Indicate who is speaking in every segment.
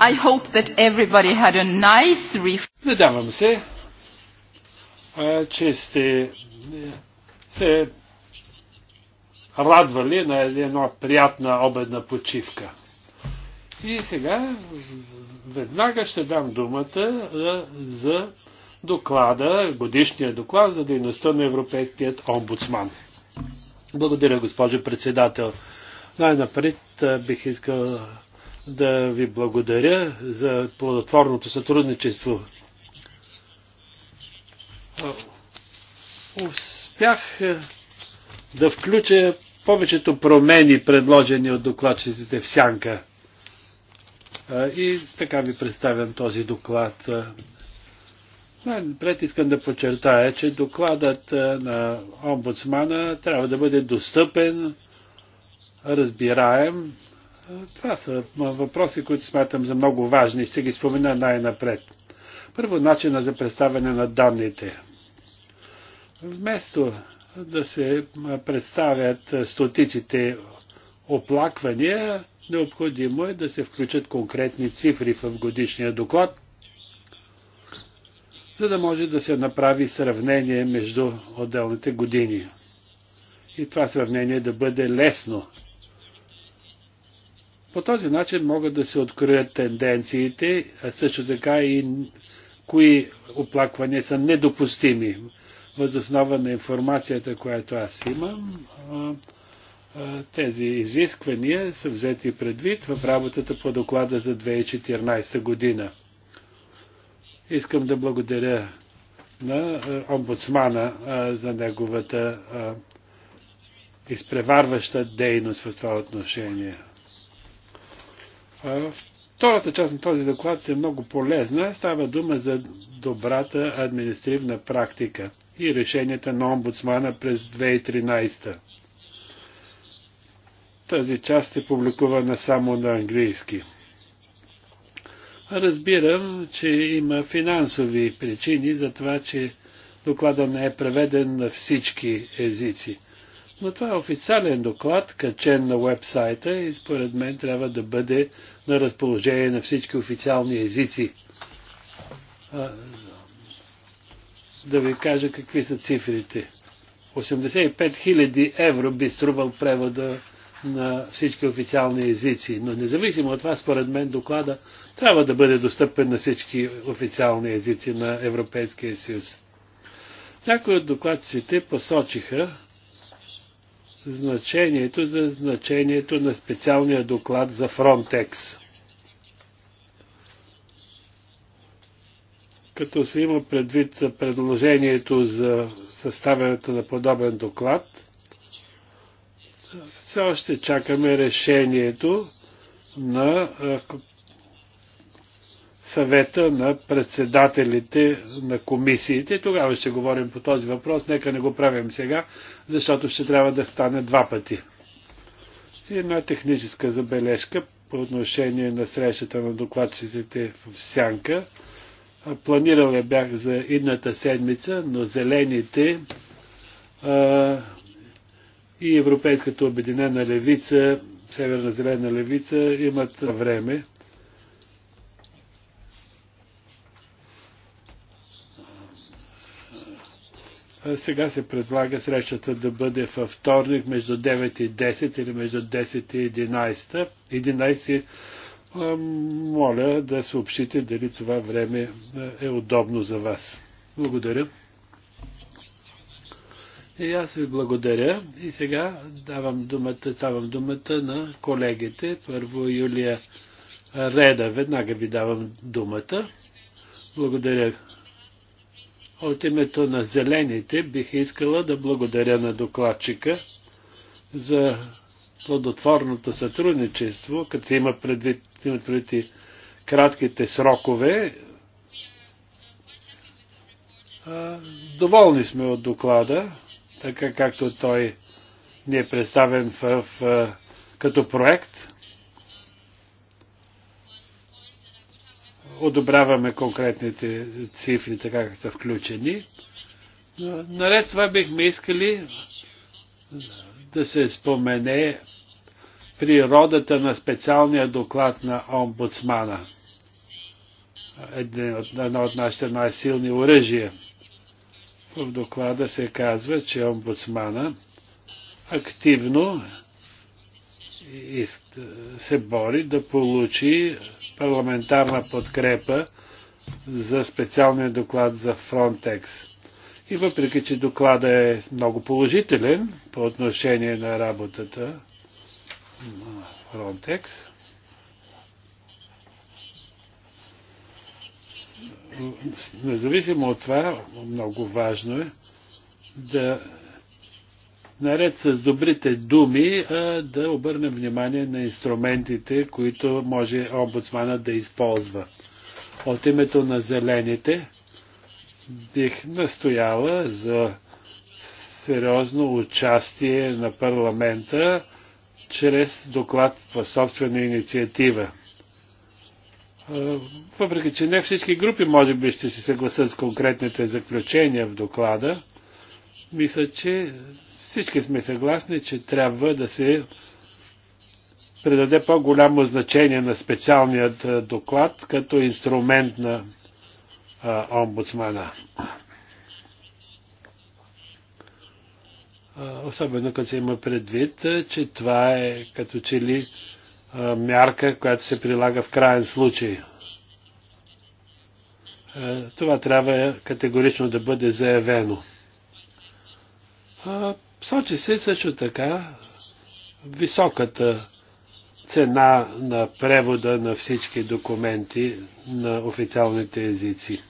Speaker 1: I hope that everybody had a nice ref...
Speaker 2: Надявам се, че сте се радвали на една приятна обедна почивка. И сега веднага ще дам думата за доклада, годишния доклад за дейността на Европейският омбудсман. Благодаря, госпожо председател. Най-напред бих искал да ви благодаря за плодотворното сътрудничество.
Speaker 3: Успях
Speaker 2: е, да включа повечето промени, предложени от докладчиците в сянка. Е, и така ви представям този доклад. Е, най-напред искам да подчертая, че докладът на омбудсмана трябва да бъде достъпен, разбираем това са въпроси, които смятам за много важни и ще ги спомена най-напред. Първо, начина за представяне на данните. Вместо да се представят стотиците оплаквания, необходимо е да се включат конкретни цифри в годишния доклад, за да може да се направи сравнение между отделните години. И това сравнение да бъде лесно по този начин могат да се откроят тенденциите, а също така и кои оплаквания са недопустими. Възоснова на информацията, която аз имам, тези изисквания са взети предвид в работата по доклада за 2014 година. Искам да благодаря на омбудсмана за неговата изпреварваща дейност в това отношение. Втората част на този доклад е много полезна. Става дума за добрата административна практика и решенията на омбудсмана през 2013. Тази част е публикувана само на английски. Разбирам, че има финансови причини за това, че доклада не е преведен на всички езици. Но това е официален доклад, качен на вебсайта и според мен трябва да бъде на разположение на всички официални езици. А, да ви кажа какви са цифрите. 85 000 евро би струвал превода на всички официални езици. Но независимо от това, според мен доклада трябва да бъде достъпен на всички официални езици на Европейския съюз. Някои от докладците посочиха, значението за значението на специалния доклад за Фронтекс. Като се има предвид за предложението за съставянето на подобен доклад, все още чакаме решението на съвета на председателите на комисиите. Тогава ще говорим по този въпрос. Нека не го правим сега, защото ще трябва да стане два пъти. И една техническа забележка по отношение на срещата на докладчиците в Сянка. Планирал я е бях за идната седмица, но зелените а, и Европейската обединена левица, Северна зелена левица имат време. Сега се предлага срещата да бъде във вторник между 9 и 10 или между 10 и 11. 11 моля да съобщите дали това време е удобно за вас. Благодаря. И аз ви благодаря. И сега давам думата, давам думата на колегите. Първо Юлия Реда. Веднага ви давам думата. Благодаря, от името на зелените бих искала да благодаря на докладчика за плодотворното сътрудничество, като има предвид, има предвид кратките срокове. Доволни сме от доклада, така както той ни е представен в, в, като проект. одобряваме конкретните цифри, така как са включени. Но, наред това бихме искали да се спомене природата на специалния доклад на омбудсмана. от, едно от нашите най-силни оръжия. В доклада се казва, че омбудсмана активно се бори да получи парламентарна подкрепа за специалния доклад за Frontex. И въпреки, че доклада е много положителен по отношение на работата на Frontex, независимо от това, много важно е да наред с добрите думи, да обърнем внимание на инструментите, които може омбудсманът да използва. От името на зелените бих настояла за сериозно участие на парламента чрез доклад по собствена инициатива. Въпреки, че не всички групи може би ще се съгласат с конкретните заключения в доклада, мисля, че всички сме съгласни, че трябва да се придаде по-голямо значение на специалният доклад като инструмент на а, омбудсмана. особено като се има предвид, че това е като че ли мярка, която се прилага в крайен случай. Това трябва категорично да бъде заявено. Сочи се също така високата цена на превода на всички документи на официалните езици.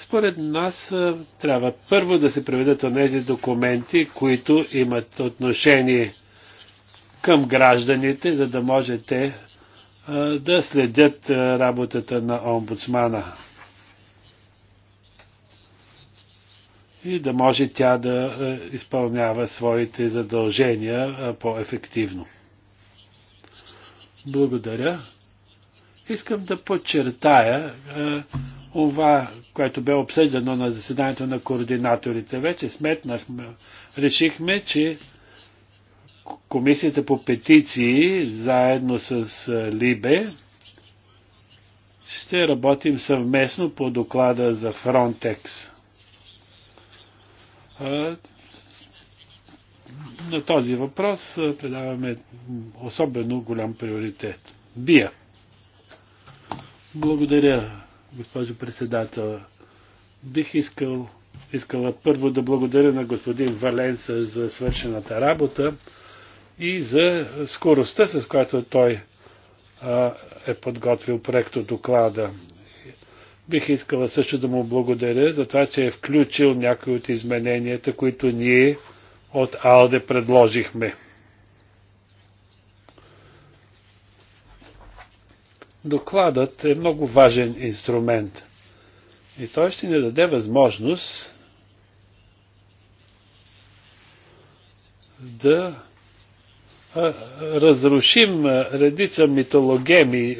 Speaker 2: Според нас трябва първо да се преведат тези документи, които имат отношение към гражданите, за да можете да следят работата на омбудсмана. и да може тя да е, изпълнява своите задължения е, по-ефективно. Благодаря. Искам да подчертая е, това, което бе обсъждано на заседанието на координаторите. Вече сметнахме, решихме, че Комисията по петиции, заедно с Либе, ще работим съвместно по доклада за Фронтекс. На този въпрос предаваме особено голям приоритет. Бия. Благодаря, госпожо председател. Бих искал, искала първо да благодаря на господин Валенса за свършената работа и за скоростта, с която той е подготвил проекто доклада. Бих искала също да му благодаря за това, че е включил някои от измененията, които ние от АЛДЕ предложихме. Докладът е много важен инструмент и той ще ни даде възможност да разрушим редица митологеми,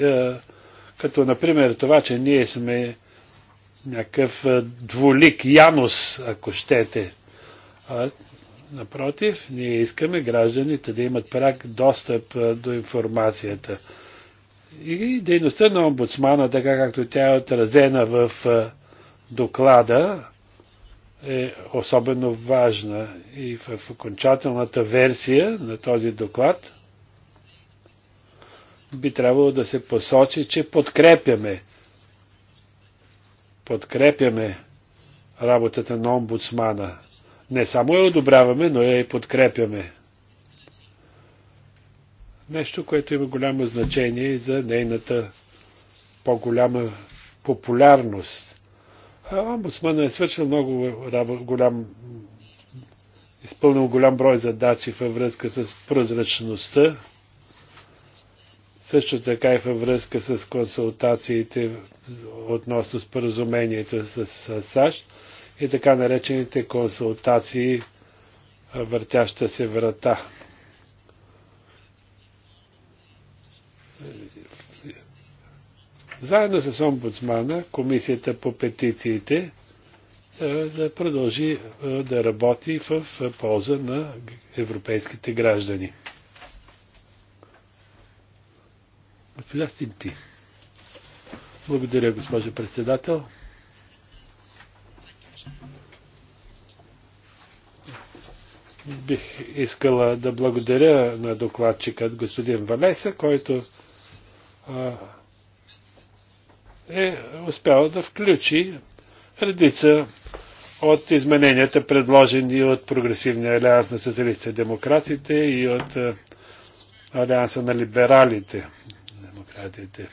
Speaker 2: като например това, че ние сме някакъв дволик Янус, ако щете. А, напротив, ние искаме гражданите да имат прак достъп до информацията. И дейността на омбудсмана, така както тя е отразена в доклада, е особено важна. И в окончателната версия на този доклад би трябвало да се посочи, че подкрепяме подкрепяме работата на омбудсмана. Не само я одобряваме, но я и подкрепяме. Нещо, което има голямо значение за нейната по-голяма популярност. Омбудсмана е свършил много голям изпълнил голям брой задачи във връзка с прозрачността, също така и във връзка с консултациите относно споразумението с, САЩ и така наречените консултации въртяща се врата. Заедно с омбудсмана, комисията по петициите да продължи да работи в полза на европейските граждани. Госпожа Синти. Благодаря, госпожо председател. Бих искала да благодаря на докладчикът господин Валеса, който а, е успял да включи редица от измененията, предложени от Прогресивния алианс на социалистите и демократите и от Алианса на либералите сградите.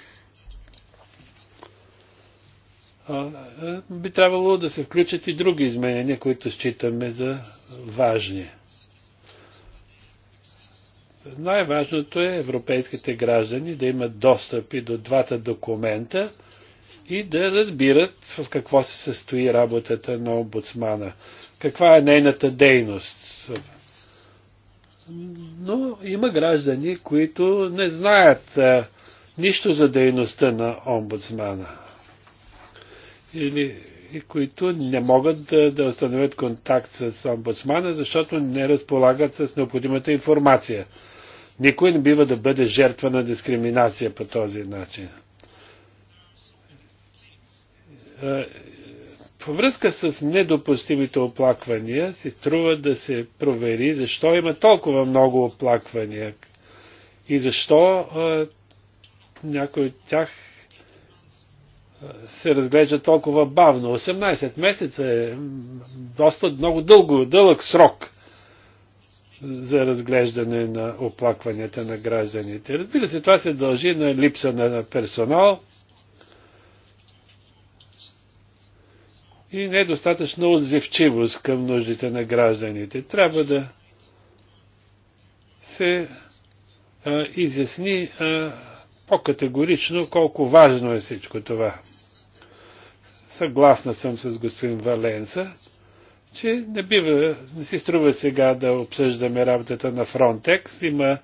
Speaker 2: Би трябвало да се включат и други изменения, които считаме за важни. Най-важното е европейските граждани да имат достъп и до двата документа и да разбират в какво се състои работата на омбудсмана, каква е нейната дейност. Но има граждани, които не знаят нищо за дейността на омбудсмана. Или и които не могат да, да установят контакт с омбудсмана, защото не разполагат с необходимата информация. Никой не бива да бъде жертва на дискриминация по този начин. По е, връзка с недопустимите оплаквания си струва да се провери защо има толкова много оплаквания и защо е, някои от тях се разглежда толкова бавно. 18 месеца е доста много дълго, дълъг срок за разглеждане на оплакванията на гражданите. Разбира се, това се дължи на липса на персонал и недостатъчна отзивчивост към нуждите на гражданите. Трябва да се а, изясни а, по-категорично колко важно е всичко това. Съгласна съм с господин Валенса, че не бива, не си струва сега да обсъждаме работата на Фронтекс. Има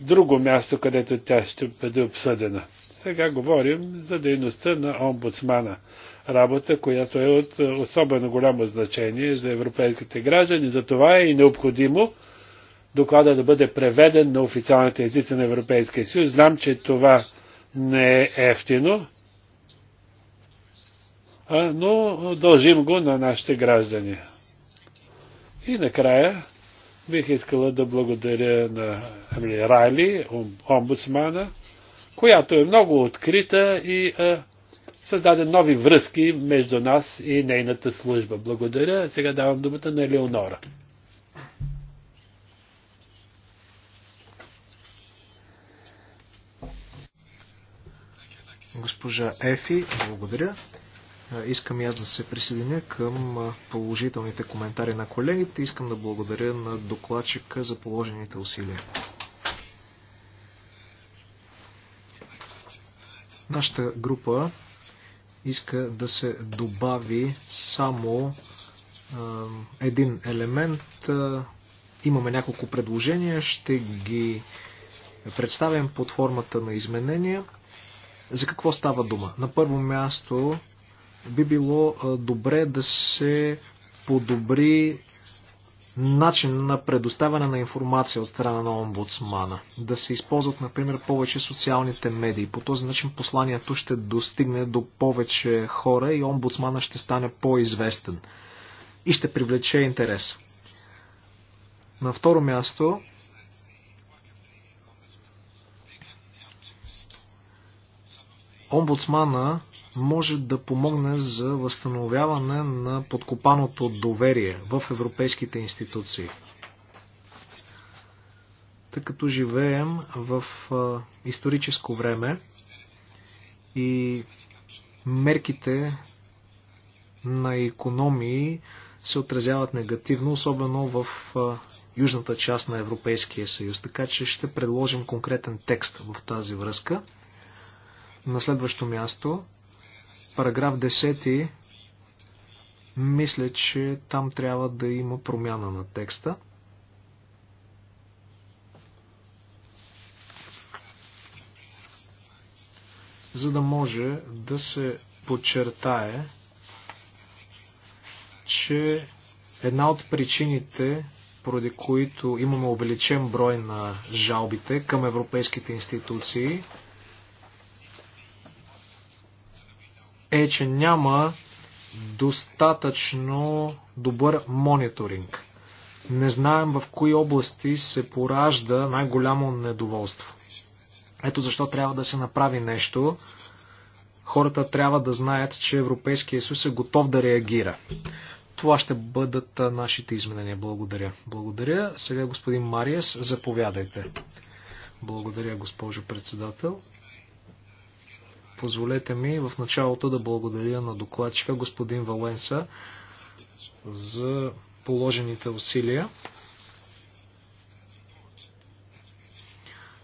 Speaker 2: друго място, където тя ще бъде обсъдена. Сега говорим за дейността на омбудсмана. Работа, която е от особено голямо значение за европейските граждани. Затова е и необходимо доклада да бъде преведен на официалните езици на Европейския съюз. Знам, че това не е ефтино, но дължим го на нашите граждани. И накрая бих искала да благодаря на Емили Райли, омбудсмана, която е много открита и създаде нови връзки между нас и нейната служба. Благодаря. Сега давам думата на Елеонора.
Speaker 3: Госпожа Ефи, благодаря. Искам и аз да се присъединя към положителните коментари на колегите. Искам да благодаря на докладчика за положените усилия. Нашата група иска да се добави само е, един елемент. Имаме няколко предложения, ще ги представим под формата на изменения. За какво става дума? На първо място би било добре да се подобри начин на предоставяне на информация от страна на омбудсмана. Да се използват, например, повече социалните медии. По този начин посланието ще достигне до повече хора и омбудсмана ще стане по-известен и ще привлече интерес. На второ място, омбудсмана може да помогне за възстановяване на подкопаното доверие в европейските институции. Тъй като живеем в историческо време и мерките на економии се отразяват негативно, особено в южната част на Европейския съюз. Така че ще предложим конкретен текст в тази връзка. На следващо място, параграф 10, мисля, че там трябва да има промяна на текста. за да може да се подчертае, че една от причините, поради които имаме увеличен брой на жалбите към европейските институции, е, че няма достатъчно добър мониторинг. Не знаем в кои области се поражда най-голямо недоволство. Ето защо трябва да се направи нещо. Хората трябва да знаят, че Европейския съюз е готов да реагира. Това ще бъдат нашите изменения. Благодаря. Благодаря. Сега господин Мариес, заповядайте. Благодаря, госпожо председател. Позволете ми в началото да благодаря на докладчика господин Валенса за положените усилия.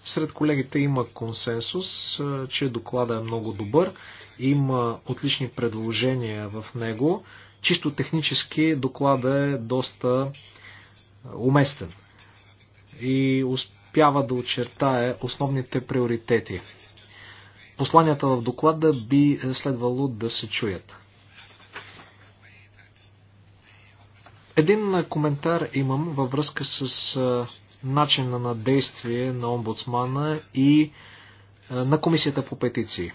Speaker 3: Сред колегите има консенсус, че доклада е много добър, има отлични предложения в него. Чисто технически доклада е доста уместен и успява да очертае основните приоритети посланията в доклада би е, следвало да се чуят. Един е, коментар имам във връзка с е, начина на действие на омбудсмана и на комисията по петиции.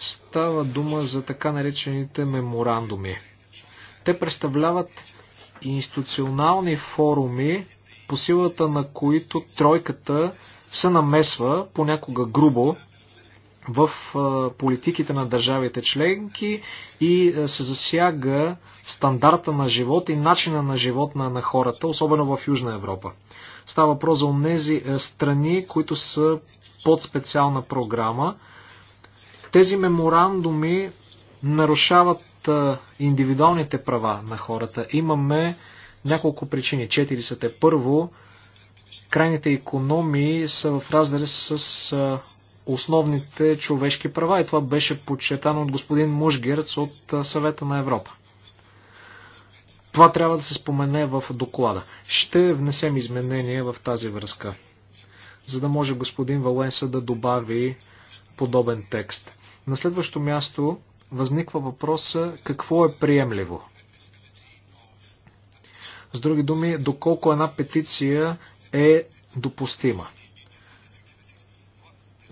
Speaker 3: Става дума за така наречените меморандуми. Те представляват институционални форуми, по силата на които тройката се намесва понякога грубо в политиките на държавите членки и се засяга стандарта на живот и начина на живот на, на хората, особено в Южна Европа. Става въпрос за тези е, страни, които са под специална програма. Тези меморандуми нарушават индивидуалните права на хората. Имаме няколко причини. Четири са те. Първо, крайните економии са в разрез с основните човешки права и това беше подчетано от господин Мушгерц от Съвета на Европа. Това трябва да се спомене в доклада. Ще внесем изменения в тази връзка, за да може господин Валенса да добави подобен текст. На следващо място възниква въпроса какво е приемливо. С други думи, доколко една петиция е допустима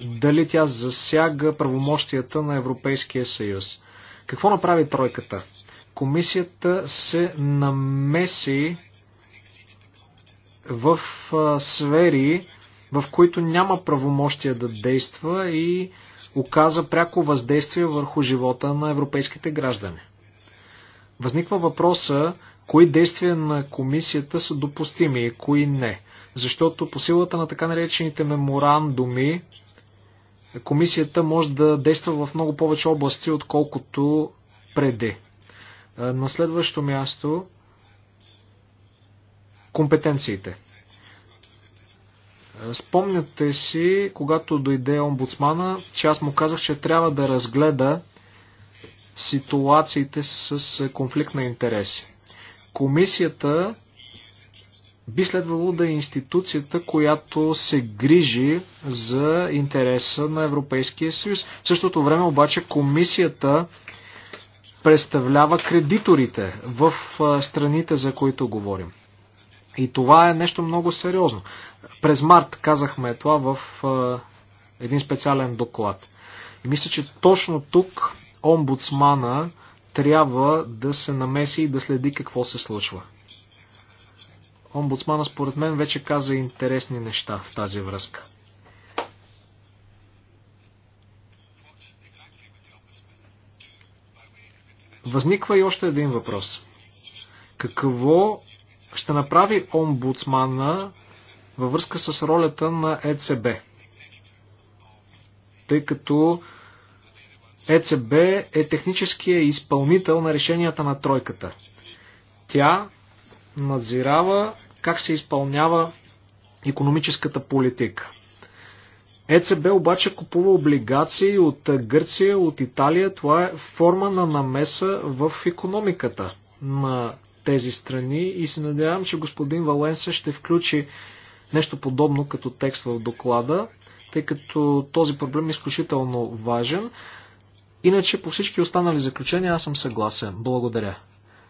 Speaker 3: дали тя засяга правомощията на Европейския съюз. Какво направи тройката? Комисията се намеси в сфери, в които няма правомощия да действа и оказа пряко въздействие върху живота на европейските граждани. Възниква въпроса, кои действия на комисията са допустими и кои не. Защото по силата на така наречените меморандуми комисията може да действа в много повече области, отколкото преди. На следващо място компетенциите. Спомняте си, когато дойде омбудсмана, че аз му казах, че трябва да разгледа ситуациите с конфликт на интереси. Комисията би следвало да е институцията, която се грижи за интереса на Европейския съюз. В същото време обаче комисията представлява кредиторите в страните, за които говорим. И това е нещо много сериозно. През март казахме това в един специален доклад. И мисля, че точно тук омбудсмана трябва да се намеси и да следи какво се случва. Омбудсмана според мен вече каза интересни неща в тази връзка. Възниква и още един въпрос. Какво ще направи омбудсмана във връзка с ролята на ЕЦБ? Тъй като ЕЦБ е техническия изпълнител на решенията на тройката. Тя надзирава как се изпълнява економическата политика. ЕЦБ обаче купува облигации от Гърция, от Италия. Това е форма на намеса в економиката на тези страни и се надявам, че господин Валенса ще включи нещо подобно като текст в доклада, тъй като този проблем е изключително важен. Иначе по всички останали заключения аз съм съгласен. Благодаря.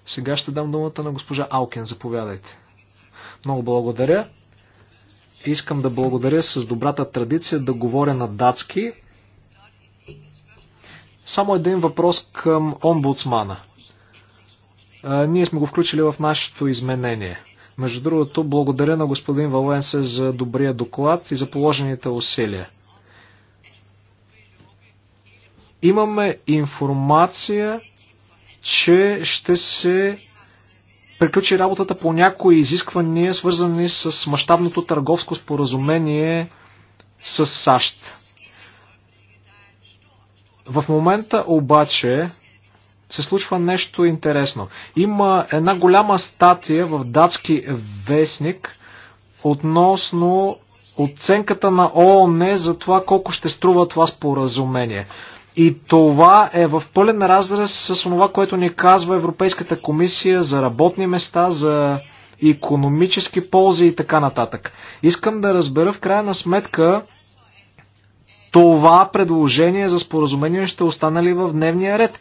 Speaker 3: Сега ще дам думата на госпожа Алкен. Заповядайте. Много благодаря. Искам да благодаря с добрата традиция да говоря на датски. Само един въпрос към омбудсмана. Ние сме го включили в нашето изменение. Между другото, благодаря на господин Валенсе за добрия доклад и за положените усилия. Имаме информация че ще се приключи работата по някои изисквания, свързани с мащабното търговско споразумение с САЩ. В момента обаче се случва нещо интересно. Има една голяма статия в датски вестник относно оценката на ООН за това колко ще струва това споразумение. И това е в пълен разрез с това, което ни казва Европейската комисия за работни места, за економически ползи и така нататък. Искам да разбера в крайна сметка това предложение за споразумение ще остане ли в дневния ред.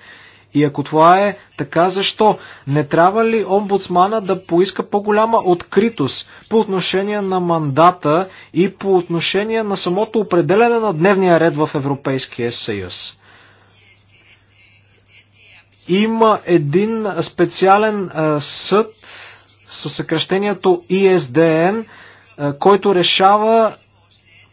Speaker 3: И ако това е така, защо? Не трябва ли омбудсмана да поиска по-голяма откритост по отношение на мандата и по отношение на самото определене на дневния ред в Европейския съюз? Има един специален съд със съкръщението ISDN, който решава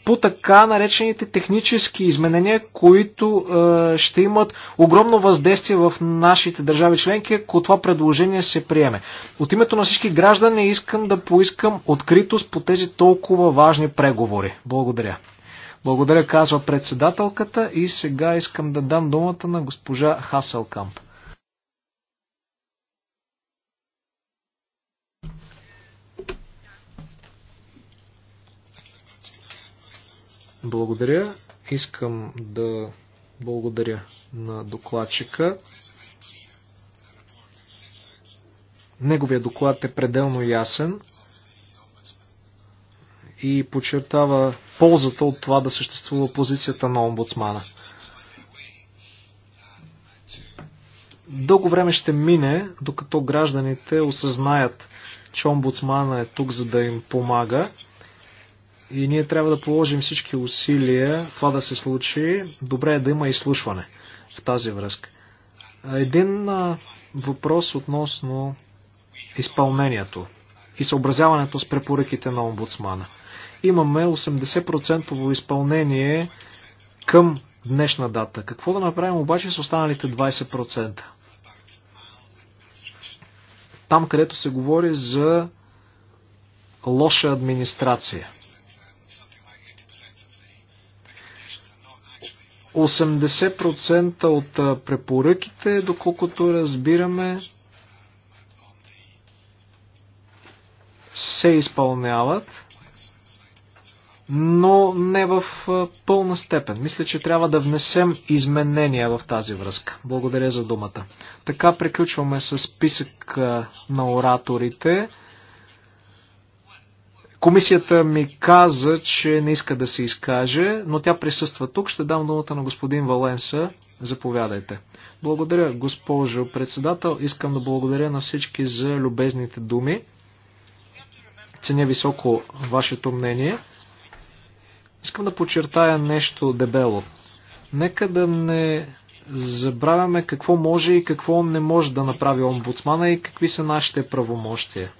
Speaker 3: по така наречените технически изменения, които е, ще имат огромно въздействие в нашите държави членки, ако това предложение се приеме. От името на всички граждани искам да поискам откритост по тези толкова важни преговори. Благодаря. Благодаря, казва председателката и сега искам да дам думата на госпожа Хаселкамп. Благодаря. Искам да благодаря на докладчика. Неговия доклад е пределно ясен и подчертава ползата от това да съществува позицията на омбудсмана. Дълго време ще мине, докато гражданите осъзнаят, че омбудсмана е тук, за да им помага и ние трябва да положим всички усилия това да се случи. Добре е да има изслушване в тази връзка. Един въпрос относно изпълнението и съобразяването с препоръките на омбудсмана. Имаме 80% изпълнение към днешна дата. Какво да направим обаче с останалите 20%? Там, където се говори за лоша администрация – 80% от препоръките, доколкото разбираме, се изпълняват, но не в пълна степен. Мисля, че трябва да внесем изменения в тази връзка. Благодаря за думата. Така приключваме с списък на ораторите. Комисията ми каза, че не иска да се изкаже, но тя присъства тук. Ще дам думата на господин Валенса. Заповядайте. Благодаря, госпожо председател. Искам да благодаря на всички за любезните думи. Ценя високо вашето мнение. Искам да подчертая нещо дебело. Нека да не забравяме какво може и какво не може да направи омбудсмана и какви са нашите правомощия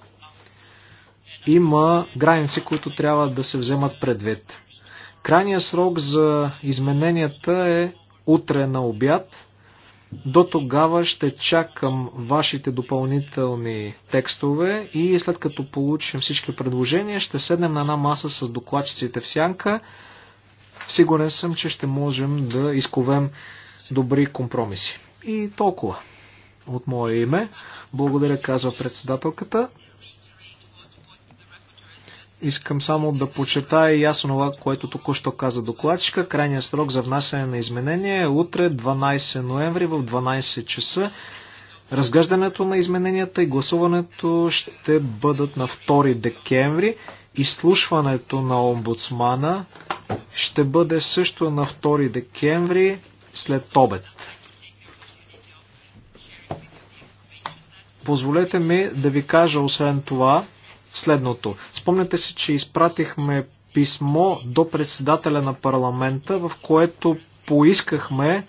Speaker 3: има граници, които трябва да се вземат предвид. Крайният срок за измененията е утре на обяд. До тогава ще чакам вашите допълнителни текстове и след като получим всички предложения, ще седнем на една маса с докладчиците в сянка. Сигурен съм, че ще можем да изковем добри компромиси. И толкова. От мое име. Благодаря, казва председателката. Искам само да и ясно това, което току-що каза докладчика. Крайният срок за внасяне на изменения е утре 12 ноември в 12 часа. Разглеждането на измененията и гласуването ще бъдат на 2 декември. Изслушването на омбудсмана ще бъде също на 2 декември след обед. Позволете ми да ви кажа освен това следното. Спомняте се, че изпратихме писмо до председателя на парламента, в което поискахме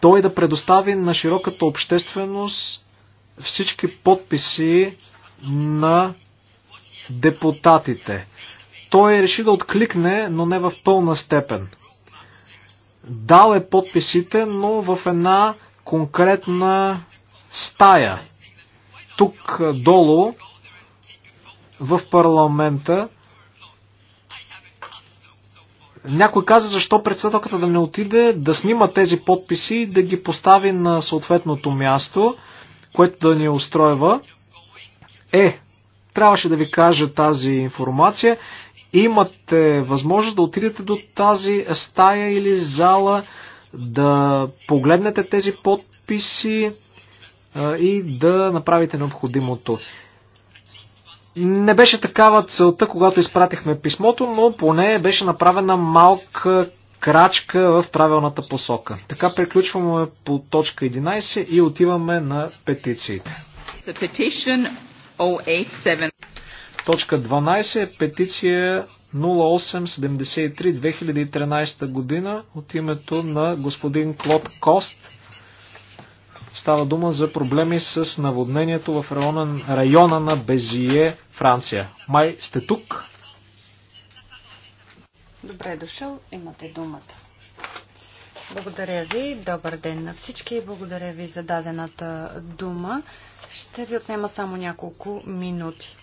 Speaker 3: той да предостави на широката общественост всички подписи на депутатите. Той е реши да откликне, но не в пълна степен. Дал е подписите, но в една конкретна стая. Тук долу в парламента. Някой каза, защо председателката да не отиде да снима тези подписи и да ги постави на съответното място, което да ни устройва. Е, трябваше да ви кажа тази информация. Имате възможност да отидете до тази стая или зала, да погледнете тези подписи и да направите необходимото. Не беше такава целта, когато изпратихме писмото, но поне беше направена малка крачка в правилната посока. Така приключваме по точка 11 и отиваме на петициите.
Speaker 2: Oh
Speaker 3: точка 12 е петиция 0873-2013 година от името на господин Клод Кост Става дума за проблеми с наводнението в района, района на Безие, Франция. Май сте тук?
Speaker 1: Добре дошъл, имате думата. Благодаря ви, добър ден на всички и благодаря ви за дадената дума. Ще ви отнема само няколко минути.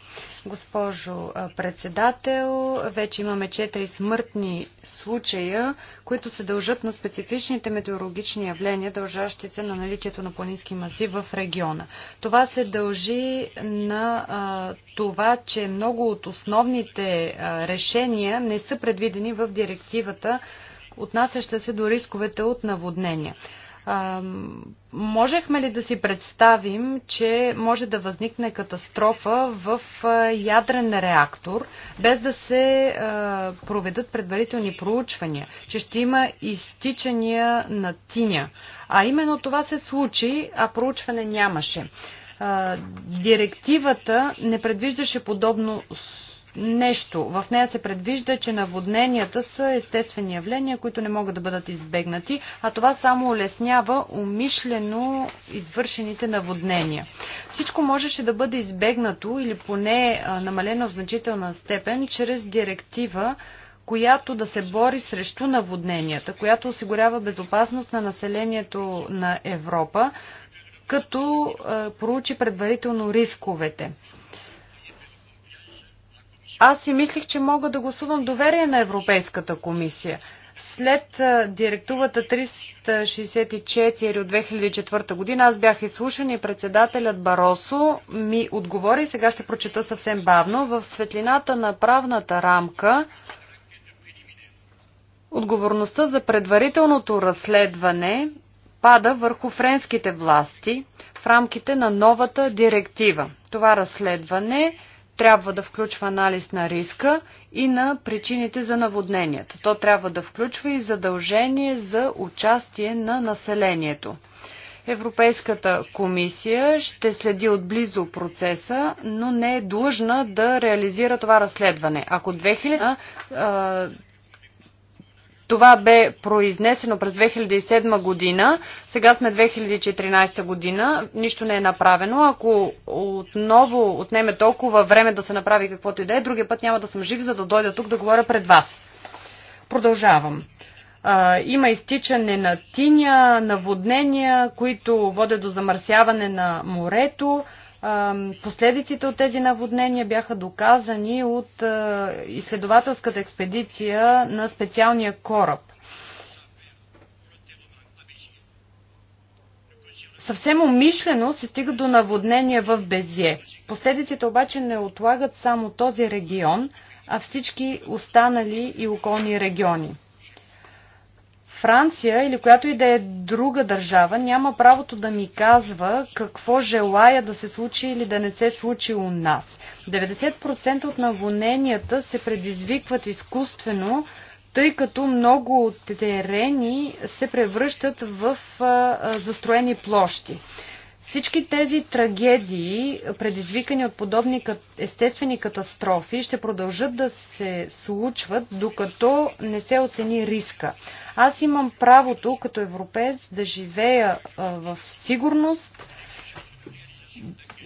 Speaker 1: Госпожо председател, вече имаме 4 смъртни случая, които се дължат на специфичните метеорологични явления, дължащи се на наличието на планински маси в региона. Това се дължи на а, това, че много от основните а, решения не са предвидени в директивата, отнасяща се до рисковете от наводнения можехме ли да си представим, че може да възникне катастрофа в ядрен реактор, без да се проведат предварителни проучвания, че ще има изтичания на тиня? А именно това се случи, а проучване нямаше. Директивата не предвиждаше подобно нещо. В нея се предвижда, че наводненията са естествени явления, които не могат да бъдат избегнати, а това само улеснява умишлено извършените наводнения. Всичко можеше да бъде избегнато или поне намалено в значителна степен чрез директива, която да се бори срещу наводненията, която осигурява безопасност на населението на Европа, като проучи предварително рисковете. Аз си мислих, че мога да гласувам доверие на Европейската комисия. След директивата 364 от 2004 година аз бях изслушан и председателят Баросо ми отговори, сега ще прочета съвсем бавно, в светлината на правната рамка отговорността за предварителното разследване пада върху френските власти в рамките на новата директива. Това разследване е трябва да включва анализ на риска и на причините за наводненията. То трябва да включва и задължение за участие на населението. Европейската комисия ще следи отблизо процеса, но не е длъжна да реализира това разследване. Ако 2000 това бе произнесено през 2007 година. Сега сме 2014 година. Нищо не е направено. Ако отново отнеме толкова време да се направи каквото и да е, другия път няма да съм жив, за да дойда тук да говоря пред вас. Продължавам. Има изтичане на тиня, наводнения, които водят до замърсяване на морето Последиците от тези наводнения бяха доказани от изследователската експедиция на специалния кораб. Съвсем умишлено се стига до наводнения в Безие. Последиците обаче не отлагат само този регион, а всички останали и околни региони. Франция или която и да е друга държава няма правото да ми казва какво желая да се случи или да не се случи у нас. 90% от наводненията се предизвикват изкуствено, тъй като много терени се превръщат в застроени площи. Всички тези трагедии, предизвикани от подобни естествени катастрофи, ще продължат да се случват, докато не се оцени риска. Аз имам правото, като европеец, да живея в сигурност.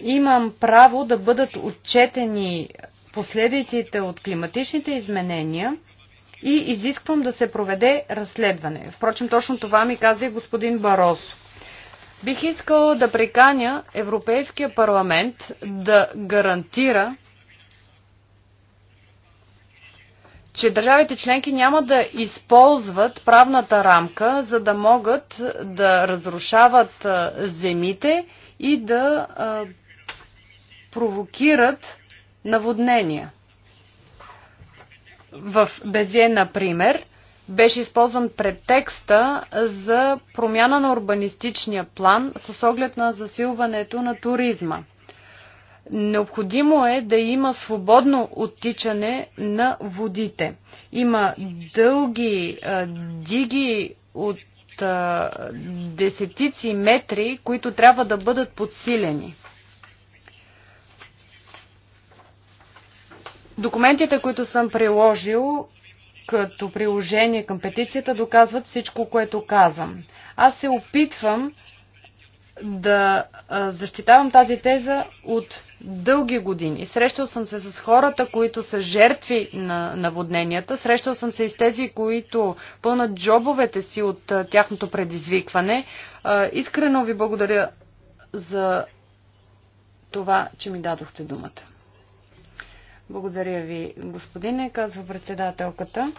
Speaker 1: Имам право да бъдат отчетени последиците от климатичните изменения и изисквам да се проведе разследване. Впрочем, точно това ми каза и господин Баросов. Бих искала да преканя Европейския парламент да гарантира, че държавите членки няма да използват правната рамка, за да могат да разрушават земите и да а, провокират наводнения. В Безе, например, беше използван претекста за промяна на урбанистичния план с оглед на засилването на туризма. Необходимо е да има свободно оттичане на водите. Има дълги а, диги от а, десетици метри, които трябва да бъдат подсилени. Документите, които съм приложил, като приложение към петицията доказват всичко, което казвам. Аз се опитвам да защитавам тази теза от дълги години. Срещал съм се с хората, които са жертви на наводненията. Срещал съм се и с тези, които пълнат джобовете си от тяхното предизвикване. Искрено ви благодаря за това, че ми дадохте думата. Благодаря ви, господине, казва председателката.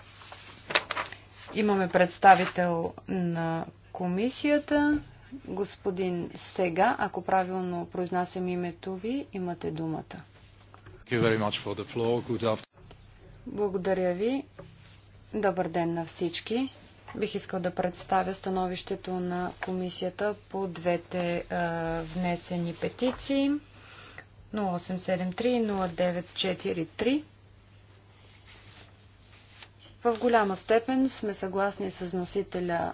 Speaker 1: Имаме представител на комисията. Господин Сега, ако правилно произнасям името ви, имате думата. Благодаря ви. Добър ден на всички. Бих искал да представя становището на комисията по двете внесени петиции. 0873 0943. В голяма степен сме съгласни с носителя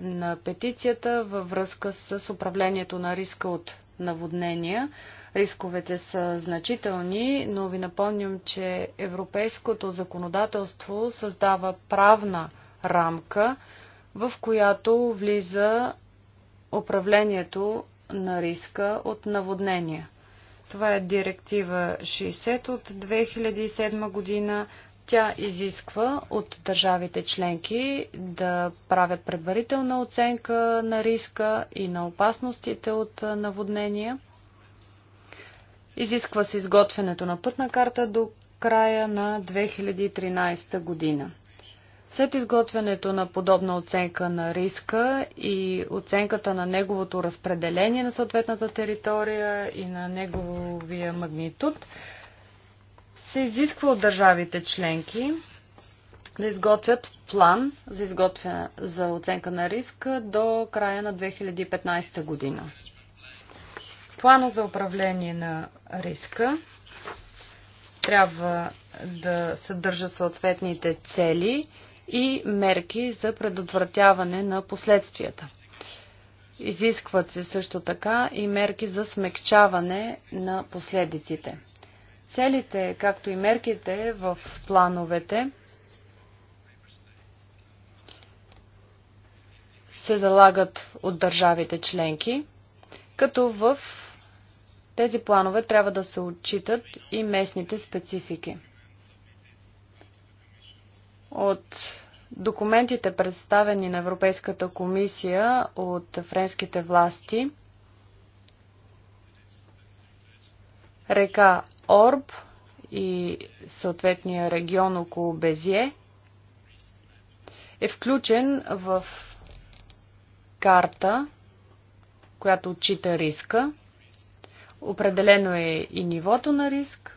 Speaker 1: на петицията във връзка с управлението на риска от наводнения. Рисковете са значителни, но ви напомням, че европейското законодателство създава правна рамка, в която влиза управлението на риска от наводнения. Това е директива 60 от 2007 година. Тя изисква от държавите членки да правят предварителна оценка на риска и на опасностите от наводнения. Изисква се изготвянето на пътна карта до края на 2013 година. След изготвянето на подобна оценка на риска и оценката на неговото разпределение на съответната територия и на неговия магнитуд, се изисква от държавите членки да изготвят план за, за оценка на риска до края на 2015 година. Плана за управление на риска трябва да съдържа съответните цели и мерки за предотвратяване на последствията. Изискват се също така и мерки за смекчаване на последиците. Целите, както и мерките в плановете, се залагат от държавите членки, като в тези планове трябва да се отчитат и местните специфики. От документите, представени на Европейската комисия от френските власти, река Орб и съответния регион около Безие е включен в карта, която отчита риска. Определено е и нивото на риск,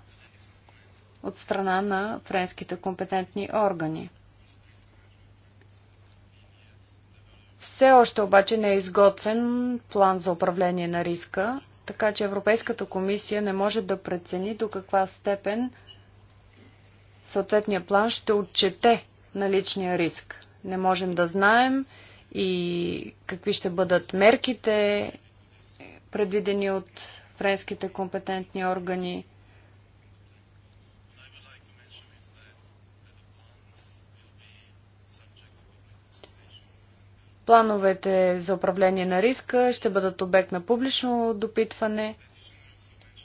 Speaker 1: от страна на френските компетентни органи. Все още обаче не е изготвен план за управление на риска, така че Европейската комисия не може да прецени до каква степен съответния план ще отчете наличния риск. Не можем да знаем и какви ще бъдат мерките, предвидени от френските компетентни органи. Плановете за управление на риска ще бъдат обект на публично допитване,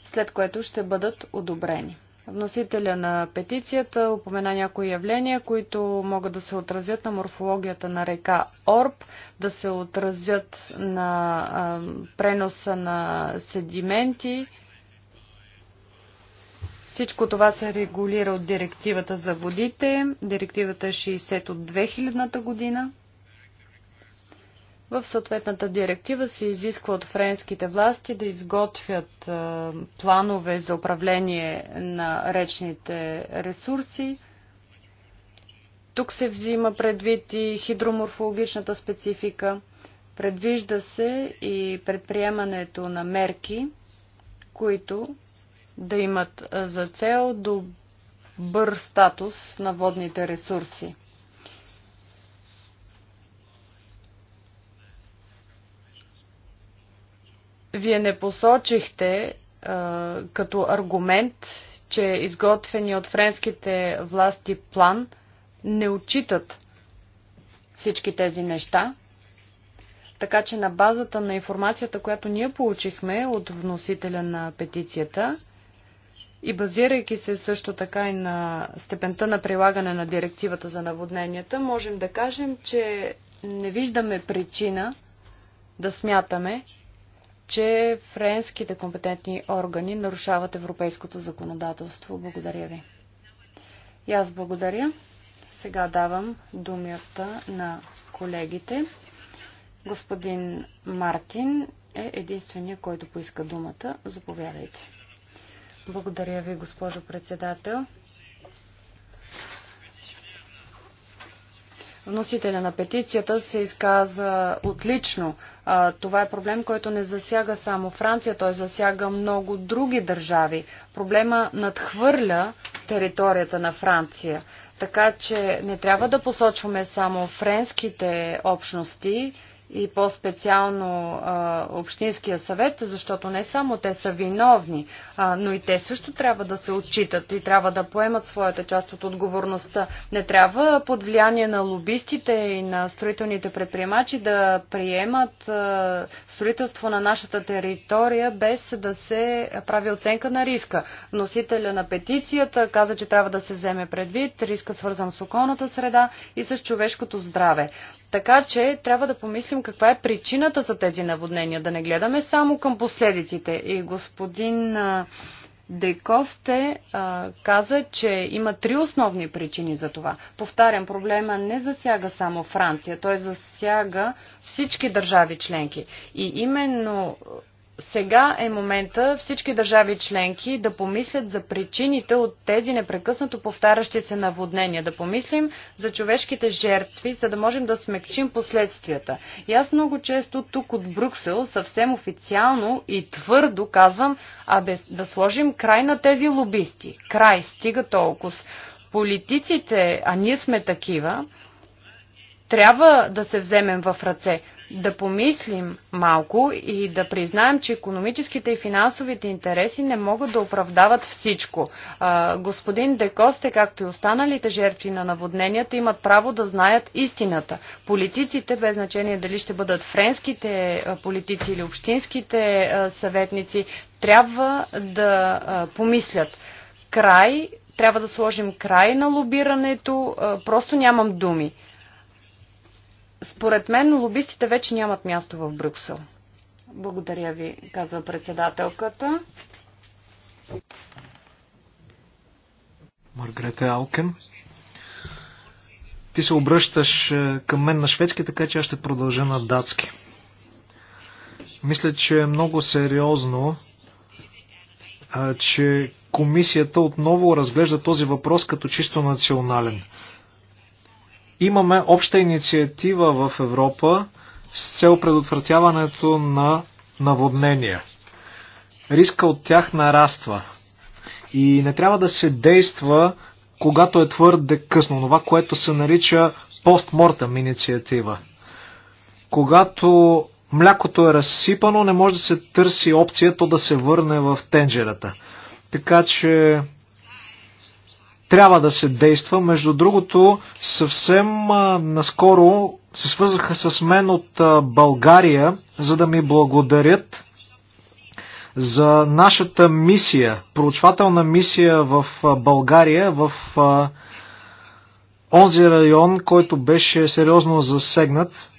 Speaker 1: след което ще бъдат одобрени. Вносителя на петицията упомена някои явления, които могат да се отразят на морфологията на река Орб, да се отразят на а, преноса на седименти. Всичко това се регулира от директивата за водите, директивата 60 е от 2000 година. В съответната директива се изисква от френските власти да изготвят е, планове за управление на речните ресурси. Тук се взима предвид и хидроморфологичната специфика. Предвижда се и предприемането на мерки, които да имат е, за цел добър статус на водните ресурси. Вие не посочихте а, като аргумент, че изготвени от френските власти план не отчитат всички тези неща. Така че на базата на информацията, която ние получихме от вносителя на петицията и базирайки се също така и на степента на прилагане на директивата за наводненията, можем да кажем, че не виждаме причина да смятаме, че френските компетентни органи нарушават европейското законодателство. Благодаря ви. И аз благодаря. Сега давам думята на колегите. Господин Мартин е единствения, който поиска думата. Заповядайте. Благодаря ви, госпожо председател. Вносителя на петицията се изказа отлично. Това е проблем, който не засяга само Франция, той засяга много други държави. Проблема надхвърля територията на Франция. Така че не трябва да посочваме само френските общности, и по-специално Общинския съвет, защото не само те са виновни, а, но и те също трябва да се отчитат и трябва да поемат своята част от отговорността. Не трябва под влияние на лобистите и на строителните предприемачи да приемат а, строителство на нашата територия без да се прави оценка на риска. Носителя на петицията каза, че трябва да се вземе предвид риска свързан с околната среда и с човешкото здраве. Така че трябва да помислим каква е причината за тези наводнения, да не гледаме само към последиците. И господин Декосте а, каза, че има три основни причини за това. Повтарям, проблема не засяга само Франция, той засяга всички държави членки. И именно сега е момента всички държави членки да помислят за причините от тези непрекъснато повтарящи се наводнения, да помислим за човешките жертви, за да можем да смекчим последствията. И аз много често тук от Брюксел съвсем официално и твърдо казвам, абе да сложим край на тези лобисти. Край, стига толкова. Политиците, а ние сме такива, трябва да се вземем в ръце да помислим малко и да признаем, че економическите и финансовите интереси не могат да оправдават всичко. А, господин Декосте, както и останалите жертви на наводненията, имат право да знаят истината. Политиците, без значение дали ще бъдат френските политици или общинските съветници, трябва да помислят. Край, трябва да сложим край на лобирането, просто нямам думи. Според мен лобистите вече нямат място в Брюксел. Благодаря ви, казва председателката.
Speaker 3: Маргрете Алкен. Ти се обръщаш е, към мен на шведски, така че аз ще продължа на датски. Мисля, че е много сериозно, е, че комисията отново разглежда този въпрос като чисто национален. Имаме обща инициатива в Европа с цел предотвратяването на наводнения. Риска от тях нараства. И не трябва да се действа, когато е твърде късно. Това, което се нарича постмортъм инициатива. Когато млякото е разсипано, не може да се търси опция то да се върне в тенджерата. Така че трябва да се действа. Между другото, съвсем а, наскоро се свързаха с мен от а, България, за да ми благодарят за нашата мисия, проучвателна мисия в а, България, в а, онзи район, който беше сериозно засегнат.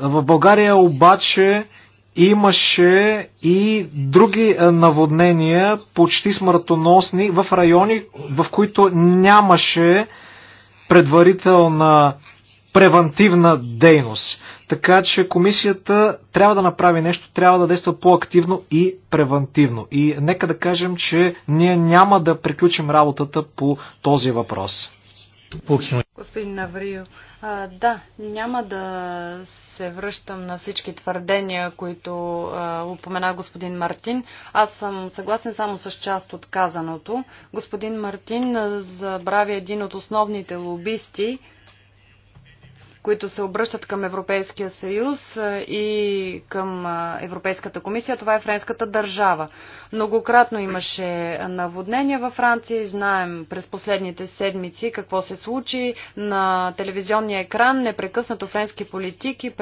Speaker 3: В България обаче имаше и други е, наводнения, почти смъртоносни, в райони, в които нямаше предварителна превантивна дейност. Така че комисията трябва да направи нещо, трябва да действа по-активно и превантивно. И нека да кажем, че ние няма да приключим работата по този въпрос.
Speaker 1: Господин Наврио, да, няма да се връщам на всички твърдения, които упомена господин Мартин. Аз съм съгласен само с част от казаното. Господин Мартин забравя един от основните лобисти, които се обръщат към Европейския съюз и към Европейската комисия, това е френската държава. Многократно имаше наводнения във Франция и знаем през последните седмици какво се случи. На телевизионния екран непрекъснато френски политики,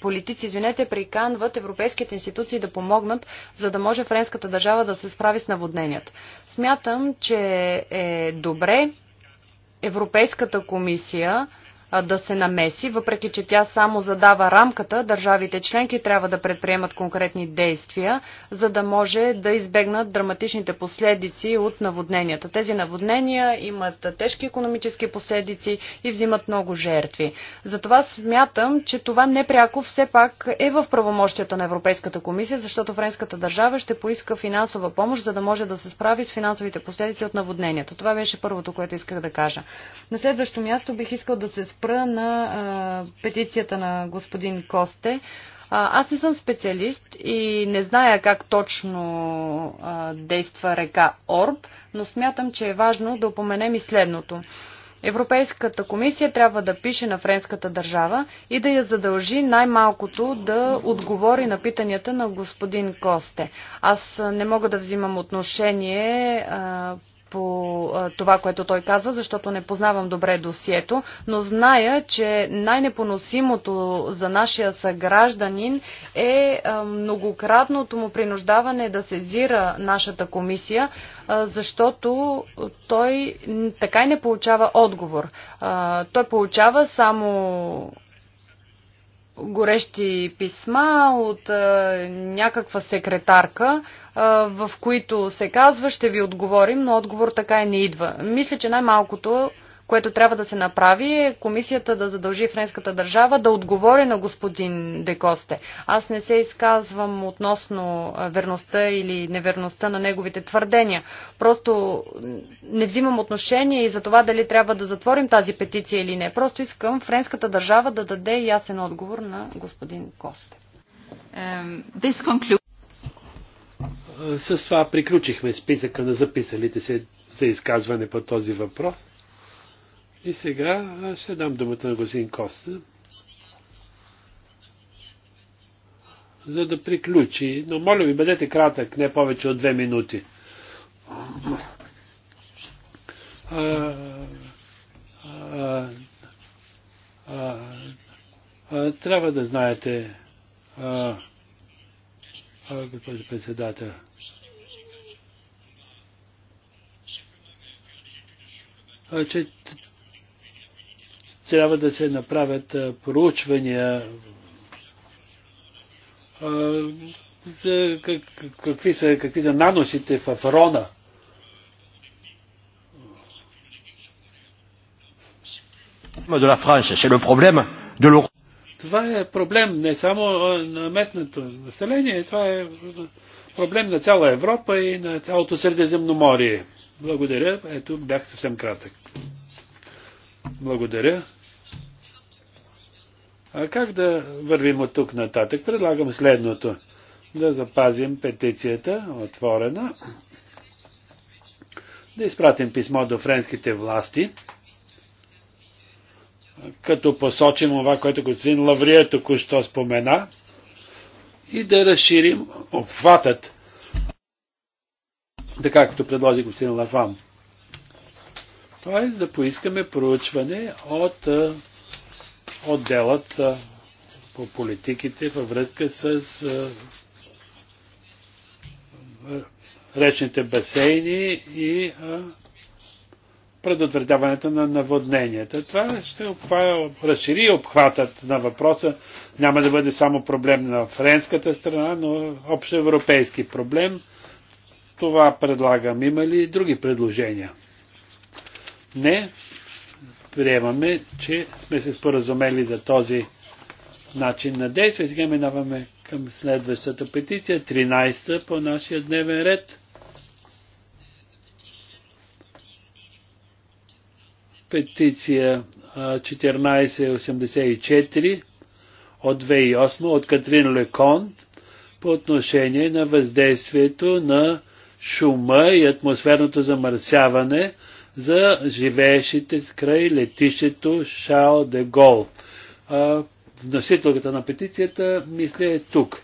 Speaker 1: политици извинете, приканват европейските институции да помогнат, за да може френската държава да се справи с наводненията. Смятам, че е добре Европейската комисия да се намеси, въпреки че тя само задава рамката, държавите членки трябва да предприемат конкретни действия, за да може да избегнат драматичните последици от наводненията. Тези наводнения имат тежки економически последици и взимат много жертви. Затова смятам, че това непряко все пак е в правомощията на Европейската комисия, защото френската държава ще поиска финансова помощ, за да може да се справи с финансовите последици от наводненията. Това беше първото, което исках да кажа. На следващо място бих искал да се спра спра на а, петицията на господин Косте. А, аз не съм специалист и не зная как точно а, действа река Орб, но смятам, че е важно да упоменем и следното. Европейската комисия трябва да пише на френската държава и да я задължи най-малкото да отговори на питанията на господин Косте. Аз не мога да взимам отношение а, по това, което той каза, защото не познавам добре досието, но зная, че най-непоносимото за нашия съгражданин е многократното му принуждаване да сезира нашата комисия, защото той така и не получава отговор. Той получава само горещи писма от а, някаква секретарка, а, в които се казва ще ви отговорим, но отговор така и не идва. Мисля, че най-малкото което трябва да се направи е комисията да задължи френската държава да отговори на господин Декосте. Аз не се изказвам относно верността или неверността на неговите твърдения. Просто не взимам отношение и за това дали трябва да затворим тази петиция или не. Просто искам френската държава да даде ясен отговор на господин Косте.
Speaker 2: с това приключихме списъка на записалите се за изказване по този въпрос. И сега ще дам думата на господин Коста, за да приключи. Но моля ви, бъдете кратък, не повече от две минути. А, а, а, а, трябва да знаете, а, а, председател, че трябва да се направят проучвания за какви, са, какви са наносите в Рона. Това е проблем не само на местното население, това е проблем на цяла Европа и на цялото Средиземноморие. Благодаря. Ето, бях съвсем кратък. Благодаря. А Как да вървим от тук нататък? Предлагам следното. Да запазим петицията отворена, да изпратим писмо до френските власти, като посочим това, което господин Лаврия току-що спомена, и да разширим обхватът, така както предложи господин Лафам. Тоест да поискаме проучване от отделът по политиките във връзка с речните басейни и предотвратяването на наводненията. Това ще разшири обхватът на въпроса. Няма да бъде само проблем на френската страна, но общо европейски проблем. Това предлагам. Има ли други предложения? Не приемаме, че сме се споразумели за този начин на действие. Сега минаваме към следващата петиция, 13-та по нашия дневен ред. Петиция 1484 от 2008 от Катрин Лекон по отношение на въздействието на шума и атмосферното замърсяване – за живеещите край летището Шао де Гол. Вносителката на петицията, мисля, е тук.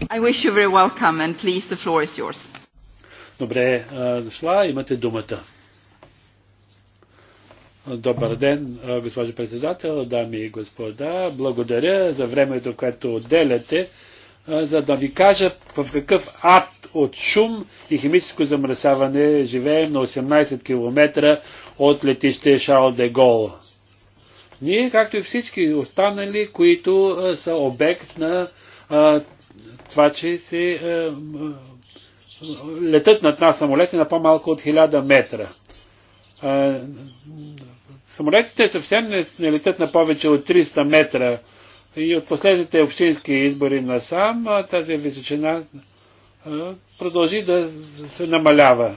Speaker 1: I wish you very welcome and please
Speaker 2: the floor is yours. Добре дошла, имате думата. Добър ден, госпожо председател, дами и господа. Благодаря за времето, което отделяте, за да ви кажа в какъв ад от шум и химическо замърсяване живеем на 18 км от летище Шарл де Гол. Ние, както и всички останали, които а, са обект на а, това, че се а, летат над нас самолети на по-малко от 1000 метра. А, самолетите съвсем не, не летат на повече от 300 метра. И от последните общински избори насам тази височина продължи да се намалява.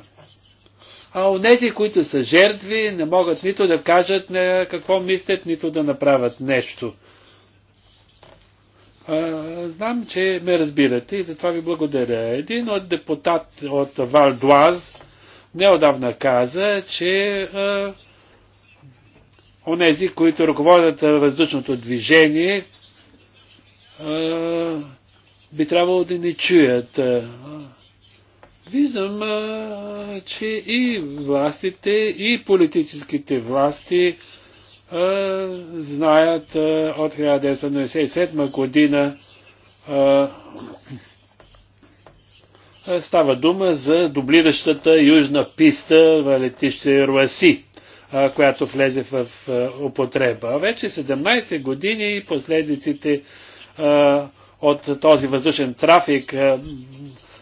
Speaker 2: А онези, които са жертви, не могат нито да кажат не, какво мислят, нито да направят нещо. А, знам, че ме разбирате и затова ви благодаря. Един от депутат от Валдуаз неодавна каза, че а, онези, които ръководят въздушното движение, а, би трябвало да ни чуят. Виждам, че и властите, и политическите власти а, знаят а, от 1997 година а, става дума за дублиращата южна писта в летище Руаси, която влезе в употреба. Вече 17 години последиците от този въздушен трафик е,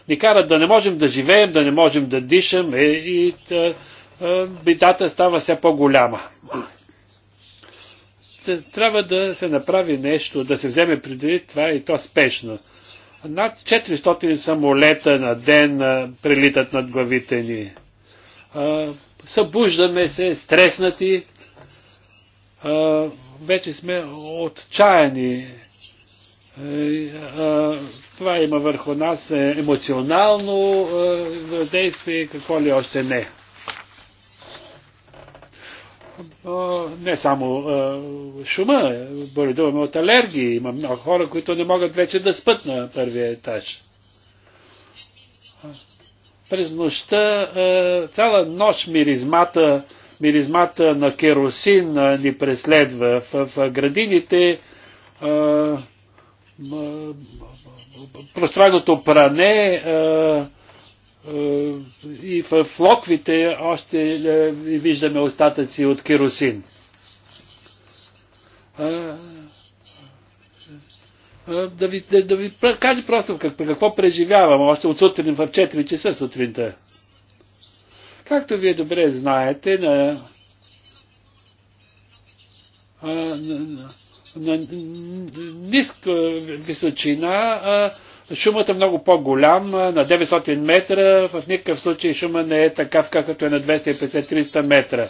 Speaker 2: ни карат да не можем да живеем, да не можем да дишам е, и да, е, бедата става все по-голяма. Трябва да се направи нещо, да се вземе преди това и то спешно. Над 400 самолета на ден прилитат над главите ни. Събуждаме се, стреснати, вече сме отчаяни това има върху нас е емоционално действие какво ли още не. Не само шума, боледуваме от алергии. Има много хора, които не могат вече да спът на първия етаж. През нощта цяла нощ миризмата, миризмата на керосин ни преследва. В градините пространното пране е, е, и в локвите още е, виждаме остатъци от керосин. Да ви, да, да ви кажа просто как, какво преживявам още от сутрин в 4 часа сутринта. Както вие добре знаете, на, на, на, на ниска височина шумът е много по-голям, на 900 метра, в никакъв случай шума не е такав, какъвто е на 250-300 метра.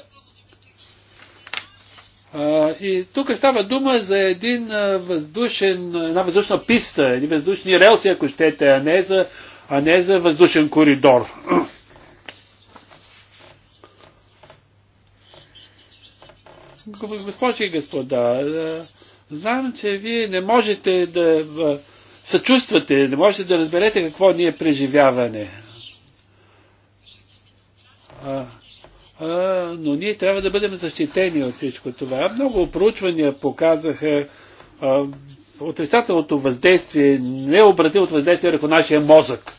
Speaker 2: И тук става дума за един въздушен, една въздушна писта, един въздушни релси, ако щете, а не за, а не за въздушен коридор. Госпожи и господа, Знам, че вие не можете да съчувствате, не можете да разберете какво ние преживяване. А, а, но ние трябва да бъдем защитени от всичко това. Много проучвания показаха а, отрицателното въздействие, необратимото въздействие върху нашия мозък.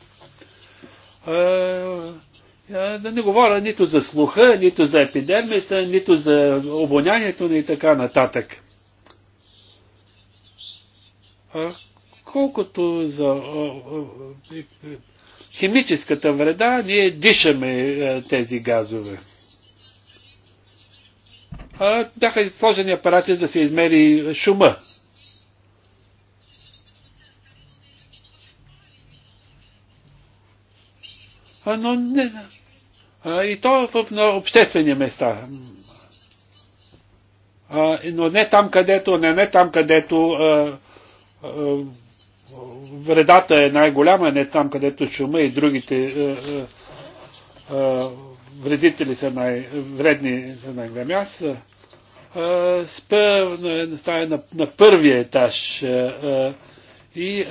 Speaker 2: А, да не говоря нито за слуха, нито за епидермиса, нито за обонянието ни и така нататък. Колкото за химическата вреда, ние дишаме е, тези газове. Бяха сложени апарати да се измери шума. Но не, и то в на обществени места. А, но не там, където, не, не там, където а, е, вредата е най-голяма, не там, където шума и другите е, е, вредители са най-вредни, са най-големи. Аз спя на, стая на, на първия етаж и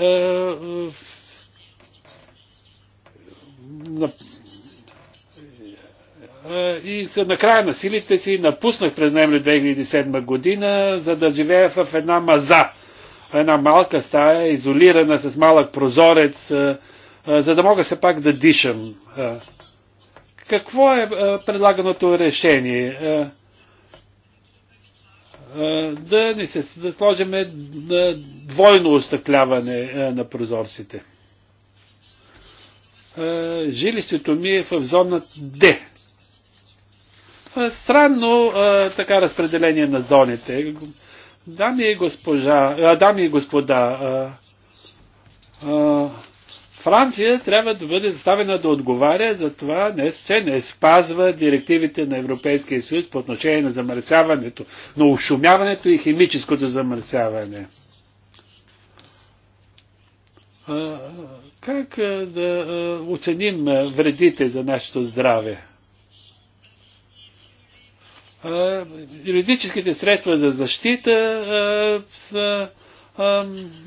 Speaker 2: на, и накрая на силите си напуснах през ноември 2007 година, за да живея в една маза една малка стая, изолирана с малък прозорец, а, а, за да мога се пак да дишам. А, какво е а, предлаганото решение? А, а, да ни се да сложиме двойно остъкляване на прозорците. А, жилището ми е в зона Д. Странно а, така разпределение на зоните. Дами и, госпожа, а, дами и господа, а, а, Франция трябва да бъде заставена да отговаря за това, не, че не спазва директивите на Европейския съюз по отношение на замърсяването, на ушумяването и химическото замърсяване. А, как да оценим вредите за нашето здраве? юридическите средства за защита са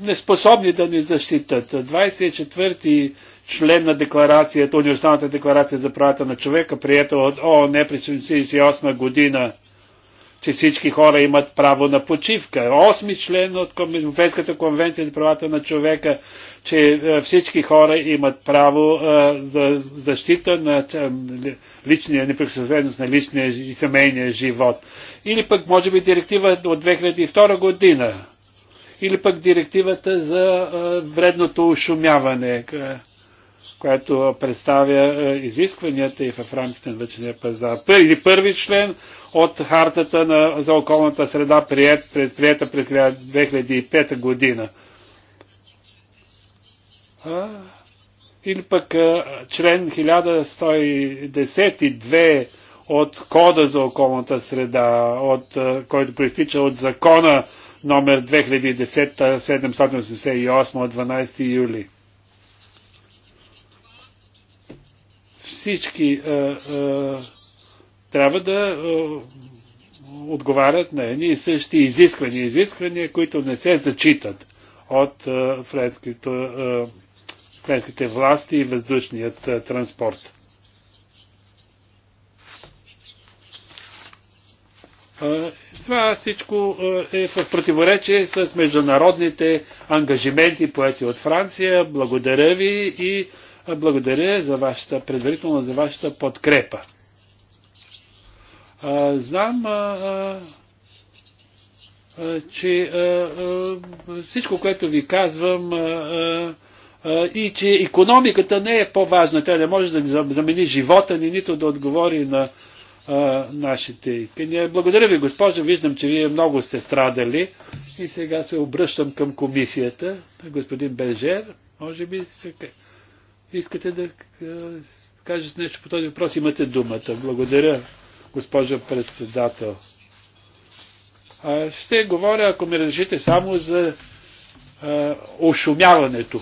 Speaker 2: неспособни да ни защитат. 24-ти член на декларацията, универсалната декларация за правата на човека, приятел от ООН през 1978 година, че всички хора имат право на почивка. Осми член от Европейската конвенция за правата на човека, че е, всички хора имат право е, за защита на е, личния, неприкосновеност на личния и семейния живот. Или пък, може би, директива от 2002 година. Или пък директивата за вредното ушумяване, която представя изискванията и в рамките на вечерния пазар. Или първи член от хартата на, за околната среда, прият, през, прията през 2005 година. А, или пък а, член 1112 от Кода за околната среда, от, а, който проистича от закона номер 2010-788 от 12 юли. Всички а, а, трябва да е, отговарят на едни и същи изисквания, изисквания, които не се зачитат от е, френските, е, френските власти и въздушният транспорт. Това всичко е в противоречие с международните ангажименти, поети от Франция. Благодаря ви и благодаря за вашата, предварително за вашата подкрепа. Знам, че всичко, което ви казвам, и че економиката не е по-важна. Тя не може да замени живота ни, нито да отговори на а, нашите искания. Благодаря ви, госпожо. Виждам, че вие много сте страдали. И сега се обръщам към комисията. Господин Бенжер, може би се... искате да кажете нещо по този въпрос. Имате думата. Благодаря госпожо председател. А, ще говоря, ако ми разрешите, само за а, ошумяването.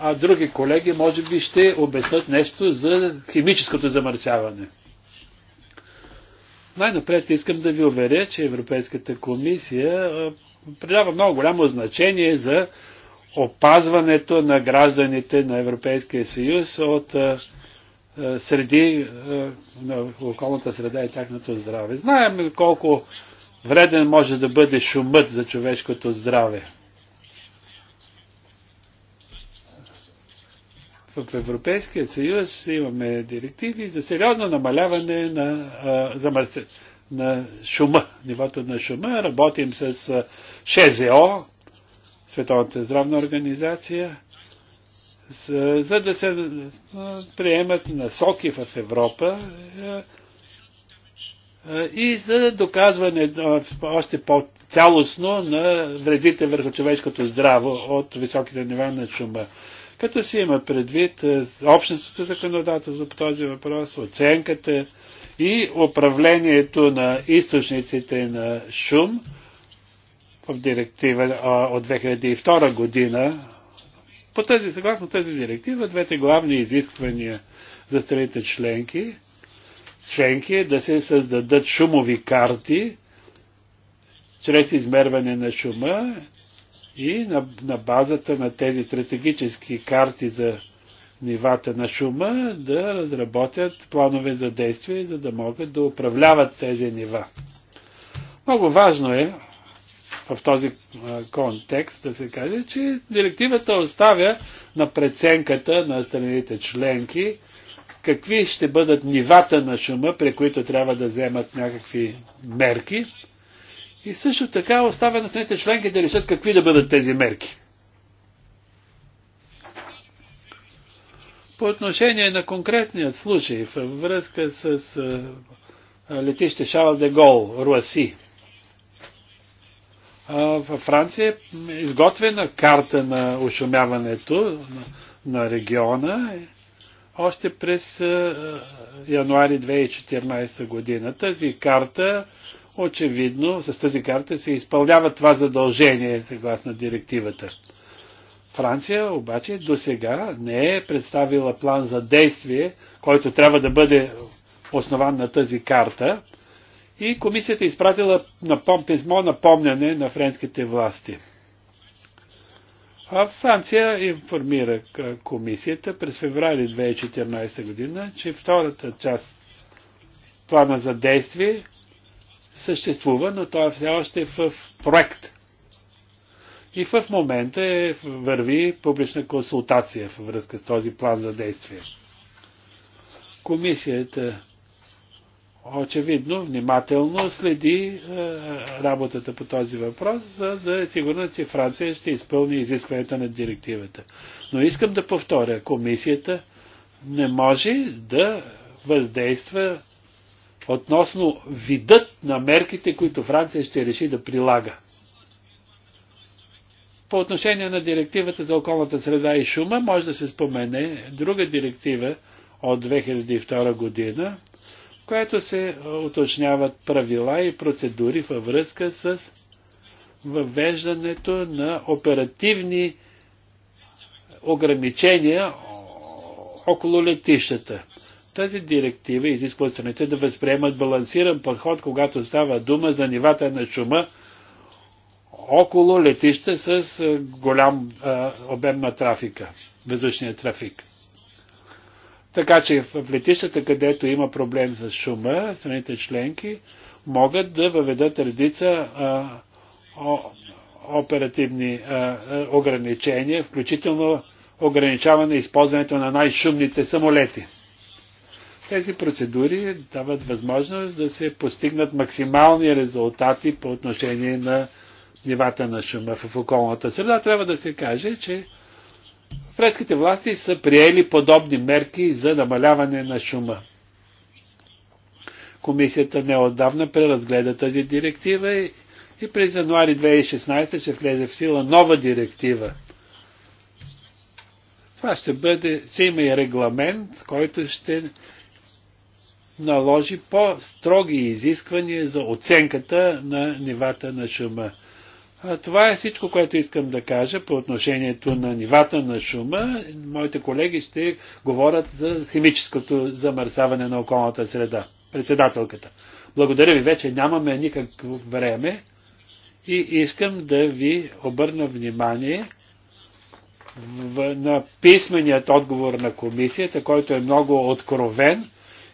Speaker 2: А други колеги, може би, ще обяснат нещо за химическото замърсяване. Най-напред искам да ви уверя, че Европейската комисия придава много голямо значение за опазването на гражданите на Европейския съюз от е, среди е, на околната среда и тяхното здраве. Знаем колко вреден може да бъде шумът за човешкото здраве. в Европейския съюз имаме директиви за сериозно намаляване на, а, е, замърсе, на шума, нивото на шума. Работим с а, Световната здравна организация, за, за да се приемат насоки в Европа е, е, и за доказване е, още по-цялостно на вредите върху човешкото здраво от високите нива на чума. Като се има предвид общностното законодателство по този въпрос, оценката и управлението на източниците на шум в директива от 2002 година по тази, съгласно тези директива, двете главни изисквания за страните членки, членки е да се създадат шумови карти чрез измерване на шума и на, на базата на тези стратегически карти за нивата на шума да разработят планове за действие, за да могат да управляват тези нива. Много важно е в този контекст да се каже, че директивата оставя на преценката на страните членки какви ще бъдат нивата на шума, при които трябва да вземат някакви мерки. И също така оставя на страните членки да решат какви да бъдат тези мерки. По отношение на конкретният случай във връзка с летище Шарл де Гол, Руаси, във Франция е изготвена карта на ушумяването на региона още през януари 2014 година. Тази карта, очевидно, с тази карта се изпълнява това задължение, съгласно директивата. Франция обаче до сега не е представила план за действие, който трябва да бъде основан на тази карта, и комисията е изпратила на писмо напомняне на френските власти. А Франция информира комисията през феврали 2014 година, че втората част плана за действие съществува, но той е все още в проект. И в момента е, върви публична консултация във връзка с този план за действие. Комисията очевидно внимателно следи е, работата по този въпрос, за да е сигурна, че Франция ще изпълни изискванията на директивата. Но искам да повторя, комисията не може да въздейства относно видът на мерките, които Франция ще реши да прилага. По отношение на директивата за околната среда и шума, може да се спомене друга директива от 2002 година, което се уточняват правила и процедури във връзка с въвеждането на оперативни ограничения около летищата. Тази директива изисква страните да възприемат балансиран подход, когато става дума за нивата на шума около летища с голям а, обем на трафика, въздушния трафик. Така че в летищата, където има проблем с шума, страните членки могат да въведат редица а, о, оперативни а, ограничения, включително ограничаване използването на най-шумните самолети. Тези процедури дават възможност да се постигнат максимални резултати по отношение на нивата на шума в околната среда. Трябва да се каже, че Средските власти са приели подобни мерки за намаляване на шума. Комисията неодавна преразгледа тази директива и през януари 2016 ще влезе в сила нова директива. Това ще бъде, ще има и регламент, който ще наложи по-строги изисквания за оценката на нивата на шума. Това е всичко, което искам да кажа по отношението на нивата на шума. Моите колеги ще говорят за химическото замърсяване на околната среда. Председателката. Благодаря ви, вече нямаме никакво време и искам да ви обърна внимание в, на писменият отговор на комисията, който е много откровен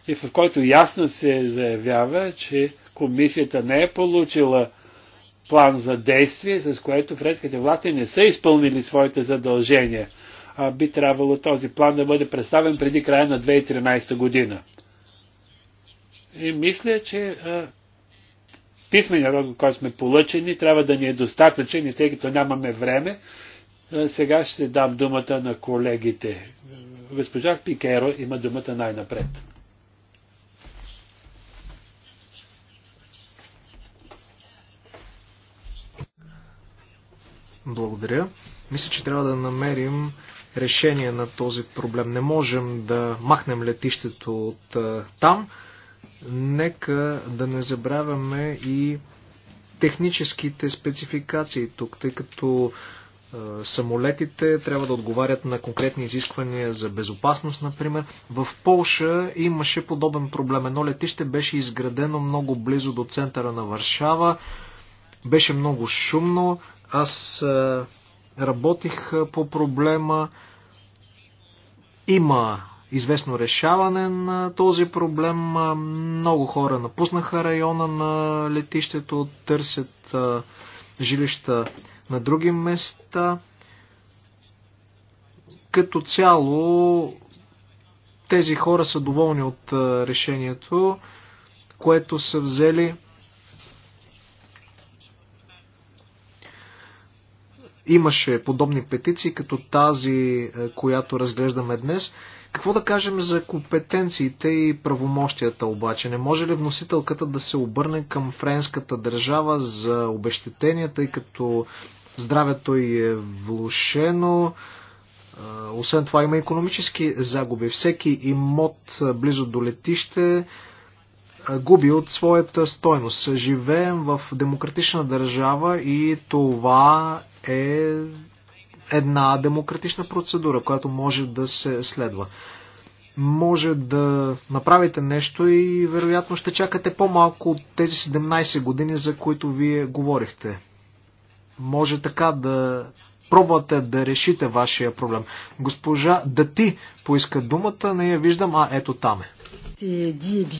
Speaker 2: и в който ясно се заявява, че комисията не е получила план за действие, с което френските власти не са изпълнили своите задължения. А би трябвало този план да бъде представен преди края на 2013 година. И мисля, че писменият род, който сме получени, трябва да ни е достатъчен и тъй като нямаме време, сега ще дам думата на колегите. Госпожа Пикеро има думата най-напред.
Speaker 3: Благодаря. Мисля, че трябва да намерим решение на този проблем. Не можем да махнем летището от там. Нека да не забравяме и техническите спецификации тук, тъй като самолетите трябва да отговарят на конкретни изисквания за безопасност, например. В Полша имаше подобен проблем. Едно летище беше изградено много близо до центъра на Варшава, беше много шумно, аз е, работих е, по проблема. Има известно решаване на този проблем. Е, много хора напуснаха района на летището, търсят жилища на други места. Като цяло тези хора са доволни от решението, което са взели. имаше подобни петиции, като тази, е, която разглеждаме днес. Какво да кажем за компетенциите и правомощията обаче? Не може ли вносителката да се обърне към френската държава за обещетенията, тъй като здравето й е влушено? Е, освен това има економически загуби. Всеки имот е, близо до летище губи от своята стойност. Живеем в демократична държава и това е една демократична процедура, която може да се следва. Може да направите нещо и вероятно ще чакате по-малко от тези 17 години, за които вие говорихте. Може така да пробвате да решите вашия проблем. Госпожа Дати поиска думата, не я виждам, а ето там е.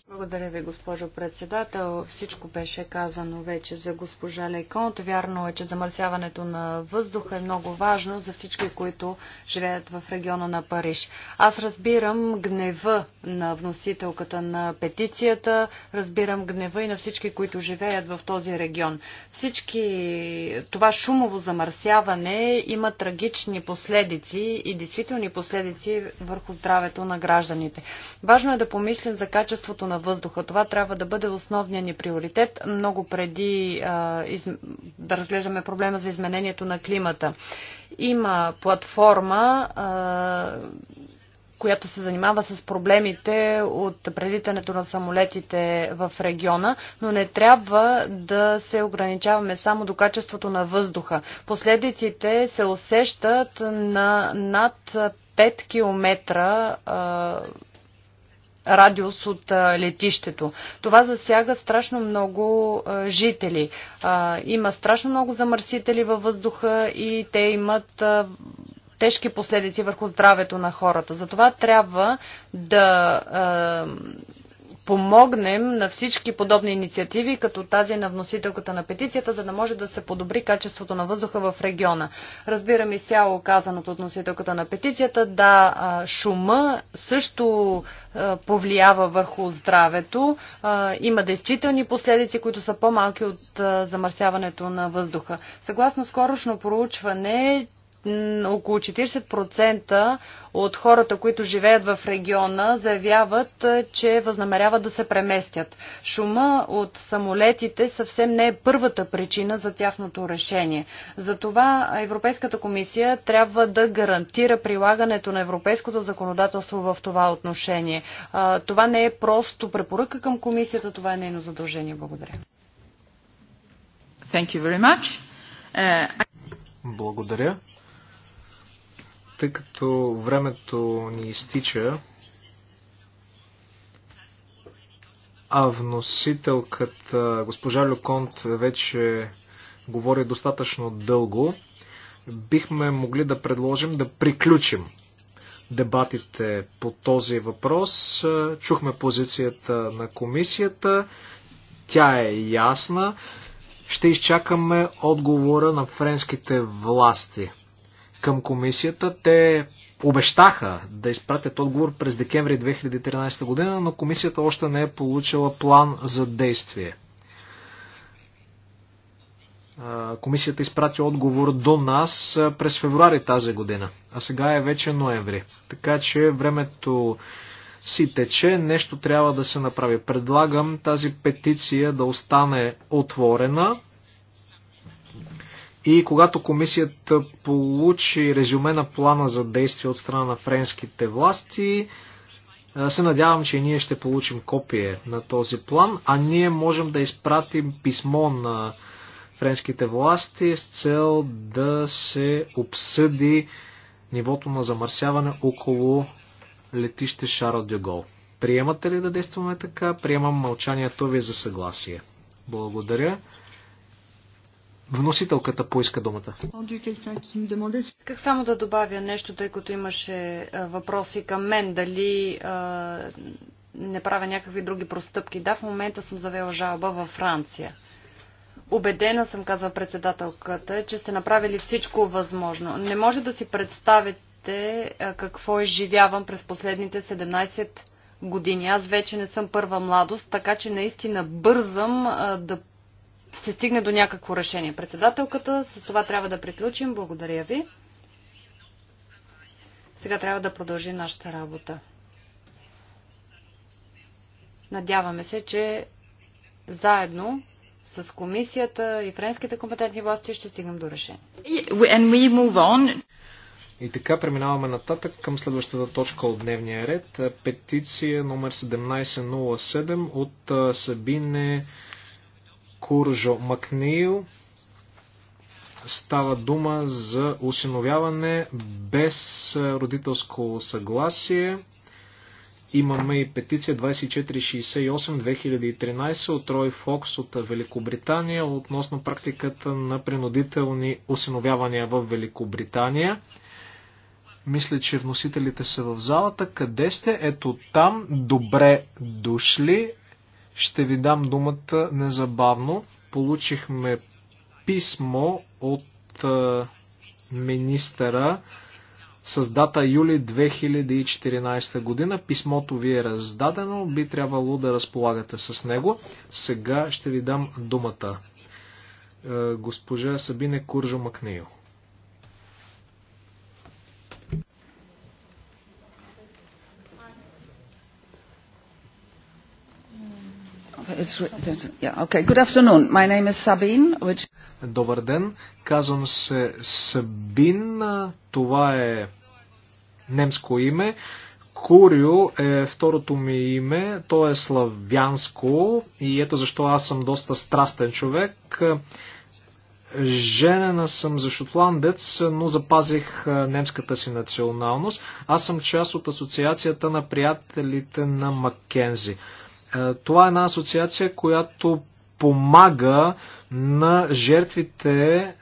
Speaker 1: Благодаря ви, госпожо председател. Всичко беше казано вече за госпожа Леконт. Вярно е, че замърсяването на въздуха е много важно за всички, които живеят в региона на Париж. Аз разбирам гнева на вносителката на петицията, разбирам гнева и на всички, които живеят в този регион. Всички това шумово замърсяване има трагични последици и действителни последици върху здравето на гражданите. Важно е да помислим помислим за качеството на въздуха. Това трябва да бъде основният ни приоритет, много преди а, из... да разглеждаме проблема за изменението на климата. Има платформа. А, която се занимава с проблемите от прелитането на самолетите в региона, но не трябва да се ограничаваме само до качеството на въздуха. Последиците се усещат на над 5 км радиус от летището. Това засяга страшно много жители. Има страшно много замърсители във въздуха и те имат тежки последици върху здравето на хората. Затова трябва да помогнем на всички подобни инициативи, като тази на вносителката на петицията, за да може да се подобри качеството на въздуха в региона. Разбирам изцяло казаното от вносителката на петицията. Да, шума също повлиява върху здравето. Има действителни последици, които са по-малки от замърсяването на въздуха. Съгласно скорошно проучване, около 40% от хората, които живеят в региона, заявяват, че възнамеряват да се преместят. Шума от самолетите съвсем не е първата причина за тяхното решение. Затова Европейската комисия трябва да гарантира прилагането на европейското законодателство в това отношение. Това не е просто препоръка към комисията, това е нейно задължение. Благодаря. Thank you very much. Uh, I...
Speaker 3: Благодаря тъй като времето ни изтича, а вносителката госпожа Люконт вече говори достатъчно дълго, бихме могли да предложим да приключим дебатите по този въпрос. Чухме позицията на комисията. Тя е ясна. Ще изчакаме отговора на френските власти към комисията. Те обещаха да изпратят отговор през декември 2013 година, но комисията още не е получила план за действие. Комисията изпрати отговор до нас през февруари тази година, а сега е вече ноември. Така че времето си тече, нещо трябва да се направи. Предлагам тази петиция да остане отворена и когато комисията получи резюме на плана за действие от страна на френските власти, се надявам, че ние ще получим копие на този план, а ние можем да изпратим писмо на френските власти с цел да се обсъди нивото на замърсяване около летище Шаро Дюгол. Приемате ли да действаме така? Приемам мълчанието ви за съгласие. Благодаря. Вносителката поиска думата.
Speaker 1: Как само да добавя нещо, тъй като имаше въпроси към мен, дали а, не правя някакви други простъпки. Да, в момента съм завела жалба във Франция. Обедена съм, казва председателката, че сте направили всичко възможно. Не може да си представите какво изживявам през последните 17 години. Аз вече не съм първа младост, така че наистина бързам а, да се стигне до някакво решение. Председателката, с това трябва да приключим. Благодаря ви. Сега трябва да продължи нашата работа. Надяваме се, че заедно с комисията и френските компетентни власти ще стигнем до решение.
Speaker 3: И така преминаваме нататък към следващата точка от дневния ред. Петиция номер 1707 от Сабине Куржо Макнил. Става дума за усиновяване без родителско съгласие. Имаме и петиция 2468-2013 от Рой Фокс от Великобритания относно практиката на принудителни осиновявания в Великобритания. Мисля, че вносителите са в залата. Къде сте? Ето там. Добре дошли. Ще ви дам думата незабавно. Получихме писмо от е, министъра с дата юли 2014 година. Писмото ви е раздадено, би трябвало да разполагате с него. Сега ще ви дам думата. Е, госпожа Сабине Куржо Макнио. Добър ден, казвам се Сабин, това е немско име. Курио е второто ми име, то е славянско и ето защо аз съм доста страстен човек. Женена съм за шотландец, но запазих немската си националност. Аз съм част от Асоциацията на приятелите на Маккензи. Това е една асоциация, която помага на жертвите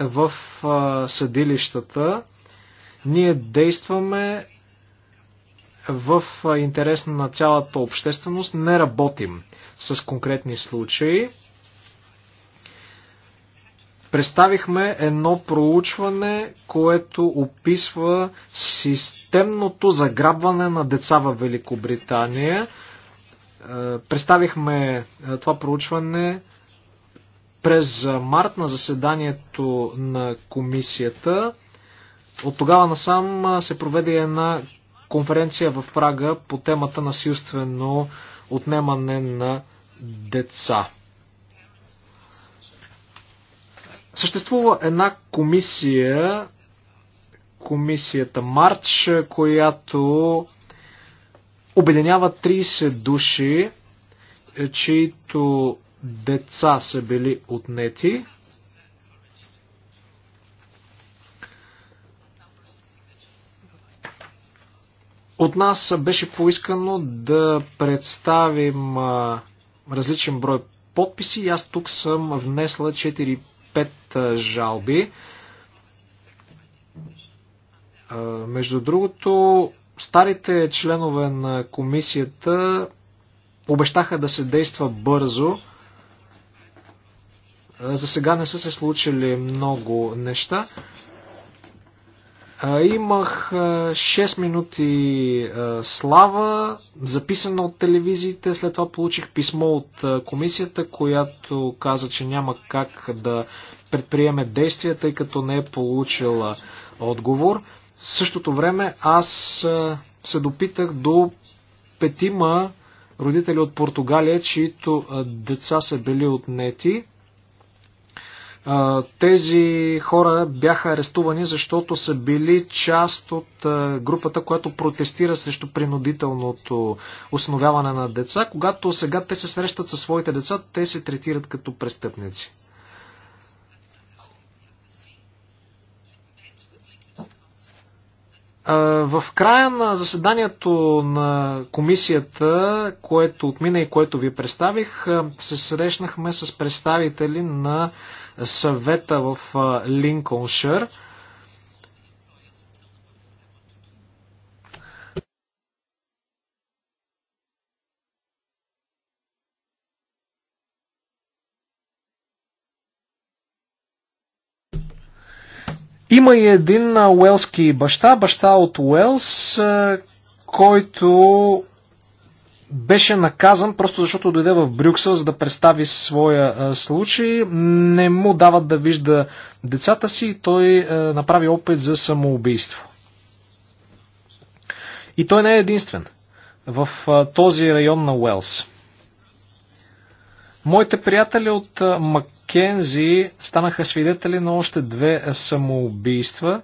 Speaker 3: в съдилищата. Ние действаме в интерес на цялата общественост, не работим с конкретни случаи. Представихме едно проучване, което описва системното заграбване на деца в Великобритания. Е, представихме е, това проучване през март на заседанието на комисията. От тогава насам е, се проведе една конференция в Прага по темата насилствено отнемане на деца. Съществува една комисия, комисията Марч, която обединява 30 души, е, чието деца са били отнети. От нас беше поискано да представим различен брой подписи. Аз тук съм внесла 4 Пет жалби. Между другото, старите членове на комисията обещаха да се действа бързо. За сега не са се случили много неща. Имах 6 минути слава, записана от телевизиите. След това получих писмо от комисията, която каза, че няма как да предприеме действия, тъй като не е получила отговор. В същото време аз се допитах до петима родители от Португалия, чието деца са били отнети тези хора бяха арестувани, защото са били част от групата, която протестира срещу принудителното установяване на деца. Когато сега те се срещат със своите деца, те се третират като престъпници. В края на заседанието на комисията, което отмина и което ви представих, се срещнахме с представители на съвета в Линкълншър. Има и един уелски баща, баща от Уелс, който беше наказан просто защото дойде в Брюксел, за да представи своя а, случай. Не му дават да вижда децата си и той а, направи опит за самоубийство. И той не е единствен. В а, този район на Уелс. Моите приятели от Маккензи станаха свидетели на още две самоубийства.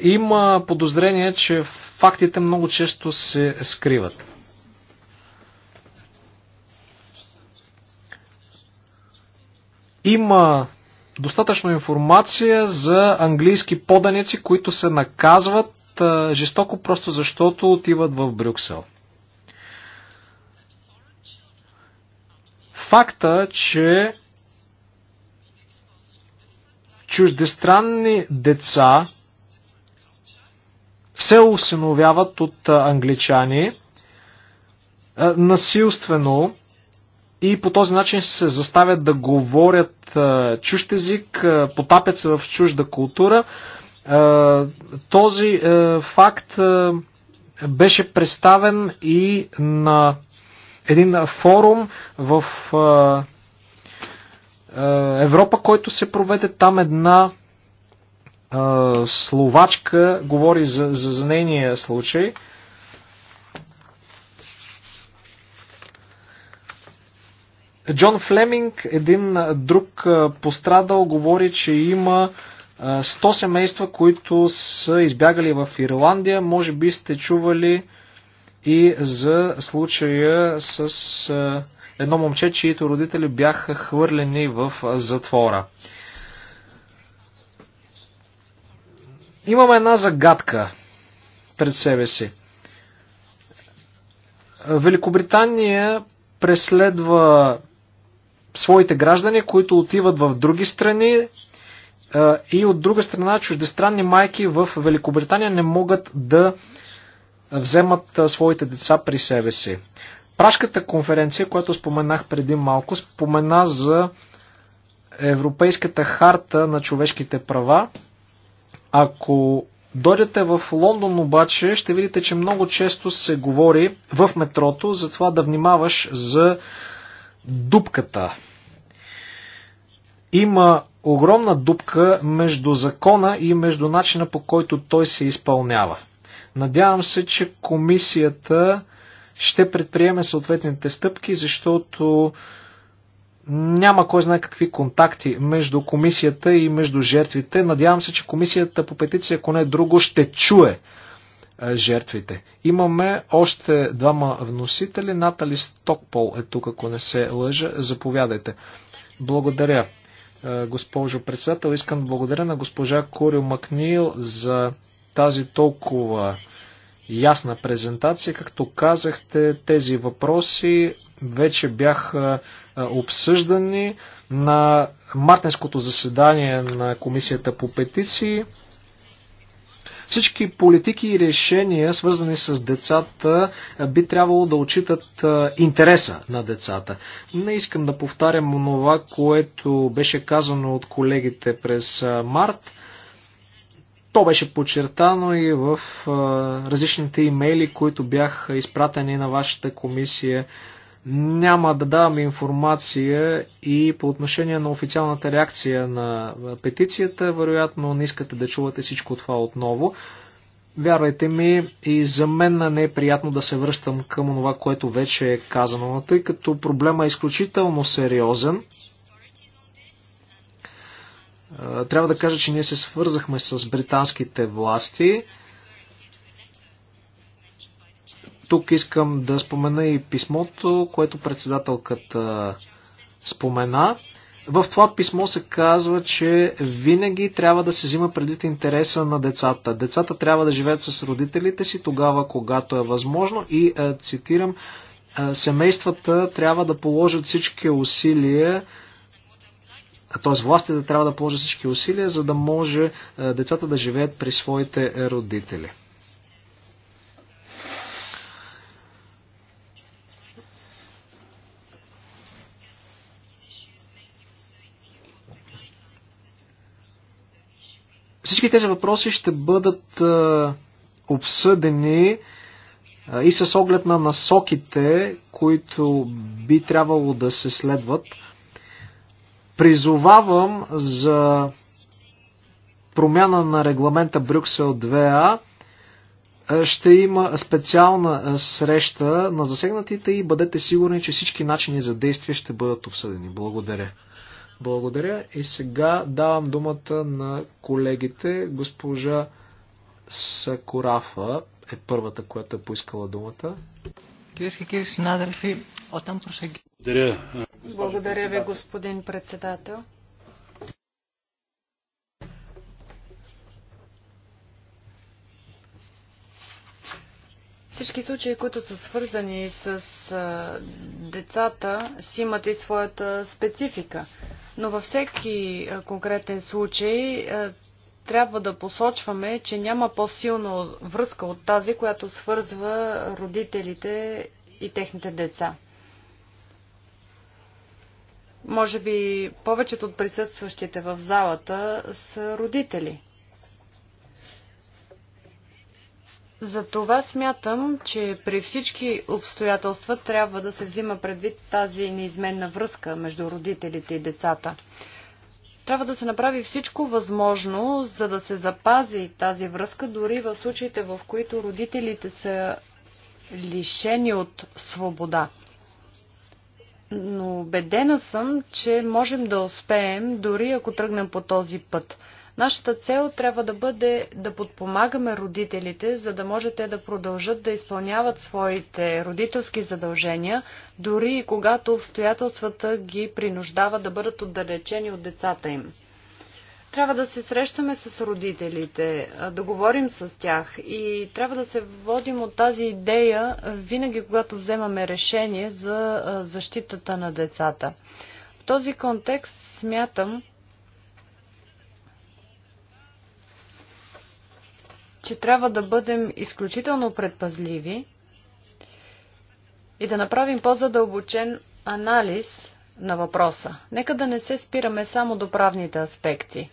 Speaker 3: Има подозрение, че фактите много често се скриват. Има достатъчно информация за английски поданици, които се наказват жестоко просто защото отиват в Брюксел. факта, че чуждестранни деца се усиновяват от англичани насилствено и по този начин се заставят да говорят чужд език, потапят се в чужда култура. Този факт беше представен и на един форум в Европа, който се проведе там една словачка говори за, за, за нейния случай. Джон Флеминг, един друг пострадал, говори, че има 100 семейства, които са избягали в Ирландия. Може би сте чували и за случая с едно момче, чието родители бяха хвърлени в затвора. Имаме една загадка пред себе си. Великобритания преследва своите граждани, които отиват в други страни и от друга страна чуждестранни майки в Великобритания не могат да вземат своите деца при себе си. Прашката конференция, която споменах преди малко, спомена за Европейската харта на човешките права. Ако дойдете в Лондон обаче, ще видите, че много често се говори в метрото за това да внимаваш за дупката. Има огромна дупка между закона и между начина по който той се изпълнява. Надявам се, че комисията ще предприеме съответните стъпки, защото няма кой знае какви контакти между комисията и между жертвите. Надявам се, че комисията по петиция, ако не е друго, ще чуе е, жертвите. Имаме още двама вносители. Натали Стокпол е тук, ако не се лъжа. Заповядайте. Благодаря, е, госпожо председател. Искам да благодаря на госпожа Курил Макнил за тази толкова ясна презентация. Както казахте, тези въпроси вече бяха обсъждани на мартенското заседание на Комисията по петиции. Всички политики и решения, свързани с децата, би трябвало да отчитат интереса на децата. Не искам да повтарям онова, което беше казано от колегите през март. То беше подчертано и в различните имейли, които бяха изпратени на вашата комисия. Няма да давам информация и по отношение на официалната реакция на петицията. Вероятно не искате да чувате всичко това отново. Вярвайте ми, и за мен не е приятно да се връщам към това, което вече е казано, тъй като проблема е изключително сериозен, трябва да кажа, че ние се свързахме с британските власти. Тук искам да спомена и писмото, което председателката спомена. В това писмо се казва, че винаги трябва да се взима предвид интереса на децата. Децата трябва да живеят с родителите си тогава, когато е възможно и, е, цитирам, е, семействата трябва да положат всички усилия т.е. властите трябва да положат всички усилия, за да може е, децата да живеят при своите родители. Всички тези въпроси ще бъдат е, обсъдени е, и с оглед на насоките, които би трябвало да се следват – Призовавам за промяна на регламента Брюксел 2А. Е, ще има специална е, среща на засегнатите и бъдете сигурни, че всички начини за действие ще бъдат обсъдени. Благодаря. Благодаря. И сега давам думата на колегите. Госпожа Сакурафа е първата, която е поискала думата. Благодаря, е, благодаря ви,
Speaker 1: господин председател. Всички случаи, които са свързани с а, децата, си имат и своята специфика. Но във всеки а, конкретен случай а, трябва да посочваме, че няма по-силна връзка от тази, която свързва родителите и техните деца. Може би повечето от присъстващите в залата са родители. Затова смятам, че при всички обстоятелства трябва да се взима предвид тази неизменна връзка между родителите и децата. Трябва да се направи всичко възможно, за да се запази тази връзка, дори в случаите, в които родителите са лишени от свобода но убедена съм, че можем да успеем, дори ако тръгнем по този път. Нашата цел трябва да бъде да подпомагаме родителите, за да може те да продължат да изпълняват своите родителски задължения, дори и когато обстоятелствата ги принуждават да бъдат отдалечени от децата им. Трябва да се срещаме с родителите, да говорим с тях и трябва да се водим от тази идея винаги, когато вземаме решение за защитата на децата. В този контекст смятам, че трябва да бъдем изключително предпазливи и да направим по-задълбочен анализ на въпроса. Нека да не се спираме само до правните аспекти.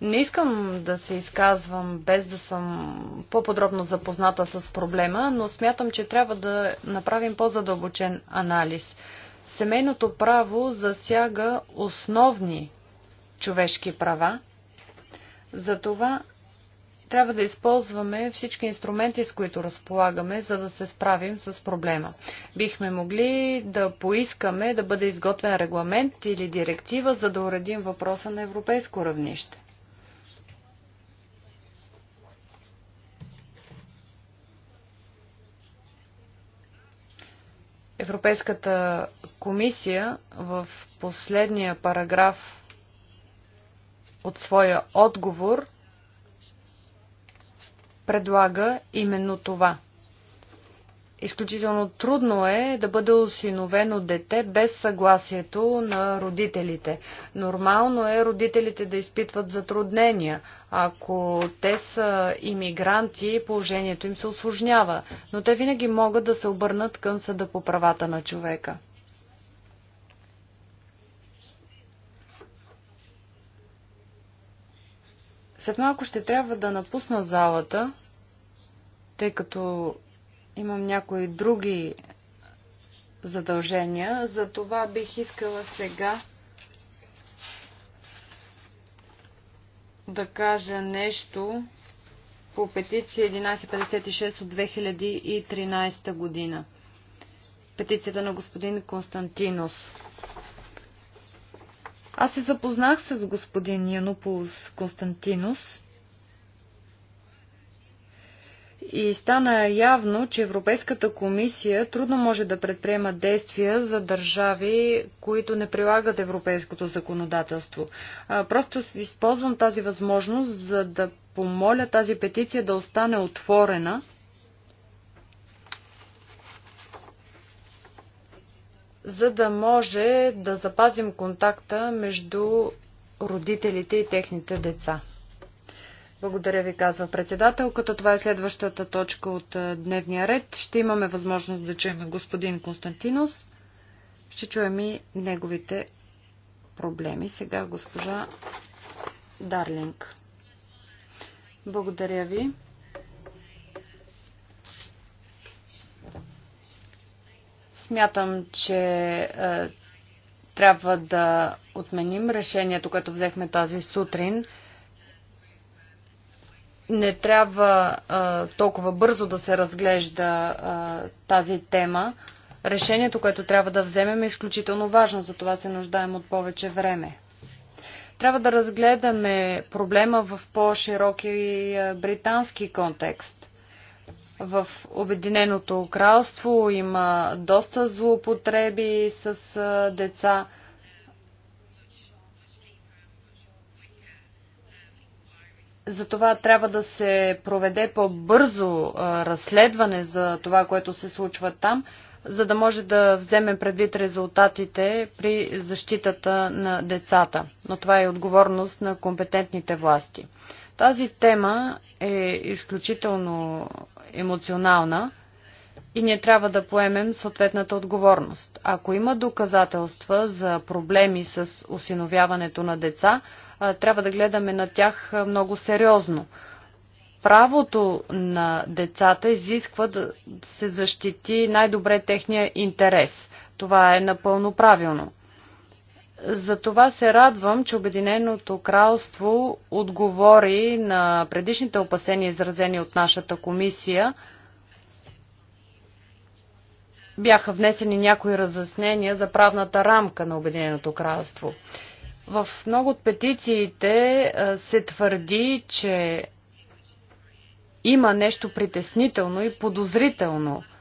Speaker 1: Не искам да се изказвам без да съм по-подробно запозната с проблема, но смятам, че трябва да направим по-задълбочен анализ. Семейното право засяга основни човешки права, затова трябва да използваме всички инструменти, с които разполагаме, за да се справим с проблема. Бихме могли да поискаме да бъде изготвен регламент или директива, за да уредим въпроса на европейско равнище. Европейската комисия в последния параграф от своя отговор – предлага именно това. Изключително трудно е да бъде осиновено дете без съгласието на родителите. Нормално е родителите да изпитват затруднения. Ако те са иммигранти, положението им се осложнява, но те винаги могат да се обърнат към съда по правата на човека. След малко ще трябва да напусна залата, тъй като имам някои други задължения. За това бих искала сега да кажа нещо по петиция 1156 от 2013 година. Петицията на господин Константинос. Аз се запознах с господин Януполос Константинус и стана явно, че Европейската комисия трудно може да предприема действия за държави, които не прилагат европейското законодателство. Просто използвам тази възможност, за да помоля тази петиция да остане отворена – за да може да запазим контакта между родителите и техните деца. Благодаря ви, казва председателката. Това е следващата точка от дневния ред. Ще имаме възможност да чуем господин Константинос. Ще чуем и неговите проблеми. Сега госпожа Дарлинг. Благодаря ви. Смятам, че е, трябва да отменим решението, което взехме тази сутрин. Не трябва е, толкова бързо да се разглежда е, тази тема. Решението, което трябва да вземем е изключително важно, затова се нуждаем от повече време. Трябва да разгледаме проблема в по-широки британски контекст. В Обединеното кралство има доста злоупотреби с деца. Затова трябва да се проведе по-бързо разследване за това, което се случва там, за да може да вземе предвид резултатите при защитата на децата. Но това е отговорност на компетентните власти. Тази тема е изключително емоционална и ние трябва да поемем съответната отговорност. Ако има доказателства за проблеми с осиновяването на деца, трябва да гледаме на тях много сериозно. Правото на децата изисква да се защити най-добре техния интерес. Това е напълно правилно. Затова се радвам, че Обединеното кралство отговори на предишните опасения, изразени от нашата комисия. Бяха внесени някои разяснения за правната рамка на Обединеното кралство. В много от петициите се твърди, че има нещо притеснително и подозрително –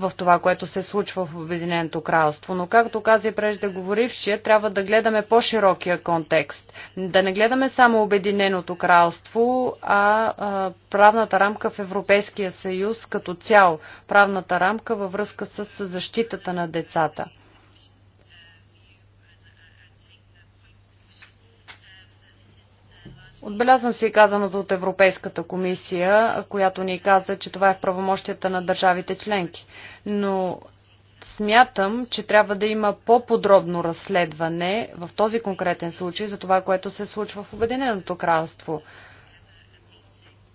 Speaker 1: в това, което се случва в Обединеното кралство. Но, както каза и преждеговорившия, трябва да гледаме по-широкия контекст. Да не гледаме само Обединеното кралство, а, а правната рамка в Европейския съюз като цяло. Правната рамка във връзка с защитата на децата. Отбелязвам си казаното от Европейската комисия, която ни каза, че това е в правомощията на държавите членки. Но смятам, че трябва да има по-подробно разследване в този конкретен случай за това, което се случва в Обединеното кралство.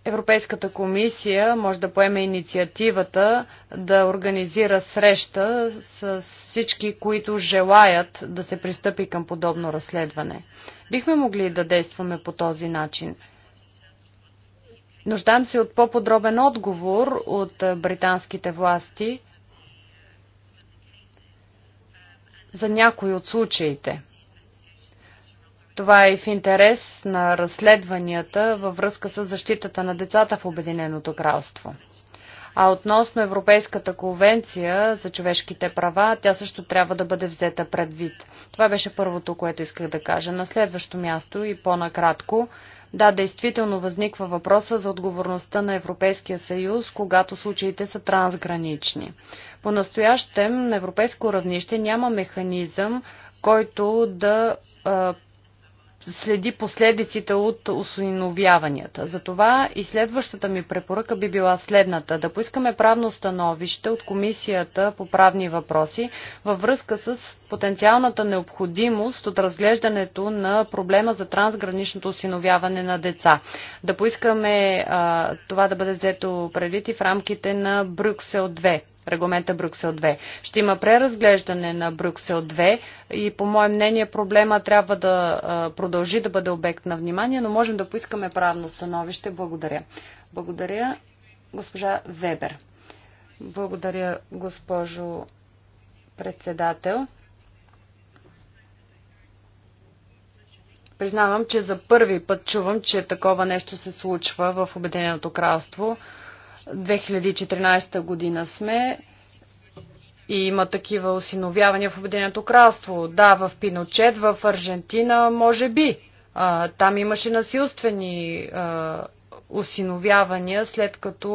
Speaker 1: Европейската комисия може да поеме инициативата да организира среща с всички, които желаят да се пристъпи към подобно разследване. Бихме могли да действаме по този начин. Нуждам се от по-подробен отговор от британските власти за някои от случаите. Това е в интерес на разследванията във връзка с защитата на децата в Обединеното кралство. А относно Европейската конвенция за човешките права, тя също трябва да бъде взета предвид. Това беше първото, което исках да кажа. На следващо място и по-накратко. Да, действително възниква въпроса за отговорността на Европейския съюз, когато случаите са трансгранични. По-настоящем на европейско равнище няма механизъм, който да следи последиците от осиновяванията. Затова и следващата ми препоръка би била следната. Да поискаме правно становище от Комисията по правни въпроси във връзка с потенциалната необходимост от разглеждането на проблема за трансграничното осиновяване на деца. Да поискаме а, това да бъде взето предвид и в рамките на Брюксел 2 регламента Брюксел 2. Ще има преразглеждане на Брюксел 2 и по мое мнение проблема трябва да продължи да бъде обект на внимание, но можем да поискаме правно становище. Благодаря. Благодаря, госпожа Вебер. Благодаря, госпожо председател. Признавам, че за първи път чувам, че такова нещо се случва в Обединеното кралство. 2014 година сме и има такива осиновявания в Обединеното кралство. Да, в Пиночет, в Аржентина, може би. А, там имаше насилствени а, осиновявания, след като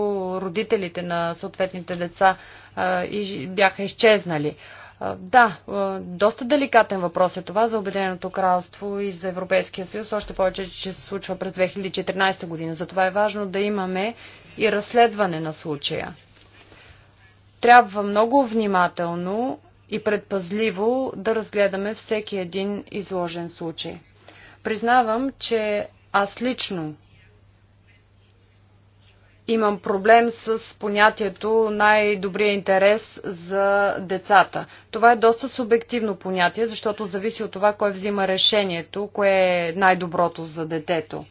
Speaker 1: родителите на съответните деца а, и, бяха изчезнали. А, да, а, доста деликатен въпрос е това за Обединеното кралство и за Европейския съюз, още повече, че се случва през 2014 година. Затова е важно да имаме и разследване на случая. Трябва много внимателно и предпазливо да разгледаме всеки един изложен случай. Признавам, че аз лично имам проблем с понятието най-добрия интерес за децата. Това е доста субективно понятие, защото зависи от това кой взима решението, кое е най-доброто за детето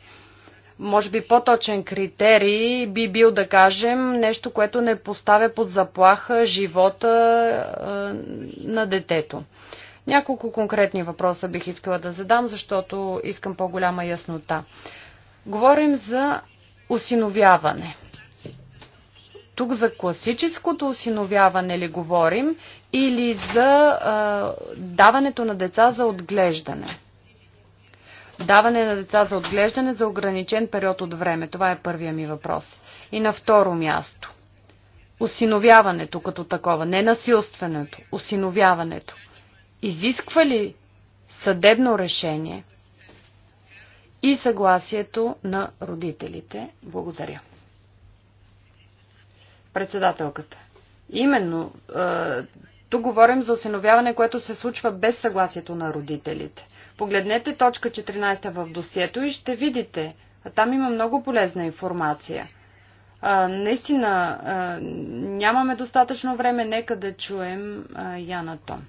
Speaker 1: може би по-точен критерий би бил да кажем нещо, което не поставя под заплаха живота на детето. Няколко конкретни въпроса бих искала да задам, защото искам по-голяма яснота. Говорим за осиновяване. Тук за класическото осиновяване ли говорим или за а, даването на деца за отглеждане? даване на деца за отглеждане за ограничен период от време. Това е първия ми въпрос. И на второ място. Осиновяването като такова, не насилственото, осиновяването. Изисква ли съдебно решение и съгласието на родителите? Благодаря. Председателката. Именно, е, тук говорим за осиновяване, което се случва без съгласието на родителите – Погледнете точка 14 в досието и ще видите. Там има много полезна информация. А, наистина, а, нямаме достатъчно време. Нека да чуем а, Яна Том.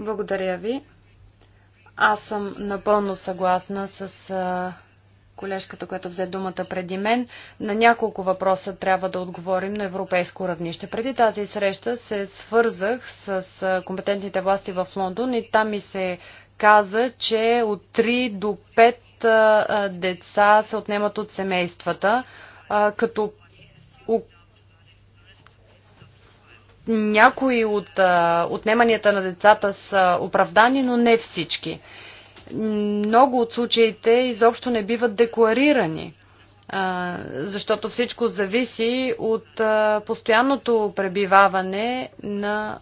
Speaker 1: Благодаря ви. Аз съм напълно съгласна с а, колежката, която взе думата преди мен. На няколко въпроса трябва да отговорим на европейско равнище. Преди тази среща се свързах с компетентните власти в Лондон и там ми се каза, че от 3 до 5 деца се отнемат от семействата, като някои от отнеманията на децата са оправдани, но не всички много от случаите изобщо не биват декларирани, защото всичко зависи от постоянното пребиваване на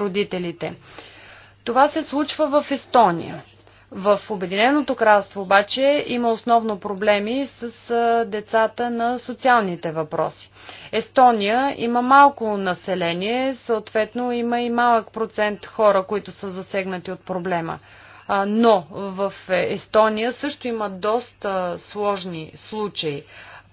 Speaker 1: родителите. Това се случва в Естония. В Обединеното кралство обаче има основно проблеми с децата на социалните въпроси. Естония има малко население, съответно има и малък процент хора, които са засегнати от проблема но в Естония също има доста сложни случаи.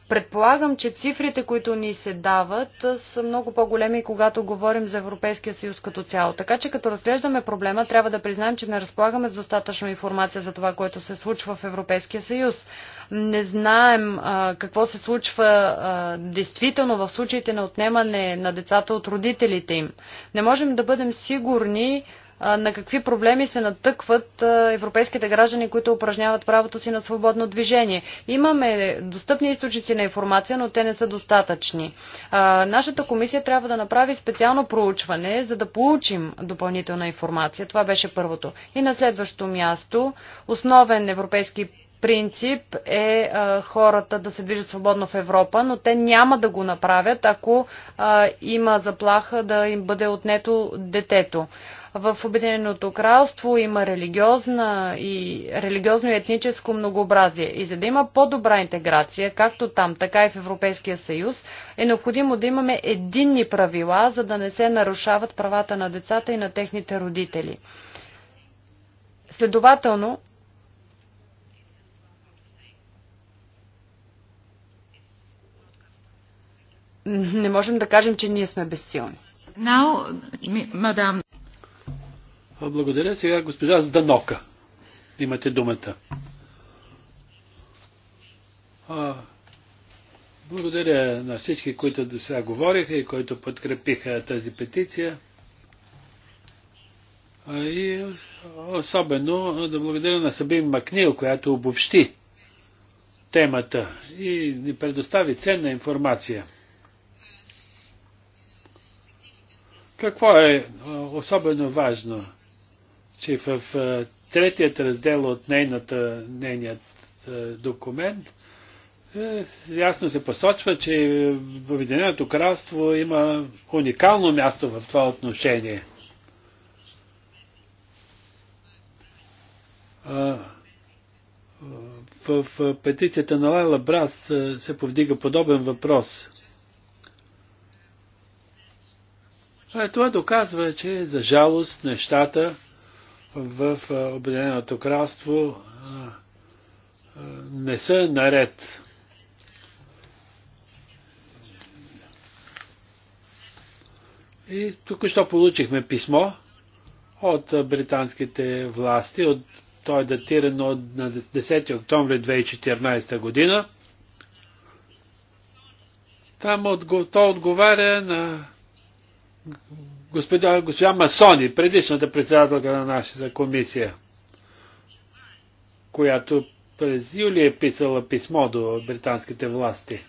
Speaker 1: Предполагам, че цифрите, които ни се дават, са много по-големи, когато говорим за Европейския съюз като цяло. Така че, като разглеждаме проблема, трябва да признаем, че не разполагаме с достатъчно информация за това, което се случва в Европейския съюз. Не знаем а, какво се случва а, действително в случаите на отнемане на децата от родителите им. Не можем да бъдем сигурни, на какви проблеми се натъкват европейските граждани, които упражняват правото си на свободно движение. Имаме достъпни източници на информация, но те не са достатъчни. Нашата комисия трябва да направи специално проучване, за да получим допълнителна информация. Това беше първото. И на следващо място, основен европейски принцип е а, хората да се движат свободно в Европа, но те няма да го направят, ако а, има заплаха да им бъде отнето детето. В Обединеното кралство има религиозна и религиозно и етническо многообразие. И за да има по-добра интеграция, както там, така и в Европейския съюз, е необходимо да имаме единни правила, за да не се нарушават правата на децата и на техните родители. Следователно, не можем да кажем, че ние сме безсилни. Now,
Speaker 2: благодаря сега госпожа Зданока. Имате думата. А, благодаря на всички, които до сега говориха и които подкрепиха тази петиция. А, и особено да благодаря на Сабин Макнил, която обобщи темата и ни предостави ценна информация. Какво е особено важно? че в третият раздел от нейната, нейният документ е, ясно се посочва, че Обединеното кралство има уникално място в това отношение. В петицията на Лайла Брас се повдига подобен въпрос. Е, това доказва, че за жалост нещата в Обединеното кралство не са наред. И тук що получихме писмо от британските власти, от, той е датиран от, на 10 октомври 2014 година. Там от, то отговаря на Господа, госпожа Масони, предишната председателка на нашата комисия, която през юли е писала писмо до британските власти,